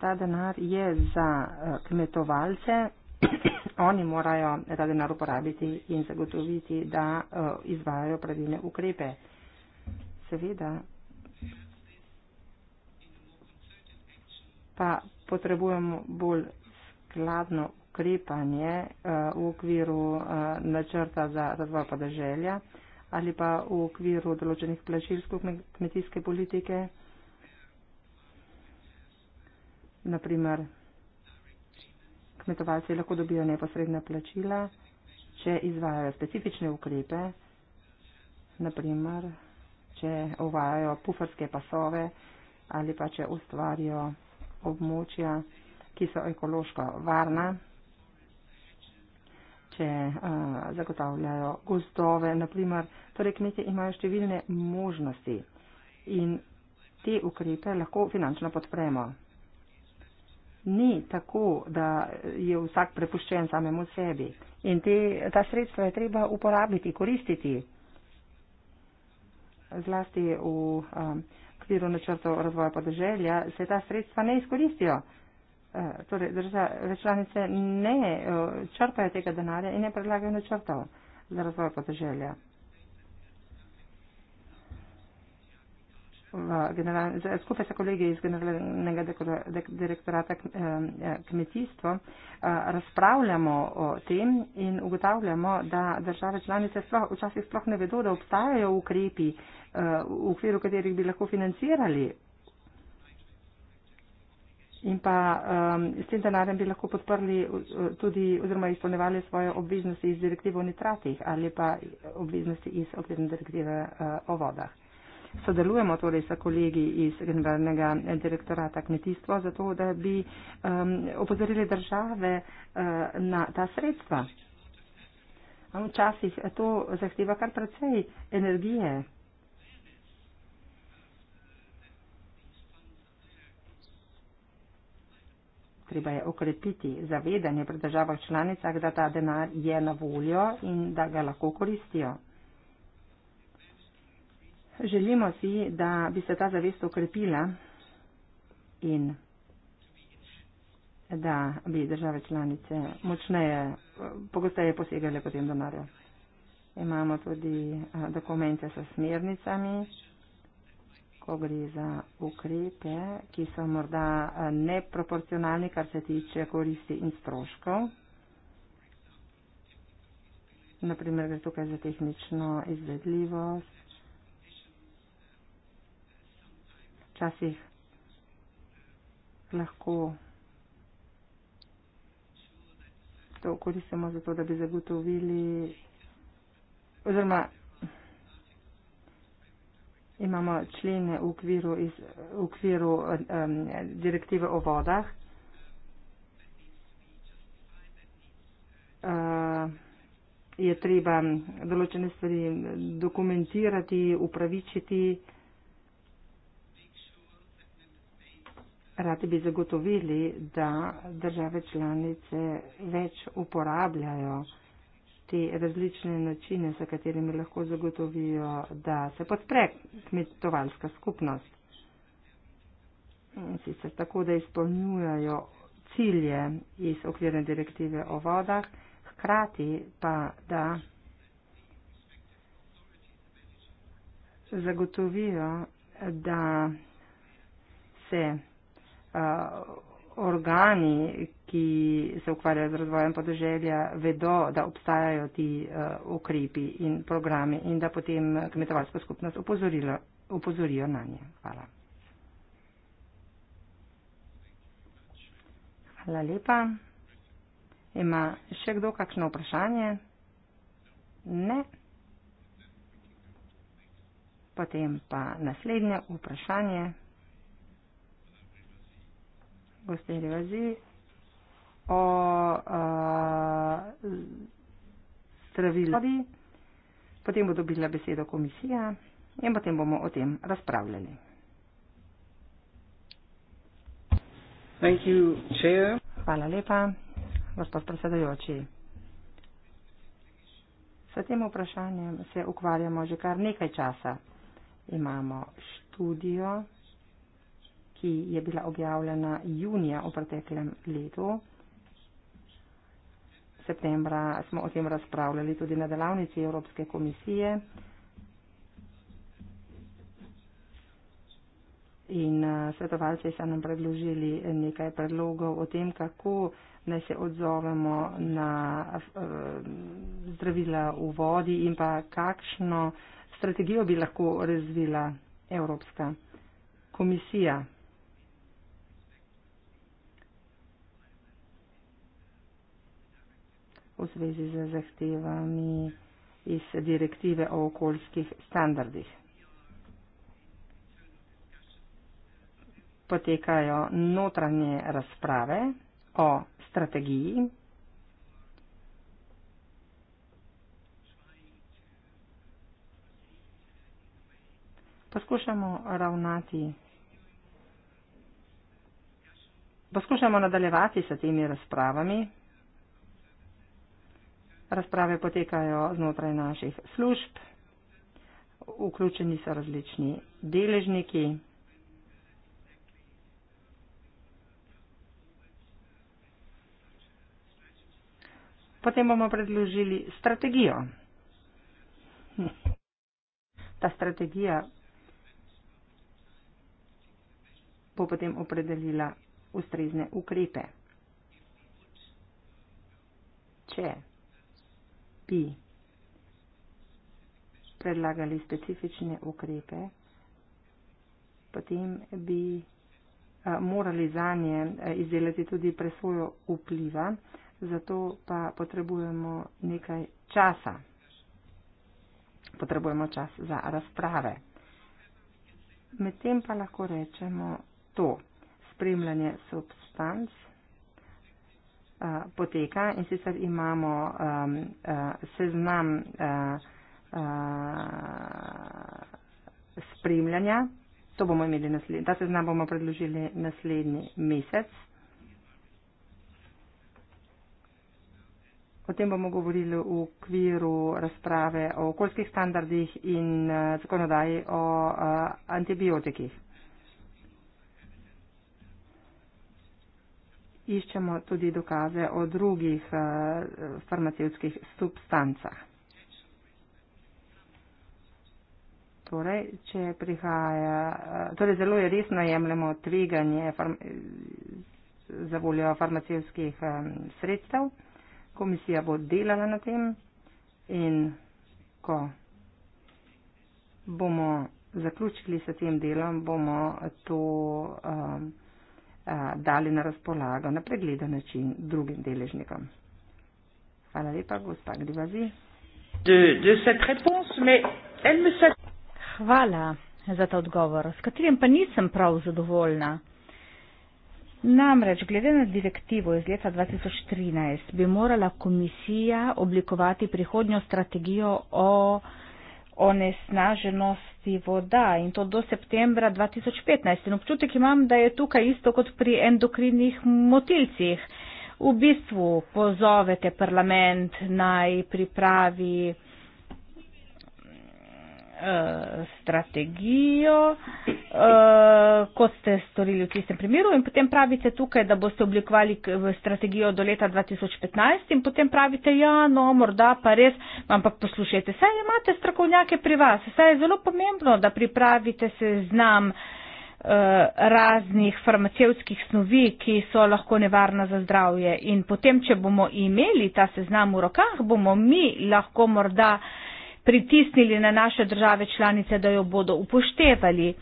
ta denar je za eh, kmetovalce. Oni morajo ta denar uporabiti in zagotoviti, da eh, izvajajo pravilne ukrepe. Seveda pa potrebujemo bolj skladno ukrepanje eh, v okviru načrta za razvoj podeželja ali pa v okviru določenih plačilskih kmetijske politike, naprimer kmetovalci lahko dobijo neposredna plačila, če izvajajo specifične ukrepe, naprimer, če uvajajo puferske pasove ali pa če ustvarijo območja, ki so ekološko varna če a, eh, zagotavljajo gozdove, naprimer, torej kmetje imajo številne možnosti in te ukrepe lahko finančno podpremo. Ni tako, da je vsak prepuščen samemu sebi in te, ta sredstva je treba uporabiti, koristiti. Zlasti v eh, okviru načrtov razvoja podeželja se ta sredstva ne izkoristijo. Eh, torej države članice ne eh, črpajo tega denarja in ne predlagajo načrtov za razvoj podeželja. Skupaj sa kolegi iz generalnega direktorata eh, kmetijstvo razpravljamo o tem in ugotavljamo, da države članice sploh, včasih sploh ne vedo, da obstajajo ukrepi, v okviru katerih bi lahko financirali In pa um, s tem denarjem bi lahko podprli uh, tudi oziroma izpolnevali svoje obveznosti iz direktive o nitratih ali pa obveznosti iz obvezne direktive uh, o vodah. Sodelujemo torej s kolegi iz generalnega direktorata kmetijstva za to, da bi um, opozorili države uh, na ta sredstva. Včasih to zahteva kar precej energije. Treba je okrepiti zavedanje pri državah članicah, da ta denar je na voljo in da ga lahko koristijo. Želimo si, da bi se ta zavest okrepila in da bi države članice močneje, pogosteje posegale po tem denarju. Imamo tudi eh, dokumente s smernicami, ko gre za ukrepe, ki so morda eh, neproporcionalni, kar se tiče koristi in stroškov. Naprimer, gre tukaj za tehnično izvedljivost. Včasih lahko to koristimo zato, da bi zagotovili oziroma imamo člene v okviru, iz, v okviru um, direktive o vodah. Uh, je treba določene stvari dokumentirati, upravičiti. Radi bi zagotovili, da države članice več uporabljajo uh, te različne načine, s katerimi lahko zagotovijo, da se podpre kmetovalska skupnost. Sicer tako, da izpolnjujajo cilje iz okvirne direktive o vodah, hkrati pa, da zagotovijo, da se uh, organi, ki se ukvarjajo z razvojem podeželja, vedo, da obstajajo ti uh, ukrepi in programi in da potem kmetovalska skupnost opozorijo na nje. Hvala. Hvala lepa. Ima še kdo kakšno vprašanje? Ne. Potem pa naslednje vprašanje gostaria de o zdravilovi, potem bo dobila besedo komisija in potem bomo o tem razpravljali. Thank you, chair. Hvala lepa, gospod predsedajoči. S tem vprašanjem se ukvarjamo že kar nekaj časa. Imamo študijo ki je bila objavljena junija v preteklem letu. Septembra smo o tem razpravljali tudi na delavnici Evropske komisije in eh, svetovalci so nam predložili nekaj predlogov o tem, kako naj se odzovemo na eh, zdravila v vodi in pa kakšno strategijo bi lahko razvila Evropska komisija. v zvezi z zahtevami iz direktive o okoljskih standardih. Potekajo notranje razprave o strategiji. Poskušamo ravnati. Poskušamo nadaljevati s temi razpravami. Razprave potekajo znotraj naših služb, vključeni so različni deležniki. Potem bomo predložili strategijo. Ta strategija bo potem opredelila ustrezne ukrepe. Če bi predlagali specifične ukrepe, potem bi morali za nje izdelati tudi presojo vpliva, zato pa potrebujemo nekaj časa. Potrebujemo čas za razprave. Medtem pa lahko rečemo to. Spremljanje substanc Eh, poteka in sicer imamo um, uh, seznam uh, uh, spremljanja. To bomo imeli naslednji, ta seznam bomo predložili naslednji mesec. O tem bomo govorili v okviru razprave o okoljskih standardih in zakonodaji o antibiotikih. iščemo tudi dokaze o drugih eh, farmacevskih substancah. Torej, če prihaja, eh, torej zelo je resno jemljamo tveganje za voljo farmacevskih eh, sredstev. Komisija bo delala na tem in ko bomo zaključili s tem delom, bomo to um, dali na razpolago na pregleden način drugim deležnikom. Hvala lepa, gospa Grivazi. Hvala za ta odgovor, s katerim pa nisem prav zadovoljna. Namreč, glede na direktivo iz leta 2013, bi morala komisija oblikovati prihodnjo strategijo o onesnaženosti voda in to do septembra 2015. In občutek imam, da je tukaj isto kot pri endokrinih motilcih. V bistvu pozovete parlament naj pripravi uh, strategijo, uh, eh, kot ste storili v tistem primeru in potem pravite tukaj, da boste oblikovali strategijo do leta 2015 in potem pravite, ja, no, morda pa res, ampak poslušajte, saj imate strokovnjake pri vas, saj je zelo pomembno, da pripravite se znam eh, raznih farmacevskih snovi, ki so lahko nevarna za zdravje. In potem, če bomo imeli ta seznam v rokah, bomo mi lahko morda uh, pritisnili na naše države članice, da jo bodo upoštevali.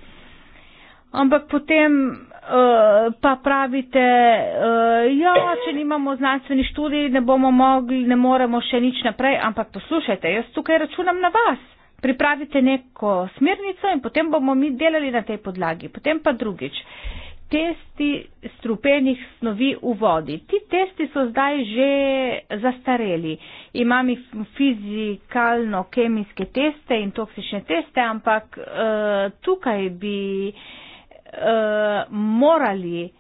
Ampak potem uh, pa pravite, uh, ja, če nimamo znanstveni študij, ne bomo mogli, ne moremo še nič naprej, ampak poslušajte, jaz tukaj računam na vas. Pripravite neko smernico in potem bomo mi delali na tej podlagi, potem pa drugič. Uh, testi strupenih snovi v vodi. Ti testi so zdaj že zastareli. Imam jih fizikalno-kemijske teste in toksične teste, ampak uh, tukaj bi uh, morali uh,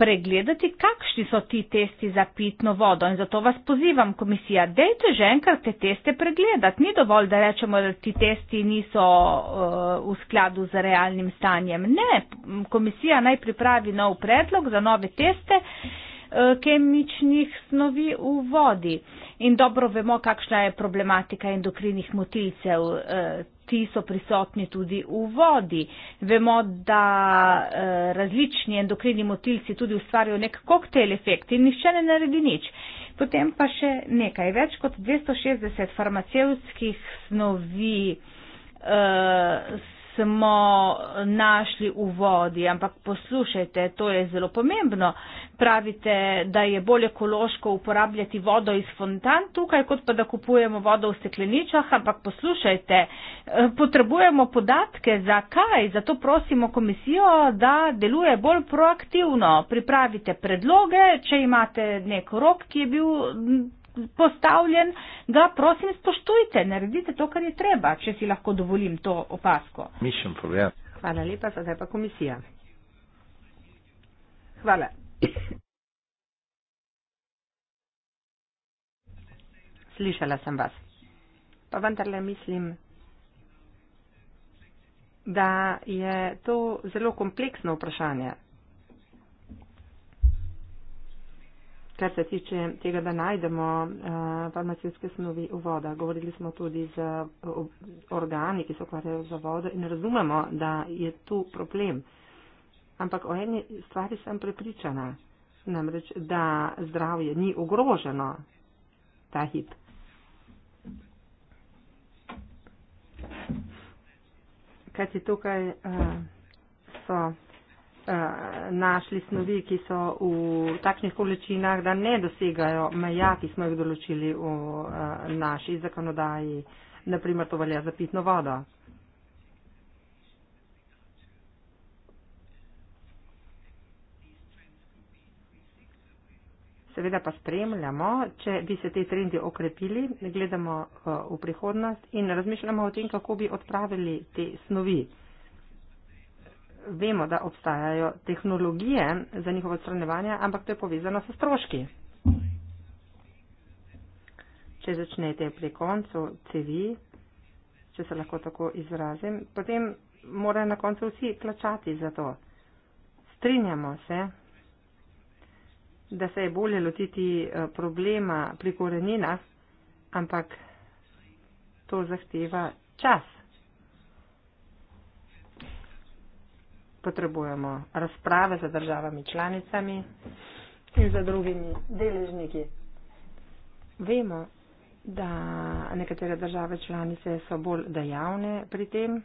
pregledati, kakšni so ti testi za pitno vodo. In zato vas pozivam, komisija, dejte že enkrat te teste pregledati. Ni dovolj, da rečemo, da ti testi niso uh, v skladu z realnim stanjem. Ne, komisija naj pripravi nov predlog za nove teste eh, kemičnih snovi v vodi. In dobro vemo, kakšna je problematika endokrinih motilcev. Eh, ti so prisotni tudi v vodi. Vemo, da eh, različni endokrini motilci tudi ustvarjajo nek koktejl efekt in nišče ne naredi nič. Potem pa še nekaj, več kot 260 farmacevskih snovi eh, smo našli v vodi, ampak poslušajte, to je zelo pomembno. Pravite, da je bolj ekološko uporabljati vodo iz fontan tukaj, kot pa da kupujemo vodo v stekleničah, ampak poslušajte, eh, potrebujemo podatke, zakaj, zato prosimo komisijo, da deluje bolj proaktivno. Pripravite predloge, če imate nek rok, ki je bil postavljen, ga prosim spoštujte, naredite to, kar je treba, če si lahko dovolim to opasko. Mišem povem. Hvala lepa, sedaj pa komisija. Hvala. Slišala sem vas. Pa vendarle mislim, da je to zelo kompleksno vprašanje. kar se tiče tega, da najdemo eh, farmacijske snovi v vodah. Govorili smo tudi z eh, organi, ki se ukvarjajo za vodo in razumemo, da je tu problem. Ampak o eni stvari sem prepričana, namreč, da zdravje ni ogroženo ta hip. Kajti tukaj uh, so Eh, našli snovi, ki so v takšnih količinah, da ne dosegajo meja, ki smo jih določili v eh, naši zakonodaji. Naprimer, to velja za pitno vodo. Seveda pa spremljamo, če bi se te trendi okrepili, gledamo eh, v prihodnost in razmišljamo o tem, kako bi odpravili te snovi vemo, da obstajajo tehnologije za njihovo odstranjevanje, ampak to je povezano s stroški. Če začnete pri koncu cevi, če se lahko tako izrazim, potem morajo na koncu vsi plačati za to. Strinjamo se, da se je bolje lotiti eh, problema pri koreninah, ampak to zahteva čas. potrebujemo razprave za državami članicami in za drugimi deležniki. Vemo, da nekatere države članice so bolj dejavne pri tem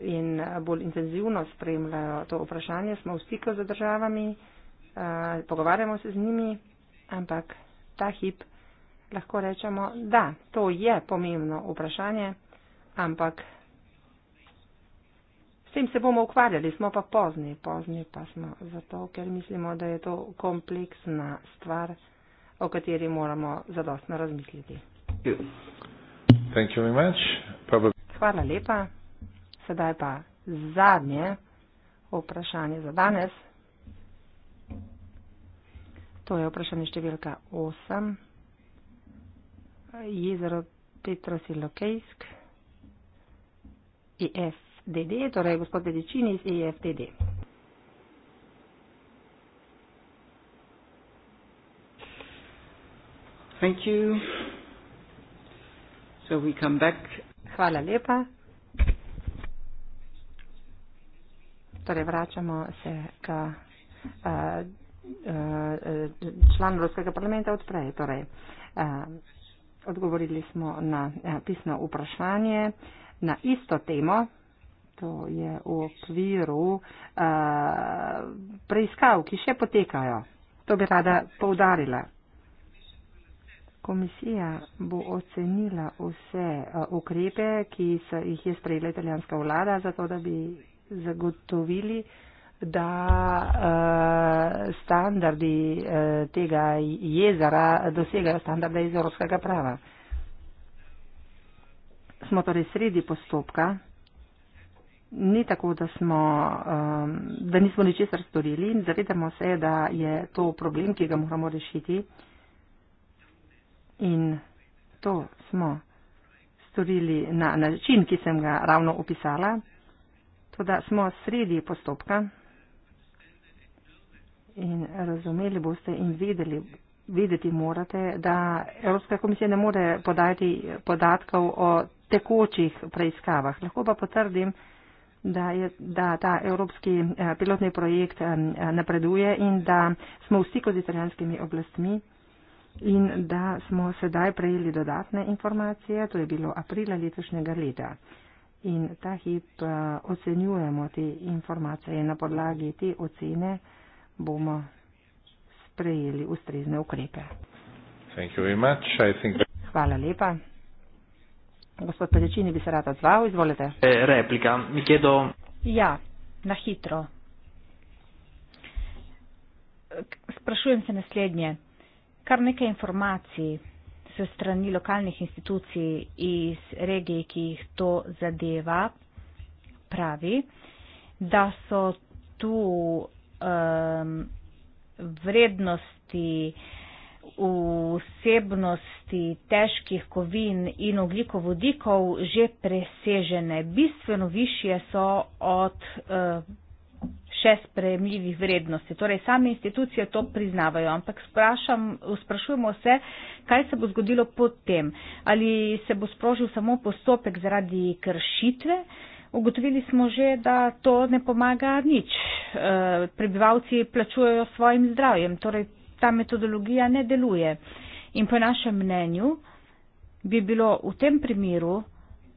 in bolj intenzivno spremljajo to vprašanje. Smo v stiku za državami, eh, pogovarjamo se z njimi, ampak ta hip lahko rečemo, da to je pomembno vprašanje, ampak S tem se bomo ukvarjali, smo pa pozni, pozni pa smo zato, ker mislimo, da je to kompleksna stvar, o kateri moramo zadostno razmisliti. Hvala lepa. Sedaj pa zadnje vprašanje za danes. To je vprašanje številka 8. Jezero Petrosilokejsk. IF DD, torej gospod Dedičin iz IFDD. E Thank you. So we come back. Hvala lepa. Torej vračamo se k uh, uh, članu Ruskega parlamenta odprej. Torej, uh, odgovorili smo na uh, pisno vprašanje na isto temo to je v okviru uh, preiskav, ki še potekajo. To bi rada poudarila. Komisija bo ocenila vse uh, ukrepe, ki so jih je sprejela italijanska vlada, zato da bi zagotovili, da uh, standardi uh, tega jezera dosegajo standarde iz evropskega prava. Smo torej sredi postopka ni tako, da, smo, um, da nismo ničesar storili in zavedamo se, da je to problem, ki ga moramo rešiti. In to smo storili na način, ki sem ga ravno opisala, to da smo sredi postopka in razumeli boste in videli, videti morate, da Evropska komisija ne more podajati podatkov o tekočih preiskavah. Lahko pa potrdim, da, je, da ta evropski eh, pilotni projekt eh, napreduje in da smo v stiku z italijanskimi oblastmi in da smo sedaj prejeli dodatne informacije. To je bilo aprila letošnjega leta. In ta hip eh, ocenjujemo te informacije. Na podlagi te ocene bomo sprejeli ustrezne ukrepe. Hvala lepa. Gospod Pedečini bi se rad odzval, izvolite. E, replika, mi kjedo. Ja, na hitro. Sprašujem se naslednje. Kar nekaj informacij se strani lokalnih institucij iz regije, ki jih to zadeva, pravi, da so tu um, vrednosti uh, vsebnosti težkih kovin in oglikovodikov že presežene. Bistveno višje so od eh, še sprejemljivih vrednosti. Torej, same institucije to priznavajo, ampak sprašam, sprašujemo se, kaj se bo zgodilo potem. Ali se bo sprožil samo postopek zaradi kršitve? Ugotovili smo že, da to ne pomaga nič. Eh, prebivalci plačujejo svojim zdravjem, torej ta metodologija ne deluje. In po našem mnenju bi bilo v tem primeru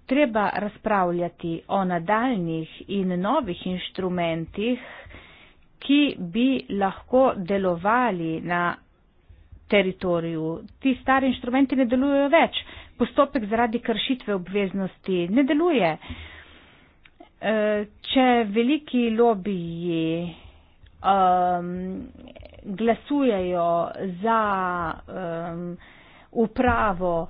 treba razpravljati o nadaljnih in novih inštrumentih, ki bi lahko delovali na teritoriju. Ti stari inštrumenti ne delujejo več. Postopek zaradi kršitve obveznosti ne deluje. E, če veliki lobiji um, glasujejo za um, upravo, uh,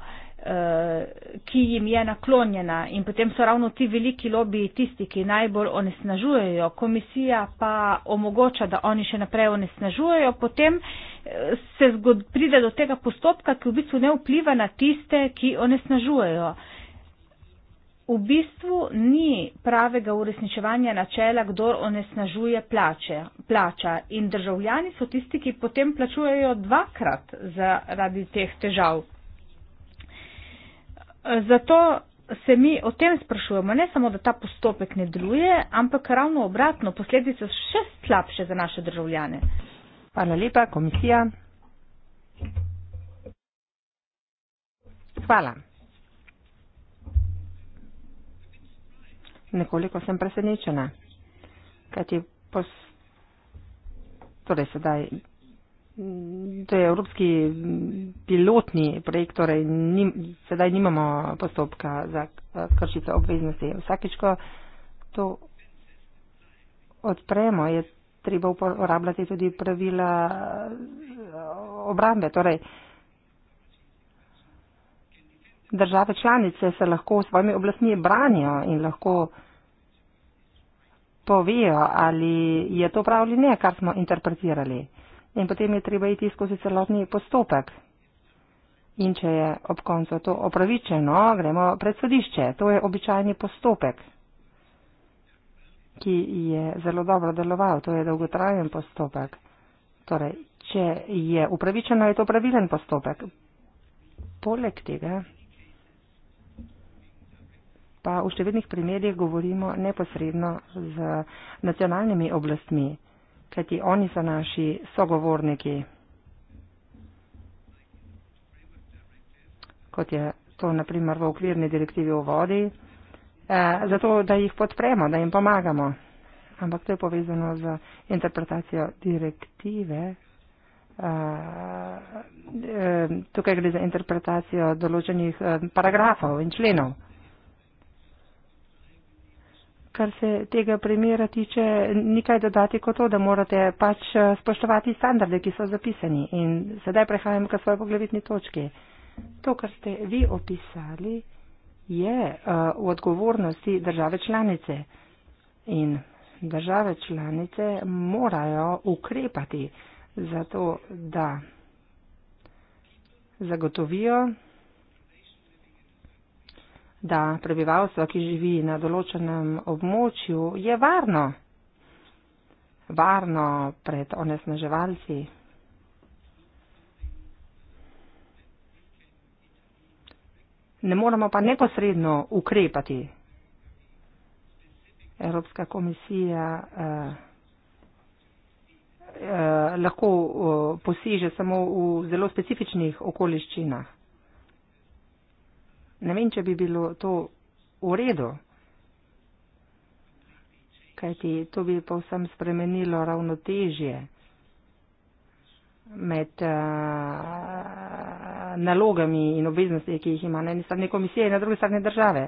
ki jim je naklonjena in potem so ravno ti veliki lobiji tisti, ki najbolj onesnažujejo, komisija pa omogoča, da oni še naprej onesnažujejo, potem uh, se zgod, pride do tega postopka, ki v bistvu ne vpliva na tiste, ki onesnažujejo. V bistvu ni pravega uresničevanja načela, kdor onesnažuje plače, plača in državljani so tisti, ki potem plačujejo dvakrat zaradi teh težav. Zato se mi o tem sprašujemo, ne samo, da ta postopek ne deluje, ampak ravno obratno, posledice so še slabše za naše državljane. Hvala lepa, komisija. Hvala. nekoliko sem presenečena. Kajti, pos, torej sedaj, to je evropski pilotni projekt, torej nim, sedaj nimamo postopka za eh, kršitve obveznosti. Vsakeč, ko to odpremo, je treba uporabljati tudi pravila eh, obrambe. Torej, države članice se lahko s svojimi oblastmi branijo in lahko povejo, ali je to prav ali ne, kar smo interpretirali. In potem je treba iti skozi celotni postopek. In če je ob koncu to opravičeno, gremo pred sodišče. To je običajni postopek, ki je zelo dobro deloval. To je dolgotrajen postopek. Torej, če je upravičeno, je to pravilen postopek. Poleg tega pa v številnih primerjih govorimo neposredno z nacionalnimi oblastmi, kajti oni so naši sogovorniki. kot je to naprimer v okvirni direktivi o vodi, eh, zato da jih podpremo, da jim pomagamo. Ampak to je povezano z interpretacijo direktive. Eh, eh, tukaj gre za interpretacijo določenih eh, paragrafov in členov. Eh, kar se tega primera tiče, nikaj dodati kot to, da morate pač eh, spoštovati standarde, ki so zapisani. In sedaj prehajamo k svoji poglavitni točki. To, kar ste vi opisali, je uh, v odgovornosti države članice. In države članice morajo ukrepati za to, da zagotovijo da prebivalstvo, ki živi na določenem območju, je varno. Varno pred onesnaževalci. Ne moramo pa neposredno ukrepati. Evropska komisija eh, eh, lahko eh, posiže samo v zelo specifičnih okoliščinah ne vem, če bi bilo to v redu, kajti to bi povsem spremenilo ravnotežje med uh, nalogami in obveznosti, ki jih ima na eni strani komisije in na drugi strani države.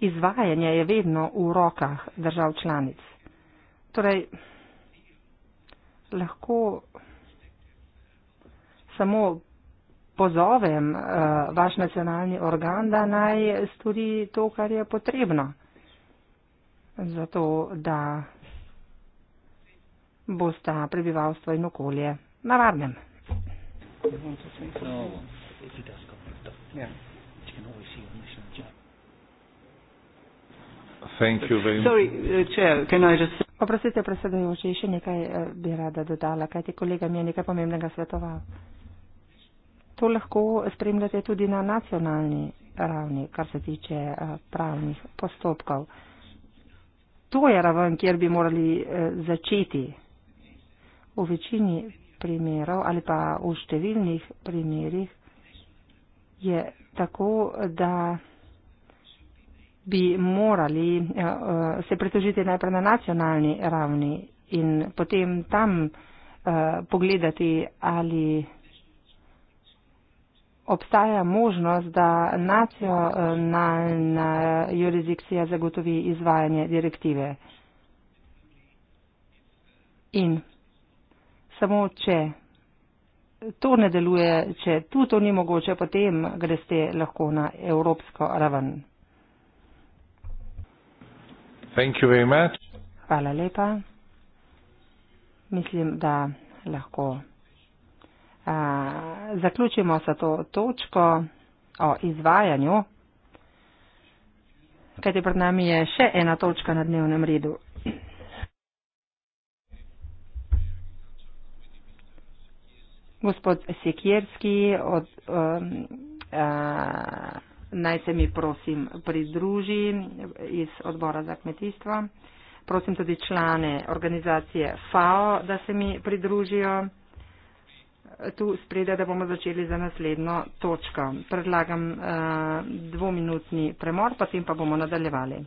Izvajanje je vedno v rokah držav članic. Torej, lahko samo pozovem uh, vaš nacionalni organ, da naj stori to, kar je potrebno, zato da bosta prebivalstvo in okolje na varnem. Uh, Oprostite, predsedujoči, še nekaj eh, bi rada dodala, kajti kolega mi je nekaj pomembnega svetoval. To lahko spremljate tudi na nacionalni ravni, kar se tiče eh, pravnih postopkov. To je raven, kjer bi morali eh, začeti. V večini primerov ali pa v številnih primerjih je tako, da bi morali eh, se pritožiti najprej na nacionalni ravni in potem tam pogledati ali obstaja možnost, da nacionalna jurisdikcija zagotovi izvajanje direktive. In samo če to ne deluje, če tu to ni mogoče, potem greste lahko na evropsko raven. Hvala lepa. Mislim, da lahko. A, zaključimo sa to točko o izvajanju, kajti pred nami je še ena točka na dnevnem redu. Gospod Sikirski, od, um, a, naj se mi prosim pridruži iz odbora za kmetijstvo. Prosim tudi člane organizacije FAO, da se mi pridružijo tu spredje, da bomo začeli za naslednjo točko. Predlagam uh, dvominutni premor, potem pa bomo nadaljevali.